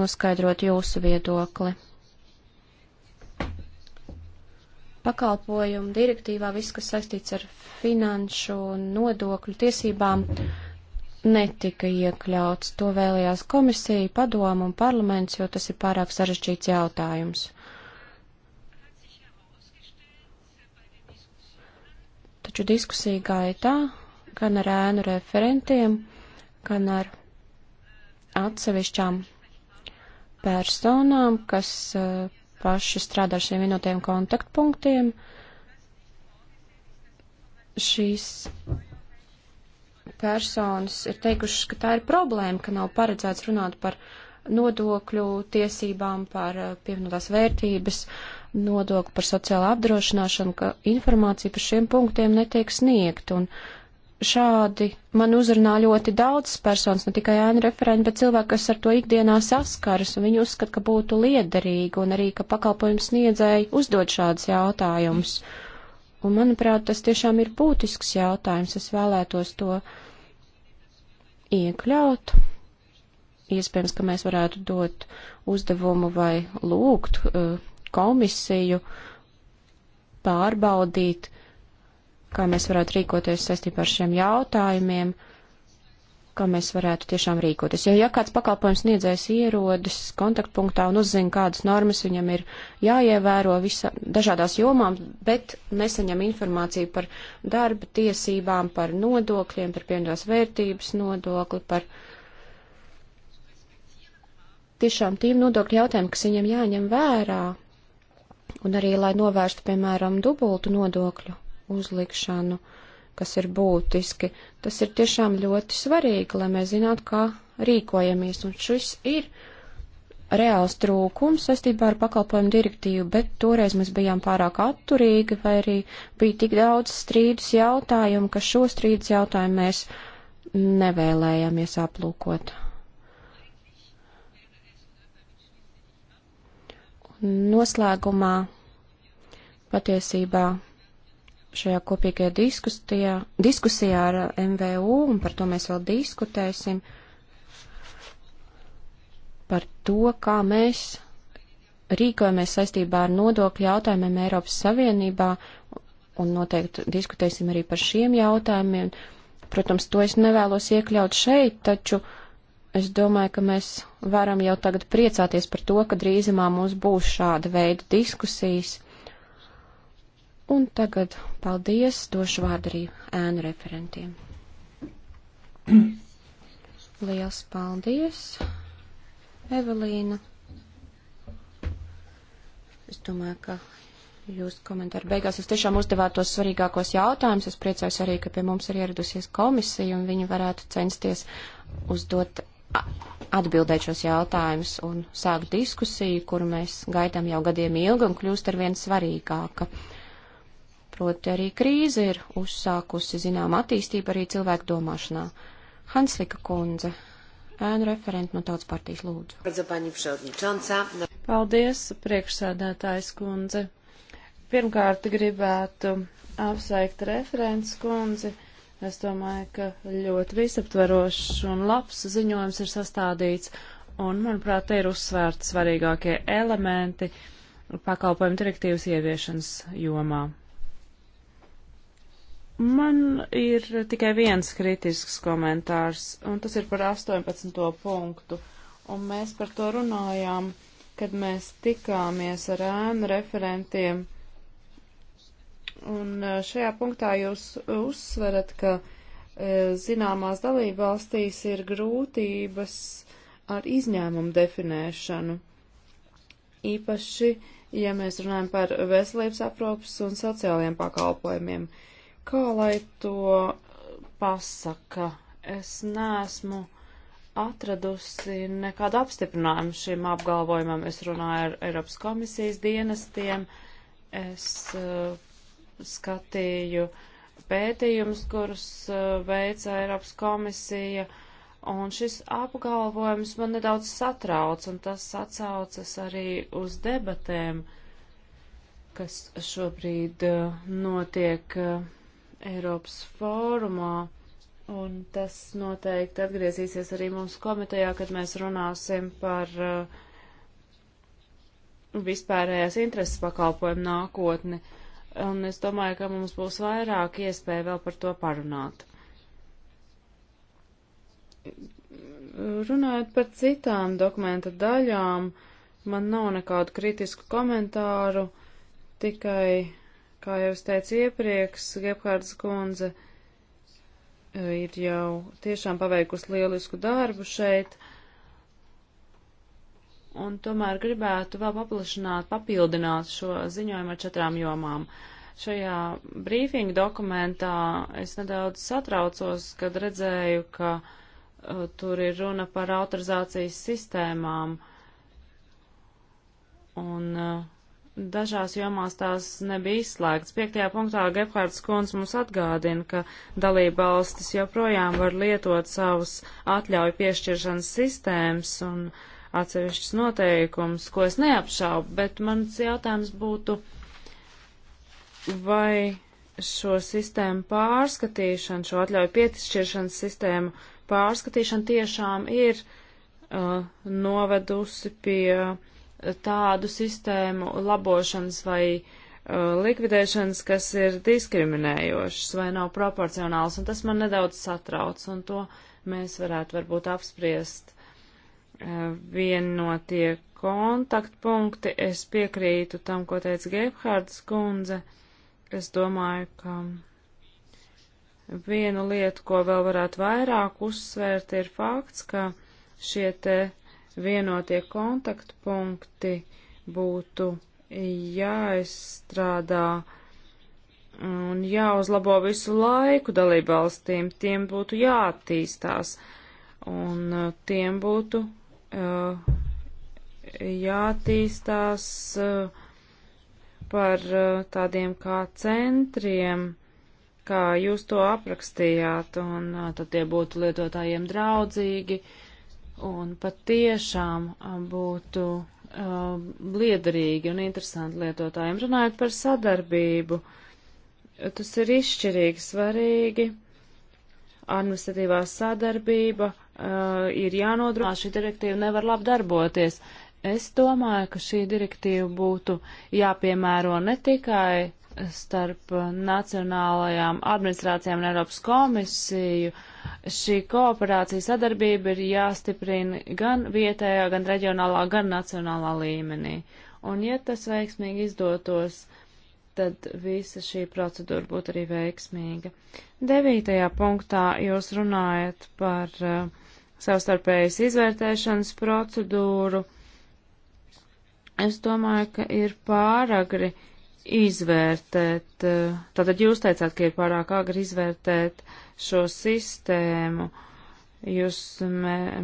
noskaidrot jūsu viedokli. pakalpojumu direktīvā viss, kas saistīts ar finanšu un nodokļu tiesībām, netika iekļauts. To vēlējās komisija, padomu un parlaments, jo tas ir pārāk sarežģīts jautājums. Taču diskusija gaitā, gan ar ēnu referentiem, gan ar atsevišķām personām, kas uh, paši strādā ar šiem vienotiem kontaktpunktiem. Šīs personas ir teikušas, ka tā ir problēma, ka nav paredzēts runāt par nodokļu tiesībām, par eh, pievienotās vērtības nodokli, par sociālo apdrošināšanu, ka informācija par šiem punktiem netiek sniegta. Un šādi man uzrunā ļoti daudz personas, ne tikai ēnu referenti, bet cilvēki, kas ar to ikdienā saskaras, un viņi uzskata, ka būtu liederīgi, un arī, ka pakalpojums sniedzēji uzdod šādus jautājumus. Un, manuprāt, tas tiešām ir būtisks jautājums, es vēlētos to iekļaut. Iespējams, ka mēs varētu dot uzdevumu vai lūgt uh, komisiju pārbaudīt, uh, kā mēs varētu rīkoties saistībā ar šiem jautājumiem, kā mēs varētu tiešām rīkoties. Jo, ja kāds pakalpojums sniedzējs ierodas kontaktpunktā un uzzina, kādas normas viņam ir jāievēro visa, dažādās jomām, bet nesaņem informāciju par darba tiesībām, par nodokļiem, par pieņemtās vērtības nodokli, par tiešām tīm nodokļu jautājumiem, kas viņam jāņem vērā, un arī, lai novērstu, piemēram, dubultu nodokļu uzlikšanu, kas ir būtiski. Tas ir tiešām ļoti svarīgi, lai mēs zinātu, kā rīkojamies, un šis ir reāls trūkums saistībā ar pakalpojumu direktīvu, bet toreiz mēs bijām pārāk atturīgi, vai arī bija tik daudz strīdus jautājumu, ka šo strīdus jautājumu mēs nevēlējāmies aplūkot. Un noslēgumā patiesībā šajā kopīgajā diskusijā, diskusijā ar uh, MVU, un par to mēs vēl diskutēsim, par to, kā mēs rīkojamies saistībā ar nodokļu jautājumiem Eiropas Savienībā, un noteikti diskutēsim arī par šiem jautājumiem. Protams, to es nevēlos iekļaut šeit, taču es domāju, ka mēs varam jau tagad priecāties par to, ka drīzumā mums būs šāda veida diskusijas. Un tagad Paldies, došu vārdu arī ēnu referentiem. Liels paldies, Evelīna. Es domāju, ka jūs komentāru beigās jūs tiešām uzdevāt tos svarīgākos jautājumus. Es priecājos arī, ka pie mums ir ieradusies komisija un viņi varētu censties uzdot atbildēt šos jautājumus un sākt diskusiju, kuru mēs gaidām jau gadiem ilgi un kļūst ar vien svarīgāka. Proti arī krīze ir uzsākusi, zinām, attīstību arī cilvēku domāšanā. Hanslika kundze, ēnu referentu no tautas partijas lūdzu. Paldies, priekšsēdētājs kundze. Pirmkārt gribētu apsveikt referents kundzi. Es domāju, ka ļoti visaptverošs un labs ziņojums ir sastādīts, un, manuprāt, te ir uzsvērts svarīgākie elementi pakalpojumu direktīvas ieviešanas jomā. Man ir tikai viens kritisks komentārs, un tas ir par 18. punktu. Un mēs par to runājām, kad mēs tikāmies ar ēnu referentiem. Un eh, šajā punktā jūs uzsverat, ka eh, zināmās dalībvalstīs ir grūtības ar izņēmumu definēšanu. Īpaši, ja mēs runājam par veselības aprūpas un sociālajiem pakalpojumiem. Uh, Kā lai to pasaka? Es neesmu atradusi nekādu apstiprinājumu šim apgalvojumam. Es runāju ar Eiropas komisijas dienestiem, es uh, skatīju pētījumus, kurus uh, veica Eiropas komisija, un šis apgalvojums man nedaudz satrauc, un tas atsaucas arī uz debatēm, kas šobrīd uh, notiek. Uh, Eiropas fórumā, un tas noteikti atgriezīsies arī mums komitejā, kad mēs runāsim par uh, vispārējās intereses pakalpojumu nākotni. Un es domāju, ka mums būs vairāk iespēja vēl par to parunāt. Runājot par citām dokumenta daļām, man nav nekādu kritisku komentāru, tikai Kā jau es teicu iepriekš, Gebhards Gunze eh, ir jau tiešām paveikusi lielisku darbu šeit, un tomēr gribētu vēl paplašināt, papildināt šo ziņojumu ar četrām jomām. Šajā brīfinga dokumentā es nedaudz satraucos, kad redzēju, ka uh, tur ir runa par autorizācijas sistēmām. Un uh, dažās jomās tās nebija izslēgts. Piektajā punktā Gephards Kunz mums atgādina, ka dalība valstis joprojām var lietot savus atļauju piešķiršanas sistēmas un atsevišķus noteikumus, ko es neapšaubu, bet mans jautājums būtu, vai šo sistēmu pārskatīšanu, šo atļauju piešķiršanas sistēmu pārskatīšana tiešām ir uh, novedusi pie uh, tādu sistēmu labošanas vai uh, likvidēšanas, kas ir diskriminējošas vai nav proporcionāls, un tas man nedaudz satrauc, un to mēs varētu varbūt apspriest uh, vienotie kontaktpunkti. Es piekrītu tam, ko teica Gebhards kundze. Es domāju, ka vienu lietu, ko vēl varētu vairāk uzsvērt, ir fakts, ka šie te vienotie kontaktpunkti būtu jāizstrādā un jāuzlabo visu laiku dalībvalstīm, tiem būtu jāattīstās un uh, tiem būtu uh, jātīstās uh, par uh, tādiem kā centriem, kā jūs to aprakstījāt, un uh, tad tie būtu lietotājiem draudzīgi, uh, un patiešām būtu uh, liederīgi un interesanti lietotājiem. Runājot par sadarbību, tas ir izšķirīgi svarīgi. Administratīvā sadarbība uh, ir jānodrošina, šī direktīva nevar labdarboties. Es domāju, ka šī direktīva būtu jāpiemēro ne tikai starp nacionālajām administrācijām un Eiropas komisiju, uh, šī kooperācija sadarbība ir jāstiprina gan vietējā, gan reģionālā, gan nacionālā līmenī. Un, ja tas veiksmīgi izdotos, tad visa šī procedūra būtu arī veiksmīga. Devītajā punktā jūs runājat par uh, savstarpējas izvērtēšanas procedūru. Es domāju, ka ir pāragri uh, izvērtēt, eh, tātad jūs teicāt, ka ir pārāk agri izvērtēt šo sistēmu. Jūs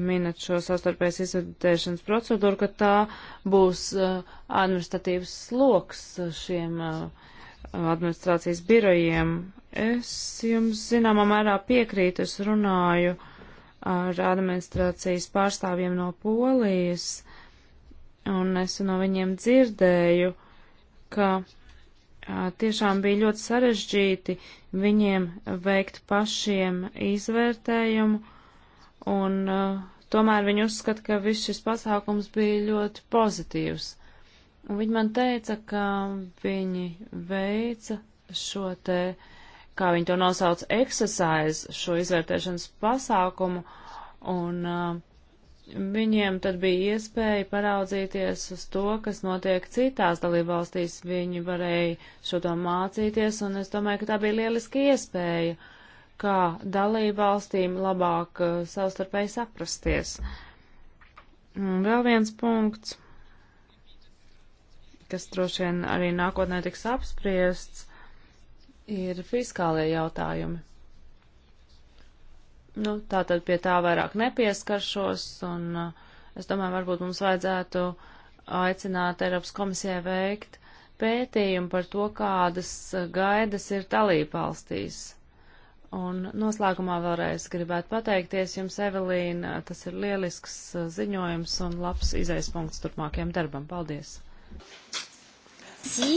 minat šo sastarpējas izvērtēšanas procedūru, ka tā būs eh, administratīvs sloks šiem eh, administrācijas birojiem. Es jums zināmā mērā piekrītu, es runāju ar administrācijas pārstāvjiem no Polijas, un es no viņiem dzirdēju, ka tiešām bija ļoti sarežģīti viņiem veikt pašiem izvērtējumu, un uh, tomēr viņi uzskata, ka viss šis pasākums bija ļoti pozitīvs. Un viņi man teica, ka viņi veica šo te, kā viņi to nosauca, exercise, šo izvērtēšanas pasākumu, un uh, viņiem tad bija iespēja paraudzīties uz to, kas notiek citās dalībvalstīs. Viņi varēja šo to mācīties, un es domāju, ka tā bija lieliski iespēja, kā dalībvalstīm labāk uh, savstarpēji saprasties. Un vēl viens punkts, kas droši vien arī nākotnē tiks apspriests, ir fiskālie jautājumi. Nu, tā tad pie tā vairāk nepieskaršos, un uh, es domāju, varbūt mums vajadzētu aicināt Eiropas komisijai veikt pētījumu par to, kādas uh, gaidas ir dalībvalstīs. Un noslēgumā vēlreiz gribētu pateikties jums, Evelīna, uh, tas ir lielisks uh, ziņojums un labs izaispunkts turpmākajam darbam. Paldies! Si,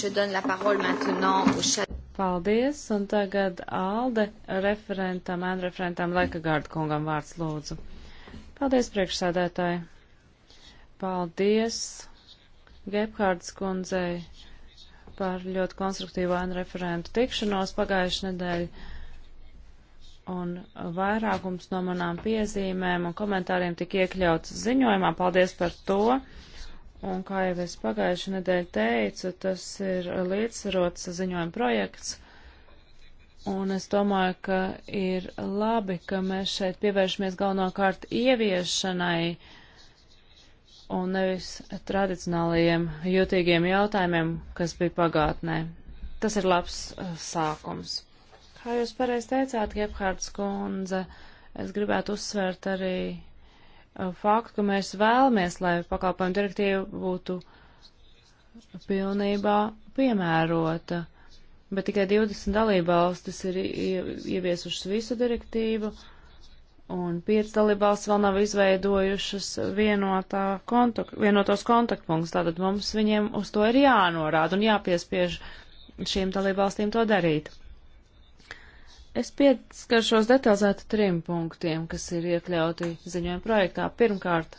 je donne la parole maintenant au chat. Paldies, un tagad Alde referentam, Andreferentam Lekagārdu kungam vārds lūdzu. Paldies, priekšsēdētāji. Paldies Gebhārdas kundzei par ļoti konstruktīvo Andreferentu tikšanos pagājušajā nedēļā. Un vairākums no manām piezīmēm un komentāriem tika iekļauts ziņojumā. Paldies par to. Un kā jau es pagājušu nedēļu teicu, tas ir līdzsvarots ziņojuma projekts. Un es domāju, ka ir labi, ka mēs šeit pievēršamies galvenokārt ieviešanai un nevis tradicionālajiem jūtīgiem jautājumiem, kas bija pagātnē. Tas ir labs uh, sākums. Kā jūs pareiz teicāt, Gebhārds kundze, es gribētu uzsvērt arī faktu, ka mēs vēlamies, lai pakalpojumu direktīva būtu pilnībā piemērota, bet tikai 20 dalībvalstis ir ieviesušas visu direktīvu, un 5 dalībvalstis vēl nav izveidojušas vienotā kontakt, vienotos kontaktpunktus, tātad mums viņiem uz to ir jānorāda un jāpiespiež šīm dalībvalstīm to darīt. Es pieskaršos detalizēti trim punktiem, kas ir iekļauti ziņojuma projektā. Pirmkārt,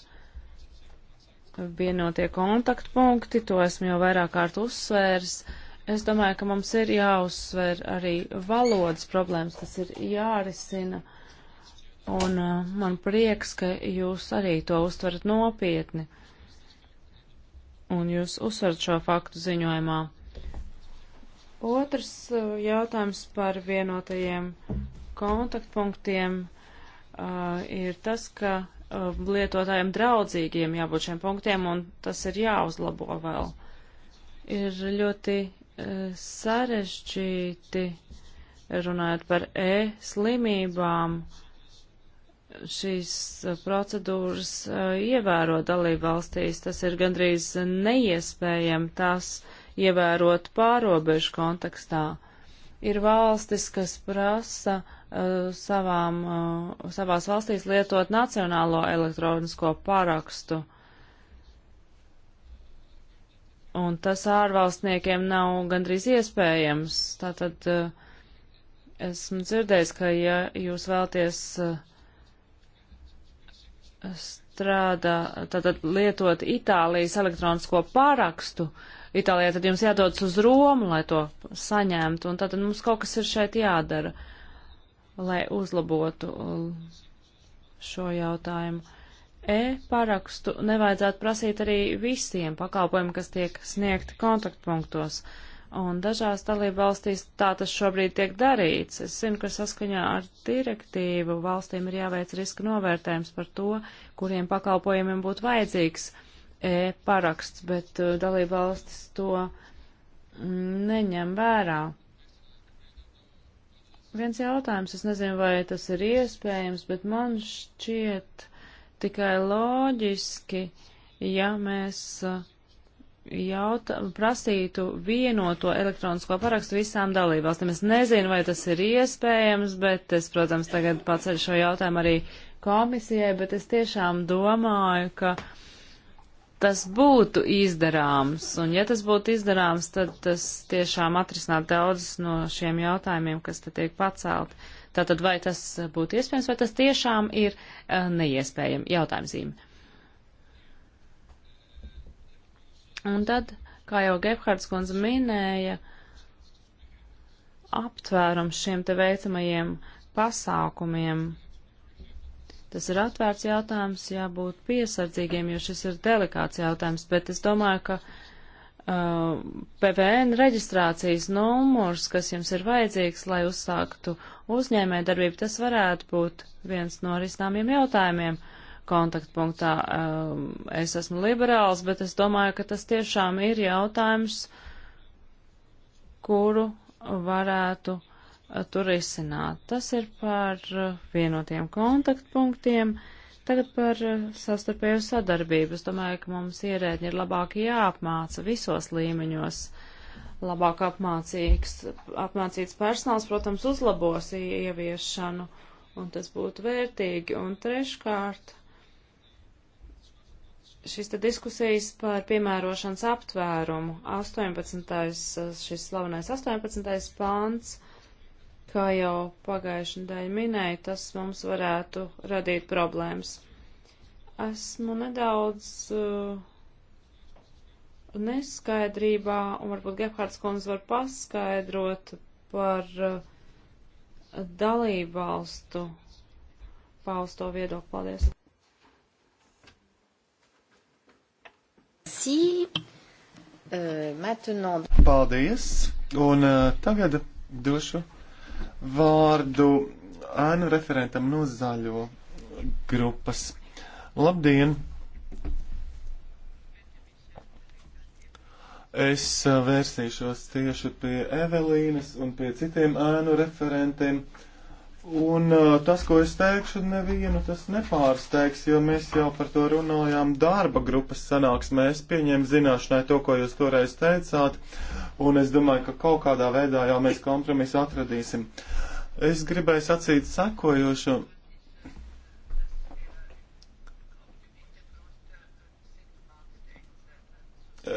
vienotie kontaktpunkti, to esmu jau vairāk kārt uzsvērs. Es domāju, ka mums ir jāuzsver arī valodas problēmas, tas ir jārisina. Un uh, man prieks, ka jūs arī to uztverat nopietni. Un jūs uzsverat šo faktu ziņojumā. Otrs uh, jautājums par vienotajiem kontaktpunktiem uh, ir tas, ka uh, lietotājiem draudzīgiem jābūt šiem punktiem, un tas ir jāuzlabo vēl. Ir ļoti uh, sarežģīti runājot par e-slimībām. Šīs uh, procedūras uh, ievēro dalību valstīs. Tas ir gandrīz neiespējami. Tās uh, ievērot pārobežu kontekstā. Ir valstis, kas prasa uh, savām, uh, savās valstīs lietot nacionālo elektronisko parakstu. Un tas ārvalstniekiem nav gandrīz iespējams. Tātad uh, esmu dzirdējis, ka ja jūs vēlties uh, strādā, tātad lietot Itālijas elektronisko parakstu, uh, Itālijā, tad jums jādodas uz Romu, lai to saņemtu, un tad mums kaut kas ir šeit jādara, lai uzlabotu uh, šo jautājumu. E-parakstu nevajadzētu prasīt arī visiem pakalpojumiem, kas tiek sniegti kontaktpunktos. Un dažās dalība valstīs tā tas šobrīd tiek darīts. Es zinu, ka saskaņā ar direktīvu valstīm ir jāveic riska novērtējums par to, kuriem pakalpojumiem būtu vajadzīgs uh, e-paraksts, bet uh, dalībvalstis to mm, neņem vērā. Viens jautājums, es nezinu, vai tas ir iespējams, bet man šķiet tikai loģiski, ja mēs uh, jauta, prasītu vienoto elektronisko parakstu visām dalībvalstīm. Es nezinu, vai tas ir iespējams, bet es, protams, tagad paceļu šo jautājumu arī komisijai, bet es tiešām domāju, ka uh, tas būtu izdarāms, un ja tas būtu izdarāms, tad tas tiešām atrisināt daudzus no šiem jautājumiem, kas te tiek pacelti. Tātad vai tas būtu iespējams, vai tas tiešām ir uh, neiespējami jautājumzīme. Un tad, kā jau Gebhards kundze minēja, aptvērums šiem te veicamajiem pasākumiem Tas ir atvērts jautājums, jābūt piesardzīgiem, jo šis ir delikāts jautājums, bet es domāju, ka uh, PVN reģistrācijas numurs, kas jums ir vajadzīgs, lai uzsāktu uzņēmē darbību, tas varētu būt viens no risināmiem jautājumiem kontaktpunktā. Uh, es esmu liberāls, bet es domāju, ka tas tiešām ir jautājums, kuru varētu Uh, tur risināt. Tas ir par uh, vienotiem kontaktpunktiem. Tagad par uh, sastarpēju sadarbību. Es domāju, ka mums ierēģi ir labāk jāapmāca visos līmeņos. Labāk apmācīgs, apmācīts personāls, protams, uzlabos ieviešanu, un tas būtu vērtīgi. Un treškārt, šīs te diskusijas par piemērošanas aptvērumu, 18. šis slavenais 18. pāns Kā jau pagājušajā nedēļā minēju, tas mums varētu radīt problēmas. Esmu nedaudz uh, neskaidrībā, un varbūt Gephards kundze var paskaidrot par uh, dalību valstu pausto viedokli. Paldies! Si, uh, Paldies! Un uh, tagad došu vārdu ēnu referentam no zaļo grupas. Labdien! Es eh, vērsīšos tieši pie Evelīnas un pie citiem ēnu referentiem. Un eh, tas, ko es teikšu, nevienu tas nepārsteigs, jo mēs jau par to runājām darba grupas sanāksmē. Es pieņēmu zināšanai to, ko jūs toreiz teicāt. Uh, un es domāju, ka kaut kādā veidā jau mēs kompromisu atradīsim. Es gribēju sacīt sekojošu.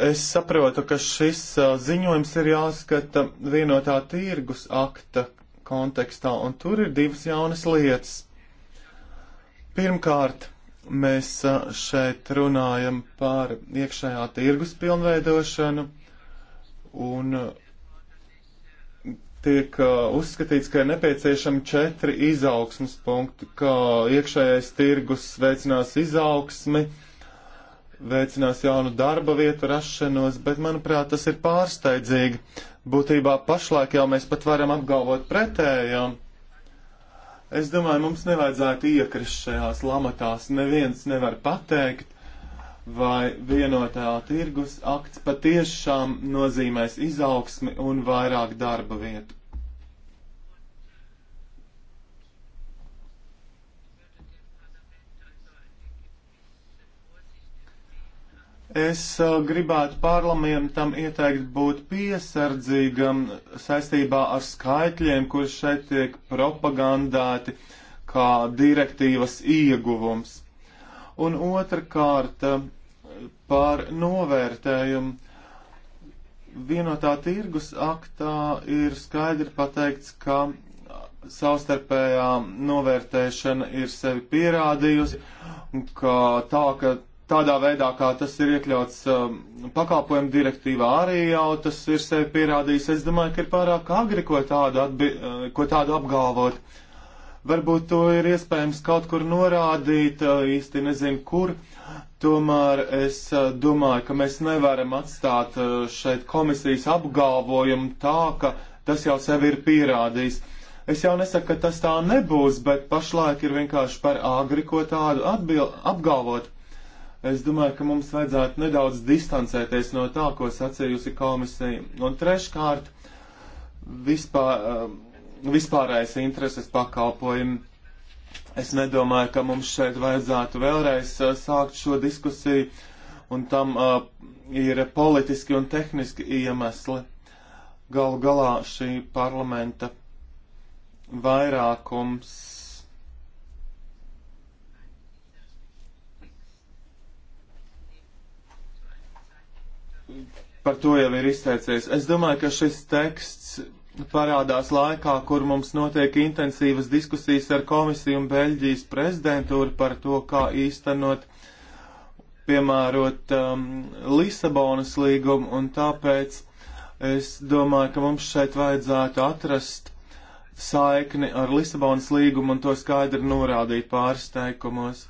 Es saprotu, ka šis ziņojums ir jāskata vienotā tirgus akta kontekstā, un tur ir divas jaunas lietas. Pirmkārt, mēs šeit runājam par iekšējā tirgus pilnveidošanu un uh, tiek uh, uzskatīts, ka ir nepieciešami četri izaugsmas punkti, kā iekšējais tirgus veicinās izaugsmi, veicinās jaunu darba vietu rašanos, bet, manuprāt, tas ir pārsteidzīgi. Būtībā pašlaik jau mēs pat varam apgalvot pretējo. Es domāju, mums nevajadzētu iekrist šajās lamatās. Neviens nevar pateikt, vai vienotā tirgus akts patiešām nozīmēs izaugsmi un vairāk darba vietu. Es uh, gribētu parlamentam ieteikt būt piesardzīgam saistībā ar skaitļiem, kur šeit tiek propagandēti kā direktīvas ieguvums un otrkārt par novērtējumu. Vienotā tirgus aktā ir skaidri pateikts, ka savstarpējā novērtēšana ir sevi pierādījusi, ka tā, ka tādā veidā, kā tas ir iekļauts um, pakalpojumu direktīvā, arī jau tas ir sevi pierādījis. Es domāju, ka ir pārāk agri, ko tādu, atbi, uh, ko tādu apgalvot. Varbūt to ir iespējams kaut kur norādīt, īsti nezinu kur. Tomēr es domāju, ka mēs nevaram atstāt šeit komisijas apgalvojumu tā, ka tas jau sevi ir pierādījis. Es jau nesaku, ka tas tā nebūs, bet pašlaik ir vienkārši par āgri ko tādu atbil, apgalvot. Es domāju, ka mums vajadzētu nedaudz distancēties no tā, ko sacījusi komisija. Un treškārt, vispār, vispārējais intereses pakalpojumi. Es nedomāju, ka mums šeit vajadzētu vēlreiz uh, sākt šo diskusiju, un tam uh, ir politiski un tehniski iemesli. Galu galā šī parlamenta vairākums par to jau ir izteicies. Es domāju, ka šis teksts parādās laikā, kur mums notiek intensīvas diskusijas ar komisiju un Beļģijas prezidentūru par to, kā īstenot, piemērot um, Lisabonas līgumu, un tāpēc es domāju, ka mums šeit vajadzētu atrast saikni ar Lisabonas līgumu un to skaidri norādīt pāris teikumos.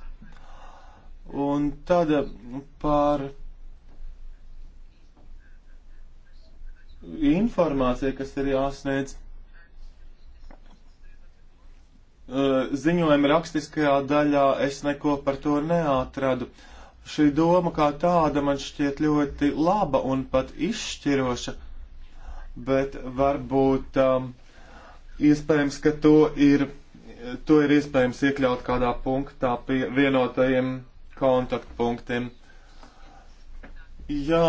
Un tad par informācija, kas ir jāsniedz eh, ziņojuma rakstiskajā daļā es neko par to neatradu. Šī doma kā tāda man šķiet ļoti laba un pat izšķiroša, bet varbūt um, iespējams, ka to ir, to ir iespējams iekļaut kādā punktā pie vienotajiem kontaktpunktiem. Jā,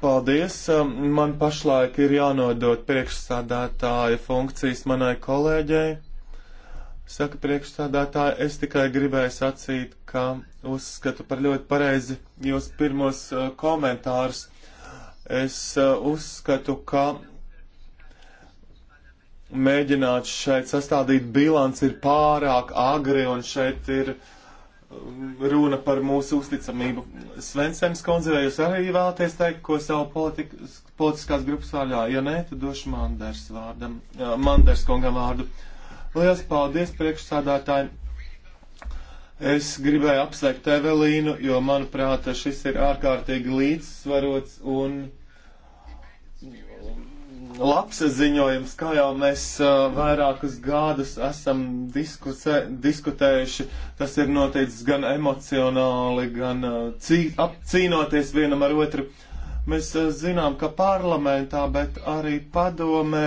Paldies. Um, man pašlaik ir jānodot priekšsādātāja funkcijas manai kolēģei. Saka priekšsādātāja, es tikai gribēju sacīt, ka uzskatu par ļoti pareizi jūs pirmos uh, komentārus. Es uh, uzskatu, ka mēģināt šeit sastādīt bilanci ir pārāk agri un šeit ir uh, runa par mūsu uzticamību. Svensens kundze, vai jūs arī vēlaties teikt, ko savu politika, politiskās grupas vārdā? Ja nē, tad došu Manders vārdam, uh, Manders kungam vārdu. Lielas paldies priekšsādātājiem. Es gribēju apsveikt Evelīnu, jo, manuprāt, šis ir ārkārtīgi līdzsvarots un labs ziņojums, kā jau mēs uh, vairākus gadus esam diskuse, diskutējuši. Tas ir noticis gan emocionāli, gan uh, cī, apcīnoties vienam ar otru. Mēs uh, zinām, ka parlamentā, bet arī padomē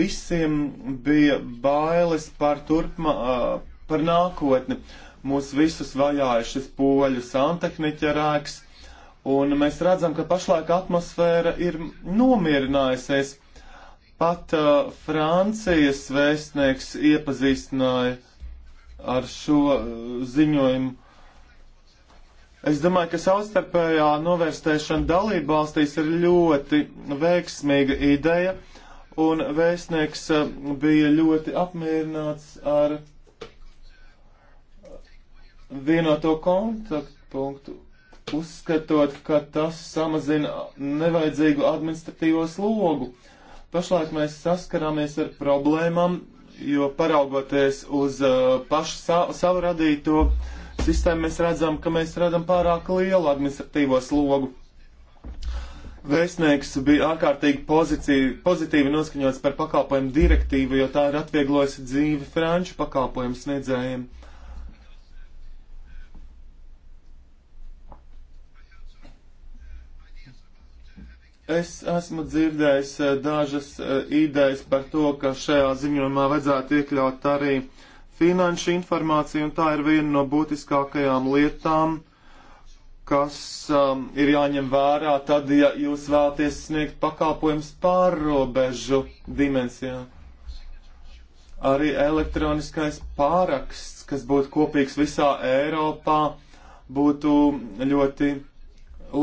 visiem bija bailes par, turpma, uh, par nākotni. Mūs visus vajāja šis poļu santehniķa rēks, Un mēs redzam, ka pašlaik atmosfēra ir nomierinājusies. Pat uh, Francijas vēstnieks iepazīstināja ar šo uh, ziņojumu. Es domāju, ka savstarpējā novērstēšana dalība valstīs ir ļoti veiksmīga ideja, un vēstnieks uh, bija ļoti apmierināts ar vienoto kontaktpunktu uzskatot, ka tas samazina nevajadzīgu administratīvo slogu. Pašlaik mēs saskarāmies ar problēmām, jo paraugoties uz uh, pašu sa savu radīto sistēmu, mēs redzam, ka mēs redzam pārāk lielu administratīvo slogu. Vēstnieks bija ārkārtīgi pozitīvi, pozitīvi noskaņots par pakalpojumu direktīvu, jo tā ir atvieglojusi dzīvi franču pakalpojumu sniedzējiem. Uh, Es esmu dzirdējis eh, dažas eh, idejas par to, ka šajā ziņojumā vajadzētu iekļaut arī finanšu informāciju, un tā ir viena no būtiskākajām lietām, kas um, ir jāņem vērā tad, ja jūs vēlaties sniegt pakalpojums pārrobežu dimensijā arī elektroniskais pāraksts, kas būtu kopīgs visā Eiropā, būtu ļoti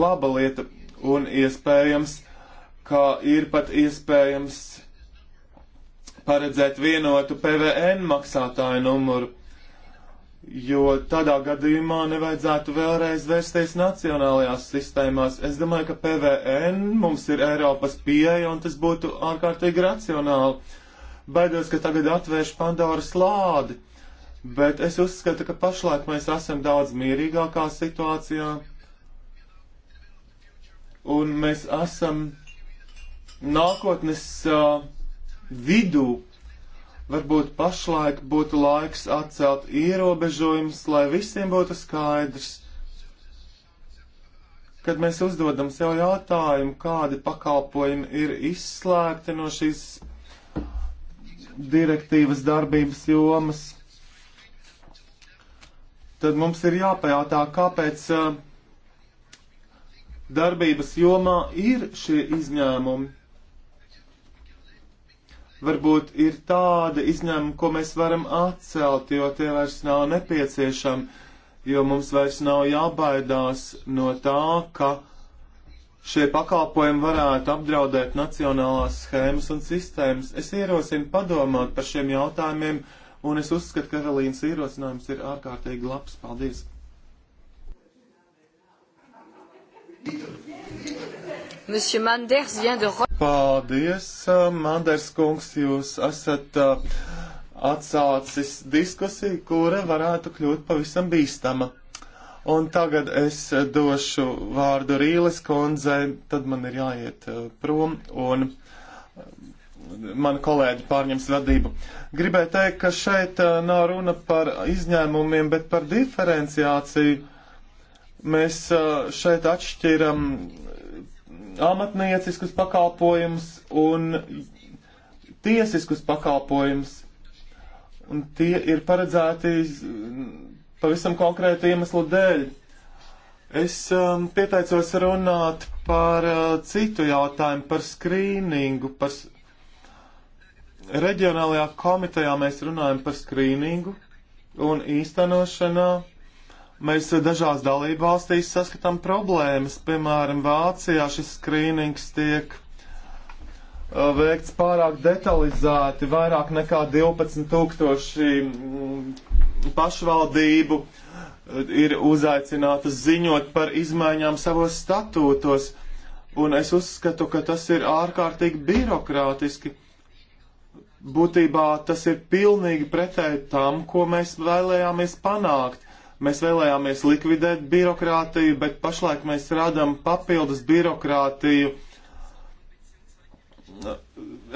laba lieta un iespējams, ka ir pat iespējams paredzēt vienotu PVN maksātāju numuru, jo tādā gadījumā nevajadzētu vēlreiz vērsties nacionālajās sistēmās. Es domāju, ka PVN mums ir Eiropas pieeja, un tas būtu ārkārtīgi racionāli. Baidos, ka tagad atvērš Pandoras lādi, bet es uzskatu, ka pašlaik mēs esam daudz mierīgākā situācijā un mēs esam nākotnes uh, vidū. Varbūt pašlaik būtu laiks atcelt ierobežojumus, lai visiem būtu skaidrs, kad mēs uzdodam sev jautājumu, kādi pakalpojumi ir izslēgti no šīs direktīvas darbības jomas, tad mums ir jāpajautā, kāpēc uh, darbības jomā ir šie izņēmumi. Varbūt ir tādi izņēmumi, ko mēs varam atcelt, jo tie vairs nav nepieciešami, jo mums vairs nav jābaidās no tā, ka šie pakalpojumi varētu apdraudēt nacionālās schēmas un sistēmas. Es ierosinu padomāt par šiem jautājumiem, un es uzskatu, ka Karolīnas ierosinājums ir ārkārtīgi labs. Paldies! Paldies, uh, Manders kungs, jūs esat uh, atsācis diskusiju, kura varētu kļūt pavisam bīstama. Un tagad es došu vārdu Rīles kundzei, tad man ir jāiet uh, prom un mani kolēģi pārņems vadību. Gribēju teikt, ka šeit nav runa par izņēmumiem, bet par diferenciāciju Mēs šeit atšķiram amatnieciskus pakalpojumus un tiesiskus pakalpojumus. Un tie ir paredzēti pavisam konkrēta iemesla dēļ. Es um, pieteicos runāt par uh, citu jautājumu, par skrīningu. Par s... Reģionālajā komitejā mēs runājam par skrīningu un īstenošanā Mēs dažās dalībvalstīs saskatām problēmas. Piemēram, Vācijā šis skrīnings tiek uh, veikts pārāk detalizēti, vairāk nekā 12 tūkstoši mm, pašvaldību uh, ir uzaicinātas ziņot par izmaiņām savos statūtos, un es uzskatu, ka tas ir ārkārtīgi birokrātiski. Būtībā tas ir pilnīgi pretēji tam, ko mēs vēlējāmies panākt. Mēs vēlējāmies likvidēt birokrātiju, bet pašlaik mēs radam papildus birokrātiju. Uh,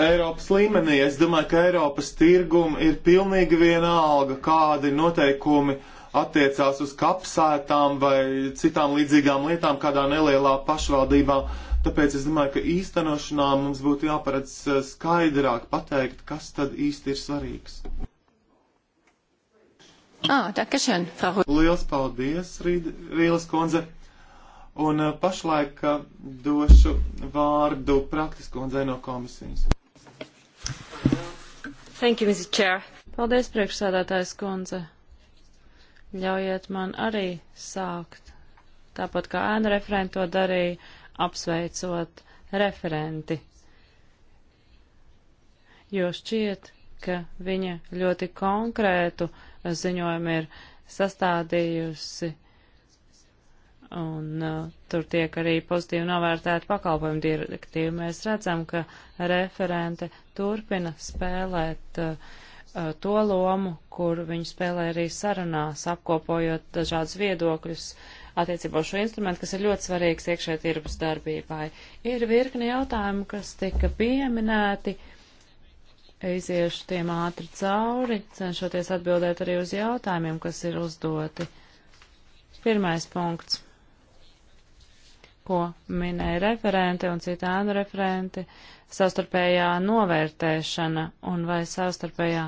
Eiropas līmenī es domāju, ka Eiropas tirgum ir pilnīgi vienalga, kādi noteikumi attiecās uz kapsētām vai citām līdzīgām lietām kādā nelielā pašvaldībā. Tāpēc es domāju, ka īstenošanā mums būtu jāparedz uh, skaidrāk pateikt, kas tad īsti ir svarīgs. Ah, dakašen, Frau Liels paldies, Rīles kundze. Un uh, pašlaik uh, došu vārdu praktisko un zaino komisijas. Thank you, Mr. Chair. Paldies, priekšsādātājs kundze. Ļaujiet man arī sākt, tāpat kā ēnu referenti to darīja, apsveicot referenti. Jo šķiet, ka viņa ļoti konkrētu uh, ziņojumu ir sastādījusi. Un uh, tur tiek arī pozitīvi novērtēta pakalpojumu direktīva. Mēs redzam, ka referente turpina spēlēt uh, uh, to lomu, kur viņi spēlē arī sarunās, apkopojot dažādus viedokļus attiecībā uz šo instrumentu, kas ir ļoti svarīgs iekšē tirpus darbībai. Ir virkni jautājumu, kas tika pieminēti. Uh, iziešu tiem ātri cauri, cenšoties atbildēt arī uz jautājumiem, kas ir uzdoti. Pirmais punkts, ko minēja referente un cita ēnu referente - savstarpējā novērtēšana un vai savstarpējā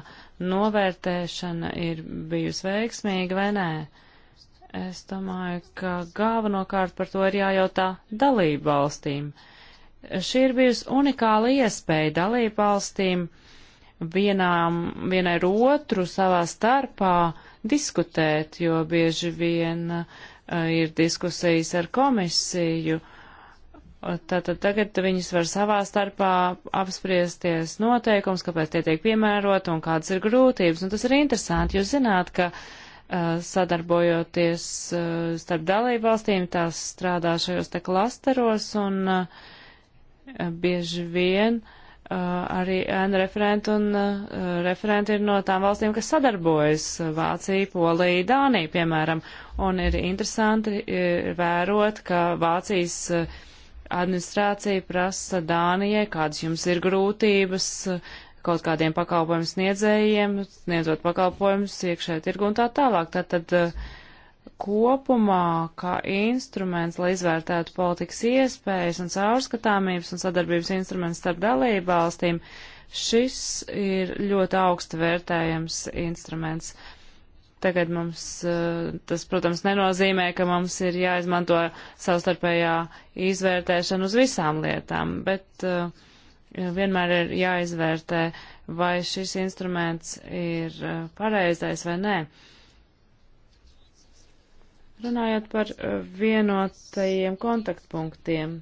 novērtēšana ir bijusi veiksmīga vai nē. Es domāju, ka galvenokārt par to ir jājautā dalību valstīm. Šī ir bijusi unikāla iespēja dalību valstīm uh, vienām, vienai ar otru savā starpā diskutēt, jo bieži vien uh, ir diskusijas ar komisiju. Tātad tagad viņas var savā starpā apspriesties noteikums, kāpēc tie tiek piemērot un kādas ir grūtības. Un tas ir interesanti, jūs zināt, ka uh, sadarbojoties uh, starp dalībvalstīm, tās strādā šajos te klasteros un bieži vien uh, arī N referenti un referenti ir no tām valstīm, kas sadarbojas - Vācija, Polija, Dānija, piemēram. Un ir interesanti vērot, ka Vācijas administrācija prasa Dānijai, kādas jums ir grūtības kaut kādiem pakalpojumu sniedzējiem, sniedzot pakalpojumus iekšē tirgu un tā tālāk. Tātad, uh, kopumā kā instruments, lai izvērtētu politikas iespējas un caurskatāmības un sadarbības instruments starp dalību valstīm, šis ir ļoti augstu vērtējams instruments. Tagad mums eh, tas, protams, nenozīmē, ka mums ir jāizmanto savstarpējā izvērtēšana uz visām lietām, bet eh, vienmēr ir jāizvērtē, vai šis instruments ir eh, pareizais vai nē. Runājot par eh, vienotajiem kontaktpunktiem,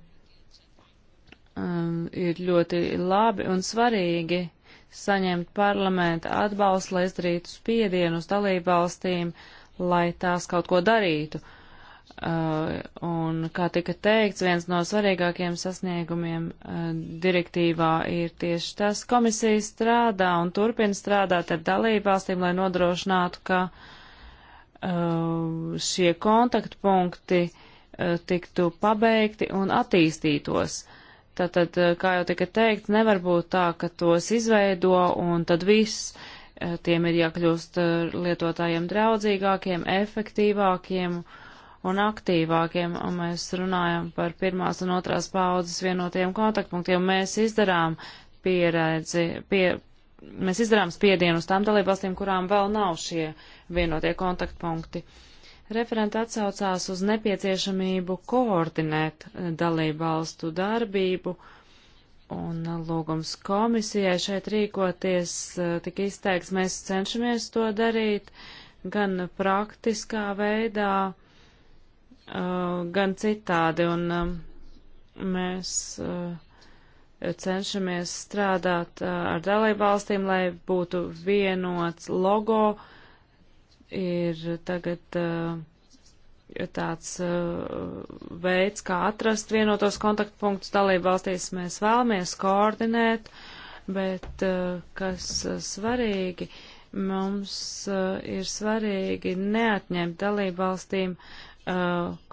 um, ir ļoti labi un svarīgi saņemt parlamenta atbalstu, lai izdarītu spiedienu uz dalību valstīm, lai tās kaut ko darītu. Uh, un, kā tika teikts, viens no svarīgākajiem sasniegumiem uh, direktīvā ir tieši tas, komisija strādā un turpina strādāt ar dalību valstīm, lai nodrošinātu, ka uh, Uh, šie kontaktpunkti uh, tiktu pabeigti un attīstītos. Tātad, uh, kā jau tika teikt, nevar būt tā, ka tos izveido un tad viss tiem ir jākļūst lietotājiem draudzīgākiem, efektīvākiem un aktīvākiem. Un mēs runājam par pirmās un otrās paudzes vienotiem kontaktpunktiem. Mēs izdarām pieredzi, pie, mēs izdarām spiedienu uz tām dalībvalstīm, kurām vēl nav šie vienotie kontaktpunkti. Referenta atsaucās uz nepieciešamību koordinēt eh, dalībvalstu darbību, un eh, lūgums komisijai šeit rīkoties eh, tik izteikts, mēs cenšamies to darīt gan praktiskā veidā, gan citādi, un mēs cenšamies strādāt ar dalībvalstīm, lai būtu vienots logo. Ir tagad tāds veids, kā atrast vienotos kontaktpunktus dalībvalstīs. Mēs vēlamies koordinēt, bet kas svarīgi, mums ir svarīgi neatņemt dalībvalstīm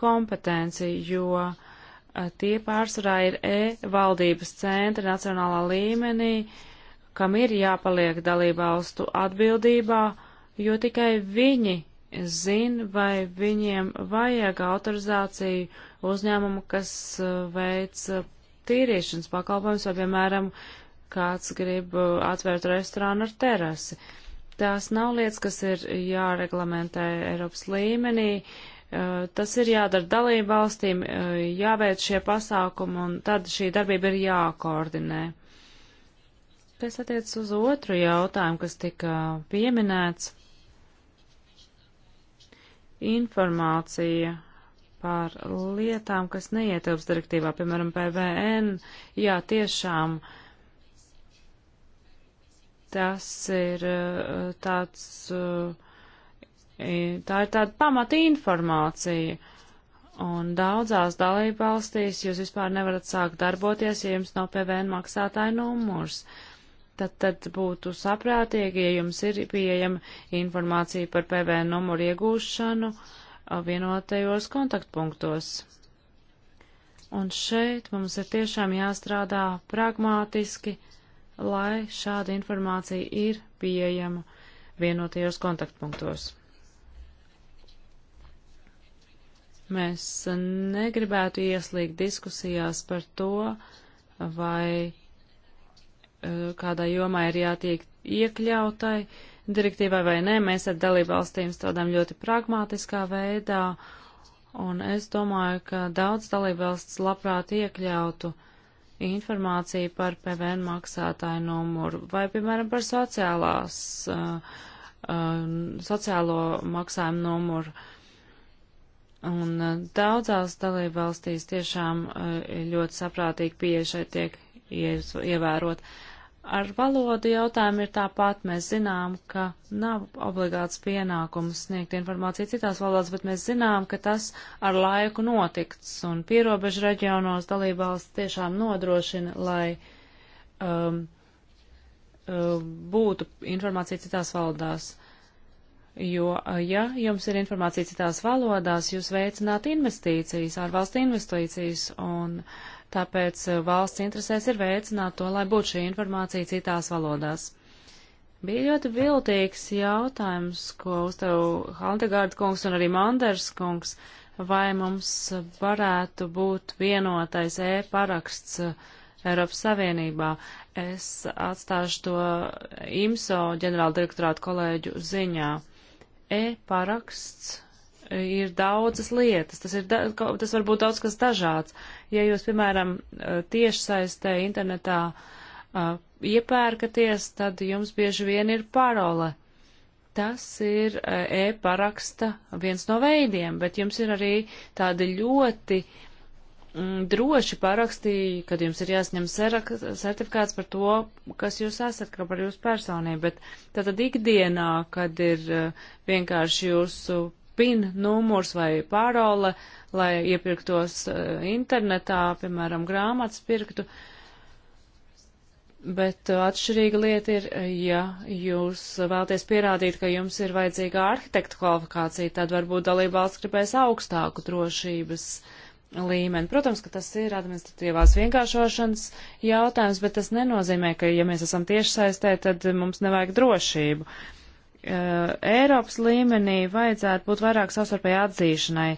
kompetenci, jo uh, tie pārsvarā ir e-valdības centri nacionālā līmenī, kam ir jāpaliek dalībvalstu atbildībā, jo tikai viņi zina, vai viņiem vajag autorizāciju uzņēmumu, kas veic tīriešanas pakalpojums, vai, piemēram, kāds grib atvērt restorānu ar terasi. Tās nav lietas, kas ir jāreglamentē Eiropas līmenī, uh, Tas ir jādara dalību valstīm, jāveic šie pasākumi, un tad šī darbība ir jākoordinē. Kas attiecas uz otru jautājumu, kas tika pieminēts? Informācija par lietām, kas neietilps direktīvā, piemēram, PVN, jā, tiešām tas ir tāds Tā ir tāda pamata informācija. Un daudzās dalība valstīs jūs vispār nevarat sākt darboties, ja jums nav PVN maksātāja numurs. Tad, tad būtu saprātīgi, ja jums ir pieejama informācija par PVN numuru iegūšanu vienotajos kontaktpunktos. Un šeit mums ir tiešām jāstrādā pragmātiski, lai šāda informācija ir pieejama vienotajos kontaktpunktos. Mēs negribētu ieslīgt diskusijās par to, vai eh, kādā jomā ir jātiek iekļautai direktīvai vai nē. Mēs ar dalību valstīm strādājam ļoti pragmatiskā veidā, un es domāju, ka daudz dalību valsts labprāt iekļautu informāciju par PVN maksātāju numuru vai, piemēram, par sociālās, uh, uh, sociālo maksājumu numuru. Uh, Un eh, daudzās dalībvalstīs tiešām eh, ļoti saprātīgi pieeja šeit tiek ievērot. Ar valodu jautājumu ir tāpat. Mēs zinām, ka nav obligāts pienākums sniegt informāciju citās valodās, bet mēs zinām, ka tas ar laiku notikts. Un pierobežu reģionos dalībvalsts tiešām nodrošina, lai um, uh, būtu informācija citās valodās jo, ja jums ir informācija citās valodās, jūs veicināt investīcijas, ārvalstu investīcijas, un tāpēc valsts interesēs ir veicināt to, lai būtu šī informācija citās valodās. Bija ļoti viltīgs jautājums, ko uzdev Haldegārda kungs un arī Manders kungs, vai mums varētu būt vienotais e-paraksts Eiropas Savienībā. Es atstāšu to IMSO ģenerāla direktorāta kolēģu ziņā e-paraksts e, ir daudzas lietas, tas, ir da tas var būt daudz kas dažāds. Ja jūs, piemēram, e, tiešsaistē internetā uh, iepērkaties, tad jums bieži vien ir parole. Tas ir e-paraksta viens no veidiem, bet jums ir arī tādi ļoti Mm, droši parakstīju, kad jums ir jāsņem certifikāts par to, kas jūs esat, kā par jūsu personību, bet tātad ikdienā, kad ir eh, vienkārši jūsu PIN numurs vai pārole, lai iepirktos eh, internetā, piemēram, grāmatas pirktu, Bet eh, atšķirīga lieta ir, ja jūs vēlaties pierādīt, ka jums ir vajadzīga arhitekta kvalifikācija, tad varbūt dalībvalsts gribēs augstāku drošības uh, līmeni. Protams, ka tas ir administratīvās vienkāršošanas jautājums, bet tas nenozīmē, ka, ja mēs esam tiešsaistē, tad mums nevajag drošību. Uh, Eiropas līmenī vajadzētu būt vairāk savstarpēji atzīšanai.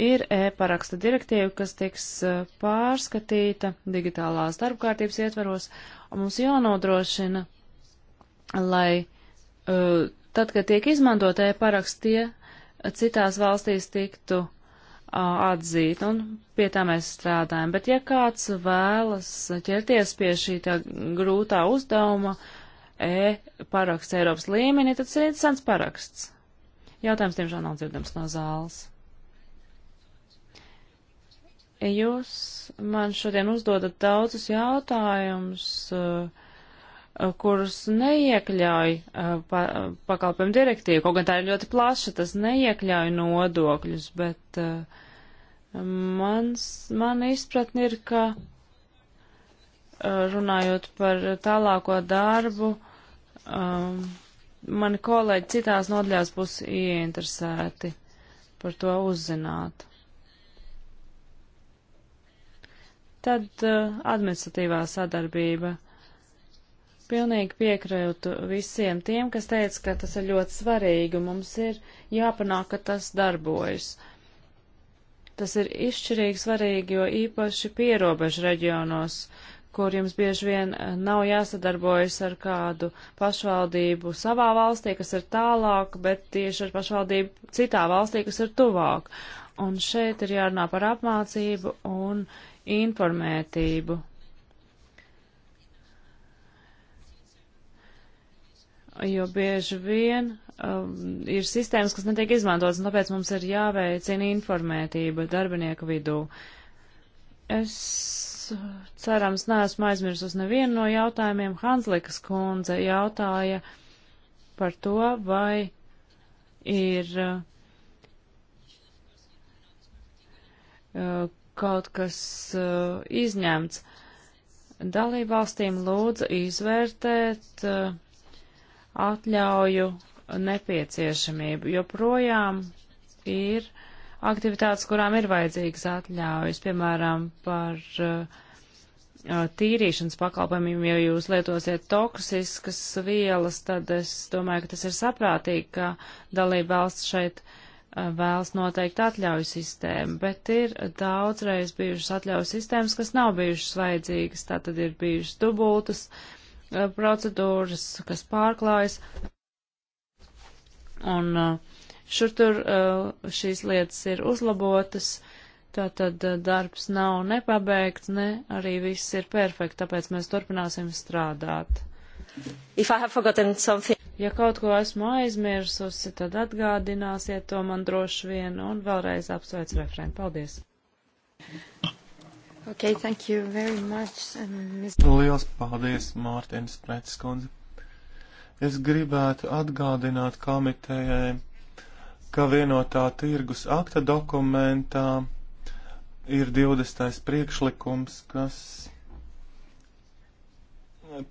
Ir e-paraksta direktīva, kas tiks uh, pārskatīta digitālās darbkārtības ietvaros, un mums jānodrošina, lai uh, tad, kad tiek izmantot e-paraksts, tie citās valstīs tiktu atzīt, un pie tā mēs strādājam. Bet ja kāds vēlas ķerties pie šī tā grūtā uzdevuma, e paraksts Eiropas līmenī, tad tas ir interesants paraksts. Jautājums, diemžēl, nav dzirdams no zāles. Jūs man šodien uzdodat daudzus jautājumus, uh, kurus neiekļauj uh, pa, pakalpojumu direktīva, kaut gan tā ir ļoti plaša, tas neiekļauj nodokļus, bet uh, mans, man izpratni ir, ka uh, runājot par tālāko darbu, um, mani kolēģi citās nodaļās būs ieinteresēti par to uzzināt. Tad administratīvā sadarbība. Uh, pilnīgi piekrītu visiem tiem, kas teica, ka tas ir ļoti svarīgi un mums ir jāpanāk, ka tas darbojas. Tas ir izšķirīgi svarīgi, jo īpaši pierobežu reģionos, kur jums bieži vien eh, nav jāsadarbojas ar kādu pašvaldību savā valstī, kas ir tālāk, bet tieši ar pašvaldību citā valstī, kas ir tuvāk. Un šeit ir jārunā par apmācību un informētību. jo bieži vien um, ir sistēmas, kas netiek izmantotas, un tāpēc mums ir jāveicina informētība darbinieku vidū. Es cerams neesmu aizmirsus nevienu no jautājumiem. Hanslikas kundze jautāja par to, vai ir uh, kaut kas uh, izņemts. Dalībvalstīm lūdzu izvērtēt uh, atļauju nepieciešamību. Joprojām ir aktivitātes, kurām ir vajadzīgas atļaujas, piemēram, par uh, uh, tīrīšanas pakalpojumiem, ja jūs lietosiet toksiskas vielas, tad es domāju, ka tas ir saprātīgi, ka dalība valsts šeit uh, vēlas noteikti atļauju sistēmu, bet ir daudzreiz bijušas atļauju sistēmas, kas nav bijušas vajadzīgas, tā tad ir bijušas dubultas Eh, procedūras, kas pārklājas. Un eh, šur tur eh, šīs lietas ir uzlabotas, tātad darbs nav nepabeigts, ne arī viss ir perfekts, tāpēc mēs turpināsim strādāt. Ja kaut ko esmu aizmirsusi, tad atgādināsiet to man droši vien un vēlreiz apsveic referentu. Paldies! Okay, thank you very much. Um, Ms... Liels paldies, Mārtiņas Pretskundze. Es gribētu atgādināt komitejai, ka vienotā tirgus akta dokumentā ir 20. priekšlikums, kas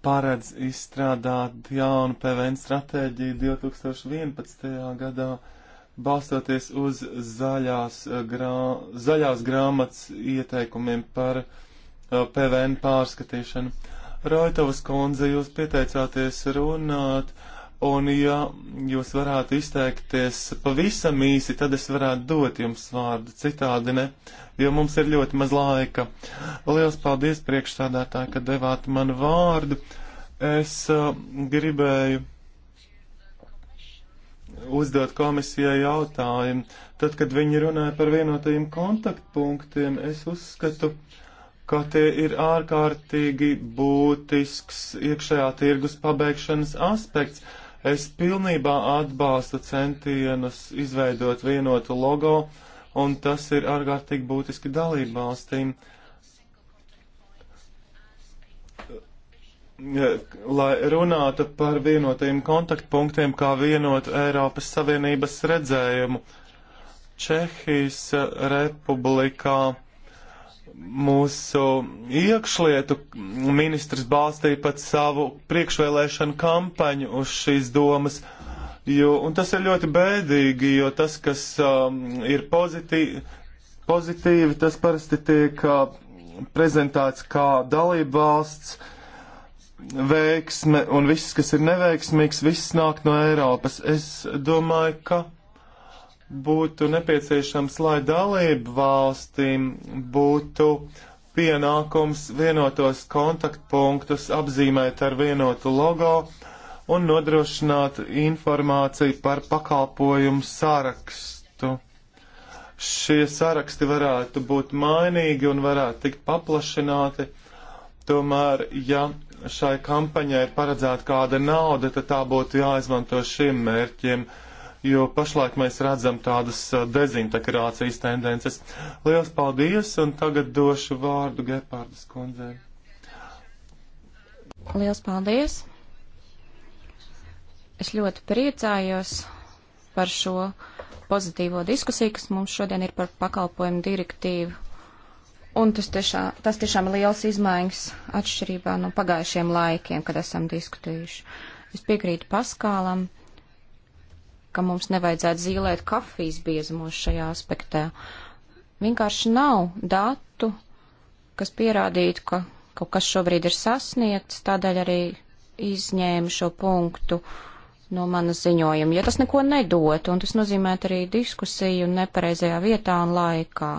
paredz izstrādāt jaunu PVN stratēģiju 2011. gadā balstoties uz zaļās, eh, grā, zaļās grāmatas ieteikumiem par eh, PVN pārskatīšanu. Roitovas kundze, jūs pieteicāties runāt, un ja jūs varētu izteikties pavisam īsi, tad es varētu dot jums vārdu, citādi ne, jo mums ir ļoti maz laika. Lielas paldies priekšstādātāji, ka devāt man vārdu. Es uh, gribēju uzdot komisijai jautājumu. Tad, kad viņi runāja par vienotajiem kontaktpunktiem, es uzskatu, ka tie ir ārkārtīgi būtisks iekšējā tirgus pabeigšanas aspekts. Es pilnībā atbalstu centienus izveidot vienotu logo, un tas ir ārkārtīgi būtiski dalību valstīm. Uh, lai runātu par vienotajiem kontaktpunktiem kā vienot Eiropas Savienības redzējumu. Čehijas republikā mūsu iekšlietu ministrs balstīja pat savu priekšvēlēšanu kampaņu uz šīs domas. Jo, un tas ir ļoti bēdīgi, jo tas, kas um, ir pozitīvi, pozitīvi, tas parasti tiek uh, prezentēts kā dalība valsts uh, veiksme un viss, kas ir neveiksmīgs, viss nāk no Eiropas. Es domāju, ka būtu nepieciešams, lai dalību valstīm būtu pienākums vienotos kontaktpunktus apzīmēt ar vienotu logo un nodrošināt informāciju par pakalpojumu sārakstu. Šie saraksti varētu būt mainīgi un varētu tikt paplašināti. Tomēr, ja šai kampaņai ir paredzēta kāda nauda, tad tā būtu jāizmanto šiem mērķiem, jo pašlaik mēs redzam tādas uh, dezintegrācijas tendences. Lielas paldies, un tagad došu vārdu Gepārdas kundzei. Lielas paldies! Es ļoti priecājos par šo pozitīvo diskusiju, kas mums šodien ir par pakalpojumu direktīvu Un tas tiešām, tas tiešām ir liels izmaiņas atšķirībā no pagājušiem laikiem, kad esam diskutējuši. Es piekrītu Paskālam, ka mums nevajadzētu zīlēt kafijas biezumos šajā aspektā. Vienkārši nav datu, kas pierādītu, ka kaut kas šobrīd ir sasniegts, tādēļ arī izņēmu šo punktu no manas ziņojuma, jo tas neko nedot, un tas nozīmē arī diskusiju nepareizajā vietā un laikā.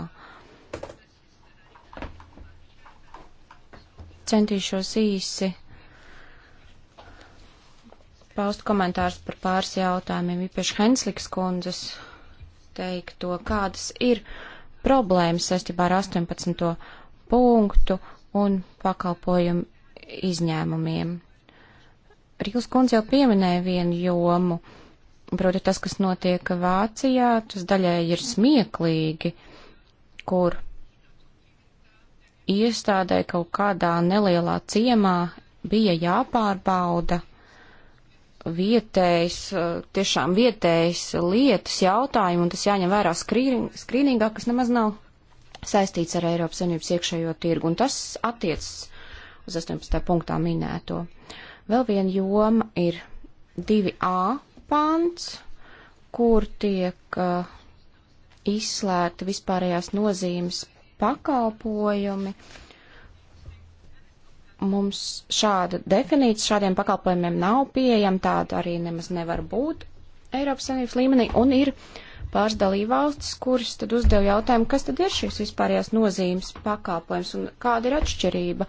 Centīšos īsi paust komentārus par pāris jautājumiem, īpaši Hensliks kundzes teikto, kādas ir problēmas saistībā ar 18. punktu un pakalpojumu izņēmumiem. Rīls kundze jau pieminēja vienu jomu, proti tas, kas notiek Vācijā, tas daļai ir smieklīgi, kur iestādē kaut kādā nelielā ciemā bija jāpārbauda vietējs, tiešām vietējs lietas jautājumu, un tas jāņem vērā skrīningā, kas nemaz nav saistīts ar Eiropas Savienības iekšējo tirgu, un tas attiecas uz 18. punktā minēto. Vēl viena joma ir 2a pants, kur tiek uh, izslēgta vispārējās nozīmes pakalpojumi. Mums šāda definīcija šādiem pakalpojumiem nav pieejama, tāda arī nemaz nevar būt Eiropas Savienības līmenī, un ir pāris dalībvalstis, kuras tad uzdeva jautājumu, kas tad ir šis vispārējās nozīmes pakalpojums un kāda ir atšķirība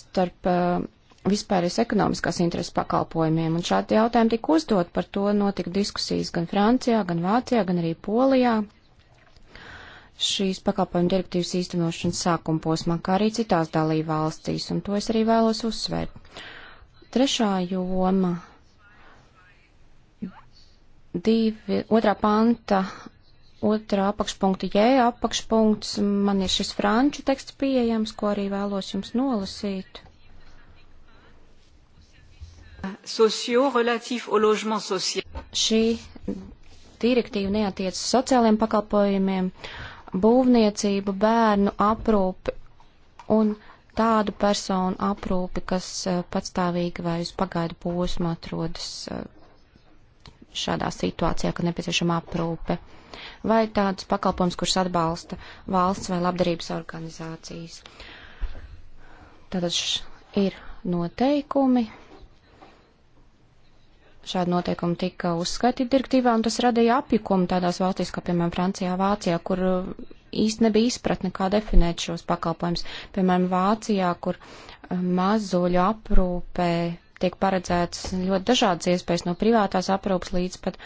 starp uh, eh, vispārējais ekonomiskās intereses pakalpojumiem. Un šādi jautājumi tika uzdot, par to notika diskusijas gan Francijā, gan Vācijā, gan arī Polijā, šīs pakalpojumu direktīvas īstenošanas sākuma posmā, kā arī citās dalību valstīs, un to es arī vēlos uzsvērt. Trešā joma divi, otrā panta, otrā apakšpunkta, jē, apakšpunkts, man ir šis franču teksts pieejams, ko arī vēlos jums nolasīt. Socio, Šī direktīva neatiec sociāliem pakalpojumiem. Uh, būvniecību, bērnu aprūpi un tādu personu aprūpi, kas eh, patstāvīgi vai uz pagaidu posmu atrodas eh, šādā situācijā, ka nepieciešama aprūpe, vai tāds pakalpojums, kurš atbalsta valsts vai labdarības organizācijas. Tātad ir noteikumi, šādi noteikumi tika uzskaitīti direktīvā, un tas radīja apjukumu tādās valstīs, kā piemēram Francijā, Vācijā, kur uh, īsti nebija izpratne, kā definēt šos pakalpojumus. Piemēram, Vācijā, kur uh, mazuļu aprūpē tiek paredzētas ļoti dažādas iespējas no privātās aprūpas līdz pat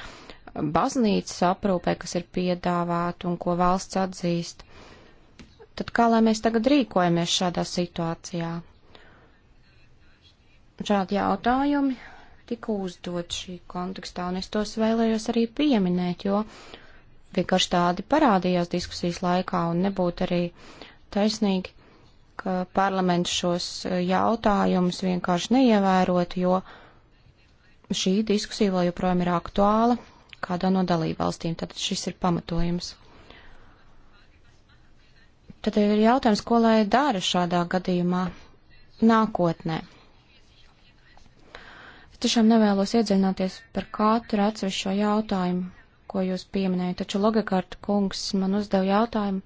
baznīcas aprūpē, kas ir piedāvāta un ko valsts atzīst. Tad kā lai mēs tagad rīkojamies šādā situācijā? Šādi jautājumi tika uzdot šī kontekstā, un es tos vēlējos arī pieminēt, jo vienkārši tādi parādījās diskusijas laikā, un nebūtu arī taisnīgi, ka parlaments šos eh, jautājumus vienkārši neievērot, jo šī diskusija vēl joprojām ir aktuāla kādā no dalībvalstīm. Tātad šis ir pamatojums. Tad ir jautājums, ko lai dara šādā gadījumā nākotnē tiešām nevēlos iedziļināties par katru atsevišķo jautājumu, ko jūs pieminējat, taču Logakārta kungs man uzdeva jautājumu,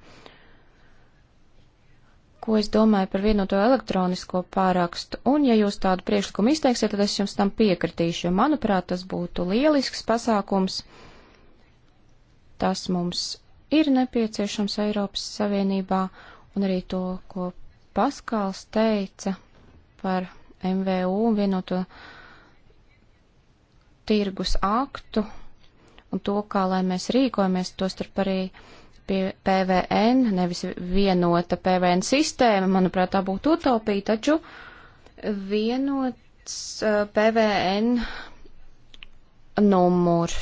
ko es domāju par vienoto elektronisko pārakstu, un ja jūs tādu priekšlikumu izteiksiet, tad es jums tam piekritīšu, jo, manuprāt, tas būtu lielisks pasākums. Tas mums ir nepieciešams Eiropas Savienībā, un arī to, ko Paskāls teica par MVU un vienoto elektronisko tirgus aktu un to, kā lai mēs rīkojamies, tostarp arī pie PVN, nevis vienota PVN sistēma, manuprāt, tā būtu utopija, taču vienots uh, PVN numurs,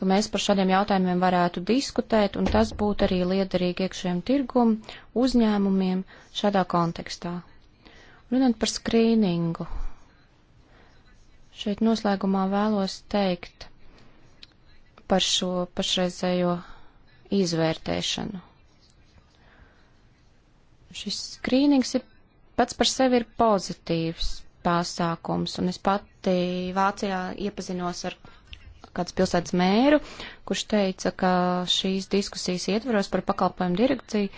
ka mēs par šādiem jautājumiem varētu diskutēt, un tas būtu arī liederīgi iekšējiem tirgum, uzņēmumiem šādā kontekstā. Runāt par skrīningu, Šeit noslēgumā vēlos teikt par šo pašreizējo izvērtēšanu. Šis skrīnings ir pats par sevi ir pozitīvs pasākums, un es pati Vācijā iepazinos ar kāds pilsētas mēru, kurš teica, ka šīs diskusijas ietvaros par pakalpojumu direkciju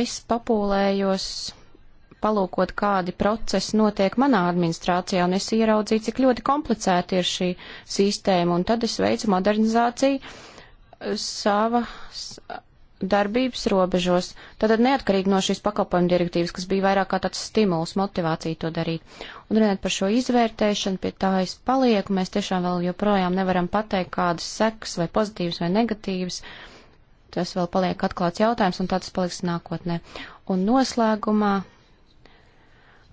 es papūlējos palūkot, kādi procesi notiek manā administrācijā, un es ieraudzīju, cik ļoti komplicēta ir šī sistēma, un tad es veicu modernizāciju uh, savas uh, darbības robežos. Tātad neatkarīgi no šīs pakalpojuma direktīvas, kas bija vairāk kā tāds stimuls, motivācija to darīt. Un runājot par šo izvērtēšanu, pie tā es palieku, mēs tiešām vēl joprojām nevaram pateikt, kādas sekas vai pozitīvas vai negatīvas. Tas vēl paliek atklāts jautājums, un tāds paliks nākotnē. Un noslēgumā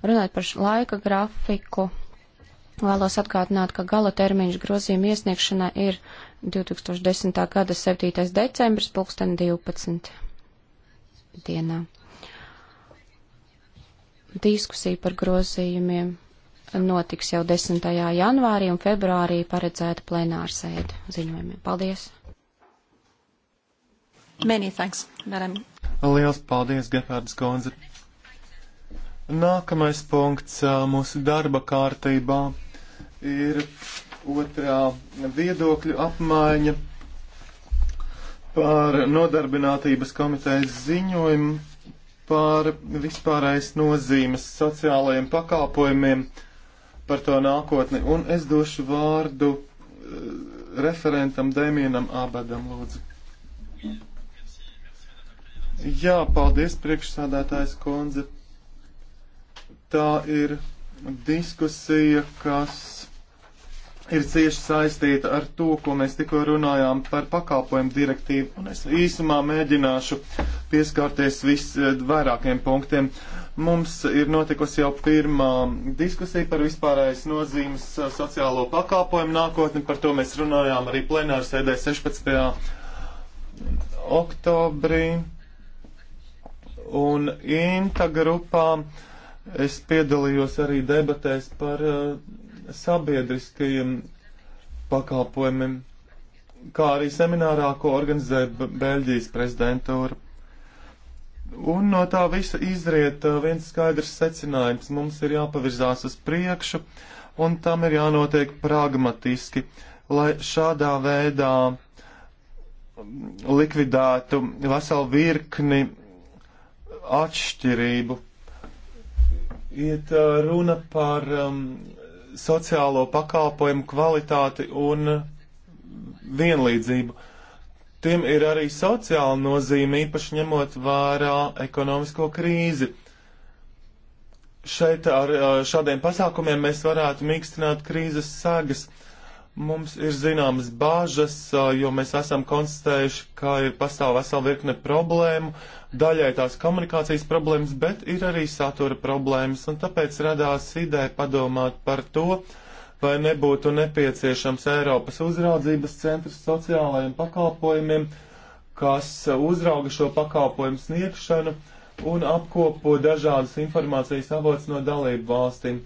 Runājot par laika grafiku, vēlos atgādināt, ka gala termiņš grozījuma iesniegšanai ir 2010. gada 7. decembris, pulksten 12. dienā. Diskusija par grozījumiem notiks jau 10. janvārī un februārī paredzēta plenārsēde ziņojumiem. Paldies! Many thanks, madam. Liels paldies, Gepārds Gonze. Nākamais punkts mūsu darba kārtībā ir otrā viedokļu apmaiņa par nodarbinātības komitejas ziņojumu par vispārējais nozīmes sociālajiem pakalpojumiem, par to nākotni. Un es došu vārdu referentam Dēmienam Abadam, lūdzu. Jā, paldies priekšsādātājs Konze. Tā ir diskusija, kas ir cieši saistīta ar to, ko mēs tikko runājām par pakāpojumu direktīvu, un es īsumā mēģināšu pieskārties visvairākiem punktiem. Mums ir notikusi jau pirmā diskusija par vispārējais nozīmes sociālo pakāpojumu nākotni, par to mēs runājām arī plenāru sēdē 16. oktobrī. Un Inta grupā uh, Es piedalījos arī debatēs par uh, sabiedriskajiem pakalpojumiem, kā arī seminārā, ko organizēja Beļģijas prezidentūra. Un no tā visa izriet uh, viens skaidrs secinājums. Mums ir jāpavirzās uz priekšu, un tam ir jānotiek pragmatiski, lai šādā veidā mm, likvidētu veselu virkni atšķirību iet runa par um, sociālo pakalpojumu kvalitāti un vienlīdzību. Tiem ir arī sociāla nozīme, īpaši ņemot vērā ekonomisko krīzi. Šeit ar šādiem pasākumiem mēs varētu mīkstināt krīzes sagas. Mums ir zināmas bāžas, jo mēs esam konstatējuši, ka ir pastāv vesela virkne problēmu, daļai tās komunikācijas problēmas, bet ir arī satura problēmas, un tāpēc radās ideja padomāt par to, vai nebūtu nepieciešams Eiropas uzraudzības centrs sociālajiem pakalpojumiem, kas uzrauga šo pakalpojumu sniegšanu un apkopo dažādas informācijas avots no dalību valstīm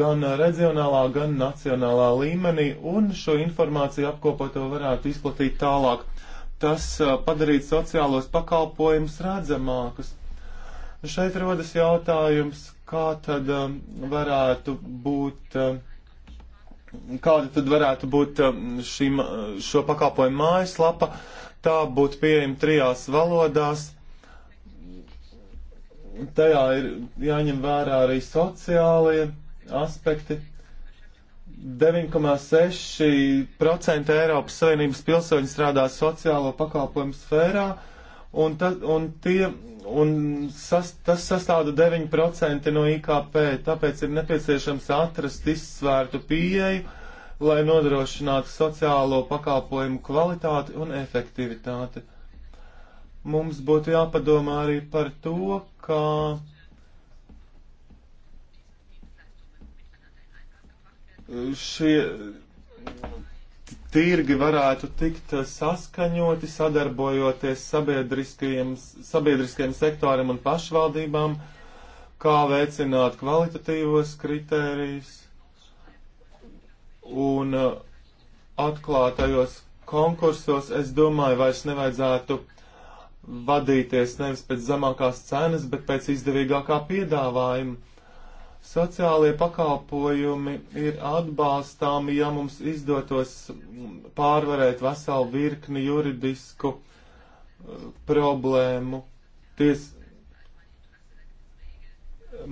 gan reģionālā, gan nacionālā līmenī, un šo informāciju apkopoto varētu izplatīt tālāk tas padarīt sociālos pakalpojumus redzamākus. Šeit rodas jautājums, kā tad varētu būt, kāda tad varētu būt šim, šo pakalpojumu mājaslapa, tā būtu pieejama trijās valodās. Tajā ir jāņem vērā arī sociālie aspekti 9,6% Eiropas Savienības pilsoņi strādā sociālo pakalpojumu sfērā, un, ta, un, tie, un sas, tas sastāvda 9% no IKP, tāpēc ir nepieciešams atrast izsvērtu pieeju, lai nodrošinātu sociālo pakalpojumu kvalitāti un efektivitāti. Mums būtu jāpadomā arī par to, ka šie tirgi varētu tikt saskaņoti, sadarbojoties sabiedriskajiem, sabiedriskajiem sektoriem un pašvaldībām, kā veicināt kvalitatīvos kritērijus un uh, atklātajos konkursos, es domāju, vairs nevajadzētu vadīties nevis pēc zemākās cenas, bet pēc izdevīgākā piedāvājuma Sociālie pakalpojumi ir atbalstāmi, ja mums izdotos pārvarēt veselu virkni juridisku uh, problēmu. Ties,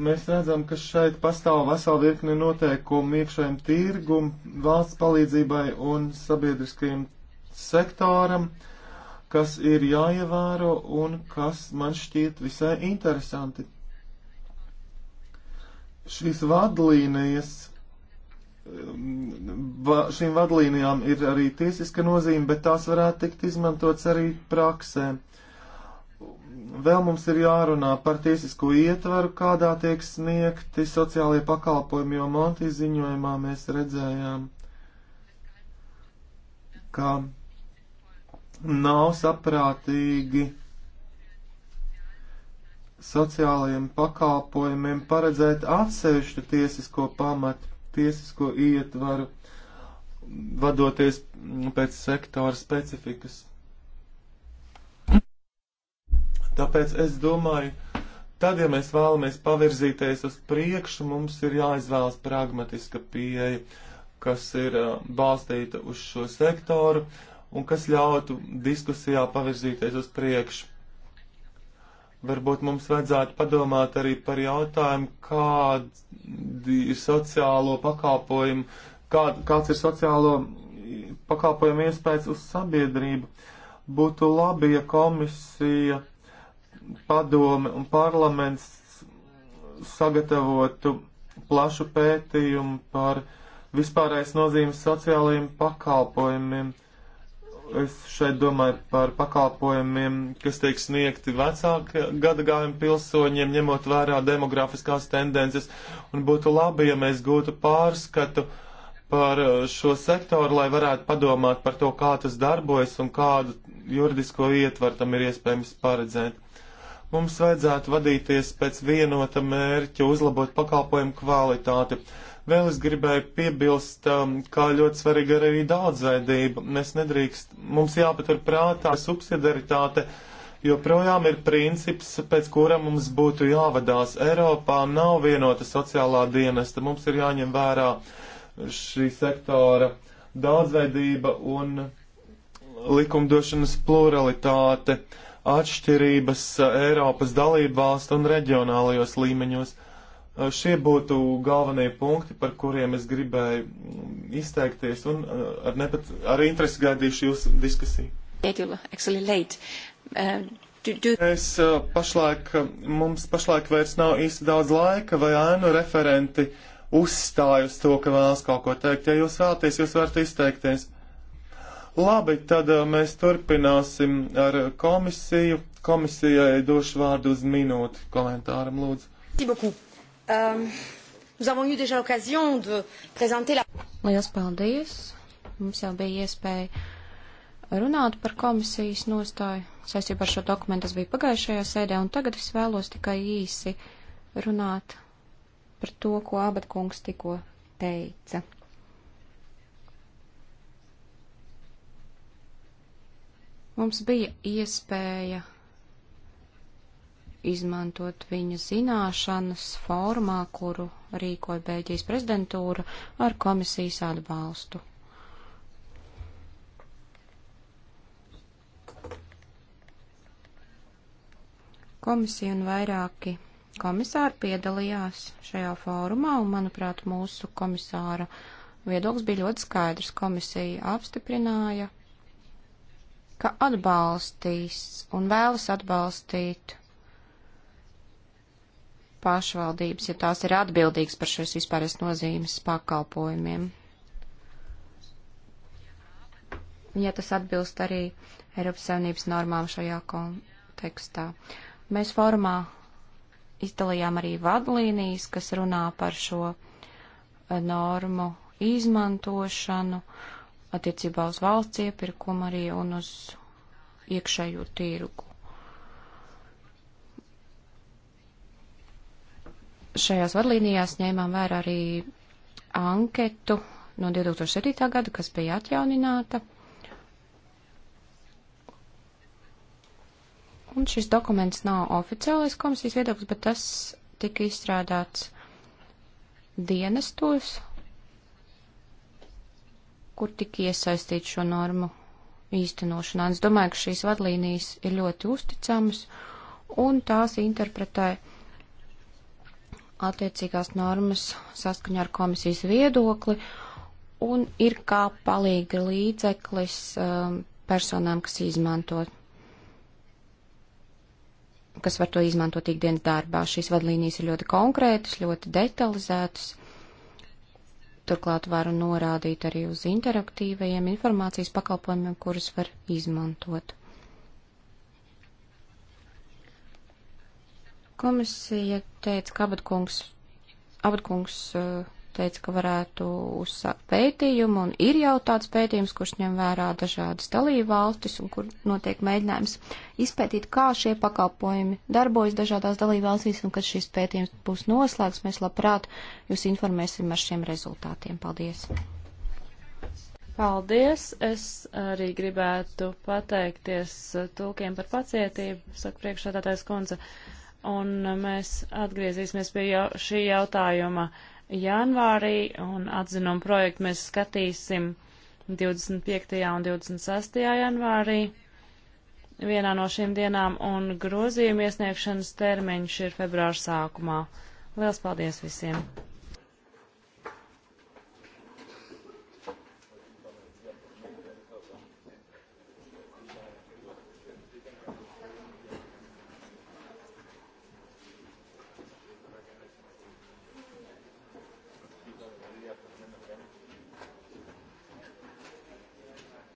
mēs redzam, ka šeit pastāv vesela virkne noteikumu iekšējiem tirgum, valsts palīdzībai un sabiedriskajiem sektoram, kas ir jāievēro un kas man šķiet visai interesanti. Šīs vadlīnijas, um, va, šīm vadlīnijām ir arī tiesiska nozīme, bet tās varētu tikt izmantots arī praksē. Vēl mums ir jārunā par tiesisko ietvaru, kādā tiek sniegti sociālie pakalpojumi, jo Monti ziņojumā mēs redzējām, ka nav saprātīgi sociālajiem pakalpojumiem paredzēt atsevišķu tiesisko pamatu, tiesisko ietvaru, vadoties pēc sektora specifikas. Tāpēc es domāju, tad, ja mēs vēlamies pavirzīties uz priekšu, mums ir jāizvēlas pragmatiska pieeja, kas ir uh, balstīta uz šo sektoru un kas ļautu diskusijā pavirzīties uz priekšu Varbūt mums vajadzētu padomāt arī par jautājumu, kādi ir sociālo pakalpojumu, kā, kāds ir sociālo pakalpojumu iespējas uz sabiedrību. Būtu labi, ja komisija, padome un parlaments sagatavotu plašu pētījumu par vispārējais nozīmes sociālajiem pakalpojumiem. Uh, Es šeit domāju par pakalpojumiem, kas tiek sniegti vecāku gadagājumu pilsoņiem, ņemot vērā demografiskās tendences, un būtu labi, ja mēs gūtu pārskatu par uh, šo sektoru, lai varētu padomāt par to, kā tas darbojas un kādu juridisko ietvaru tam ir iespējams paredzēt. Mums vajadzētu vadīties pēc vienota mērķa uzlabot pakalpojumu kvalitāti Vēl es gribēju piebilst, um, kā ļoti svarīga ir arī daudzveidība. Mēs nedrīkst, mums jāpatur prātā subsidiaritāte, joprojām ir princips, pēc kura mums būtu jāvadās. Eiropā nav vienota sociālā dienesta, mums ir jāņem vērā šī sektora daudzveidība un likumdošanas pluralitāte, atšķirības Eiropas dalību valstu un reģionālajos līmeņos. Šie būtu galvenie punkti, par kuriem es gribēju mm, izteikties, un ar, nepat, ar interesi gaidīšu jūsu diskusiju. Es pašlaik, mums pašlaik vairs nav īsti daudz laika, vai ēnu referenti uzstāj uz to, ka vēlas kaut ko teikt. Ja jūs vēlaties, jūs varat izteikties. Labi, tad mēs turpināsim ar komisiju. Komisijai došu vārdu uz minūti komentāram, lūdzu. Merci beaucoup. Um, la... Liels paldies! Mums jau bija iespēja runāt par komisijas nostāju. Saistībā ar šo dokumentu tas bija pagājušajā sēdē, un tagad es vēlos tikai īsi runāt par to, ko abatkungs tikko teica. Mums bija iespēja izmantot viņa zināšanas formā, kuru rīkoja Bēļģijas prezidentūra ar komisijas atbalstu. Komisija un vairāki komisāri piedalījās šajā fórumā, un, manuprāt, mūsu komisāra viedoklis bija ļoti skaidrs. Komisija apstiprināja, ka atbalstīs un vēlas atbalstīt pašvaldības, ja tās ir atbildīgas par šīs vispārējais nozīmes pakalpojumiem. Ja tas atbilst arī Eiropas Savienības normām šajā kontekstā. Mēs formā izdalījām arī vadlīnijas, kas runā par šo eh, normu izmantošanu attiecībā uz valsts iepirkumu arī un uz iekšējo tirgu. šajās vadlīnijās ņēmām vērā arī anketu no 2007. gada, kas bija atjaunināta. Un šis dokuments nav oficiālais komisijas viedoklis, bet tas tika izstrādāts dienestos, kur tika iesaistīt šo normu īstenošanā. Es domāju, ka šīs vadlīnijas ir ļoti uzticamas un tās interpretē attiecīgās normas saskaņā ar komisijas viedokli un ir kā palīga līdzeklis um, personām, kas izmanto, kas var to izmantot ikdienas darbā. Šīs vadlīnijas ir ļoti konkrētas, ļoti detalizētas. Turklāt varu norādīt arī uz interaktīvajiem informācijas pakalpojumiem, kurus var izmantot. Komisija teica, ka abatkungs, abatkungs eh, teica, ka varētu uzsākt pētījumu, un ir jau tāds pētījums, kurš ņem vērā dažādas dalību valstis, un kur notiek mēģinājums izpētīt, kā šie pakalpojumi darbojas dažādās dalību valstīs, un kad šis pētījums būs noslēgts, mēs labprāt jūs informēsim ar šiem rezultātiem. Paldies! Paldies! Es arī gribētu pateikties tulkiem par pacietību, saka priekšsēdētājs kundze. Uh, un mēs atgriezīsimies pie jau, šī jautājuma janvārī, un atzinumu projektu mēs skatīsim 25. un 26. janvārī vienā no šīm dienām, un grozījuma iesniegšanas termiņš ir februāra sākumā. Liels paldies visiem!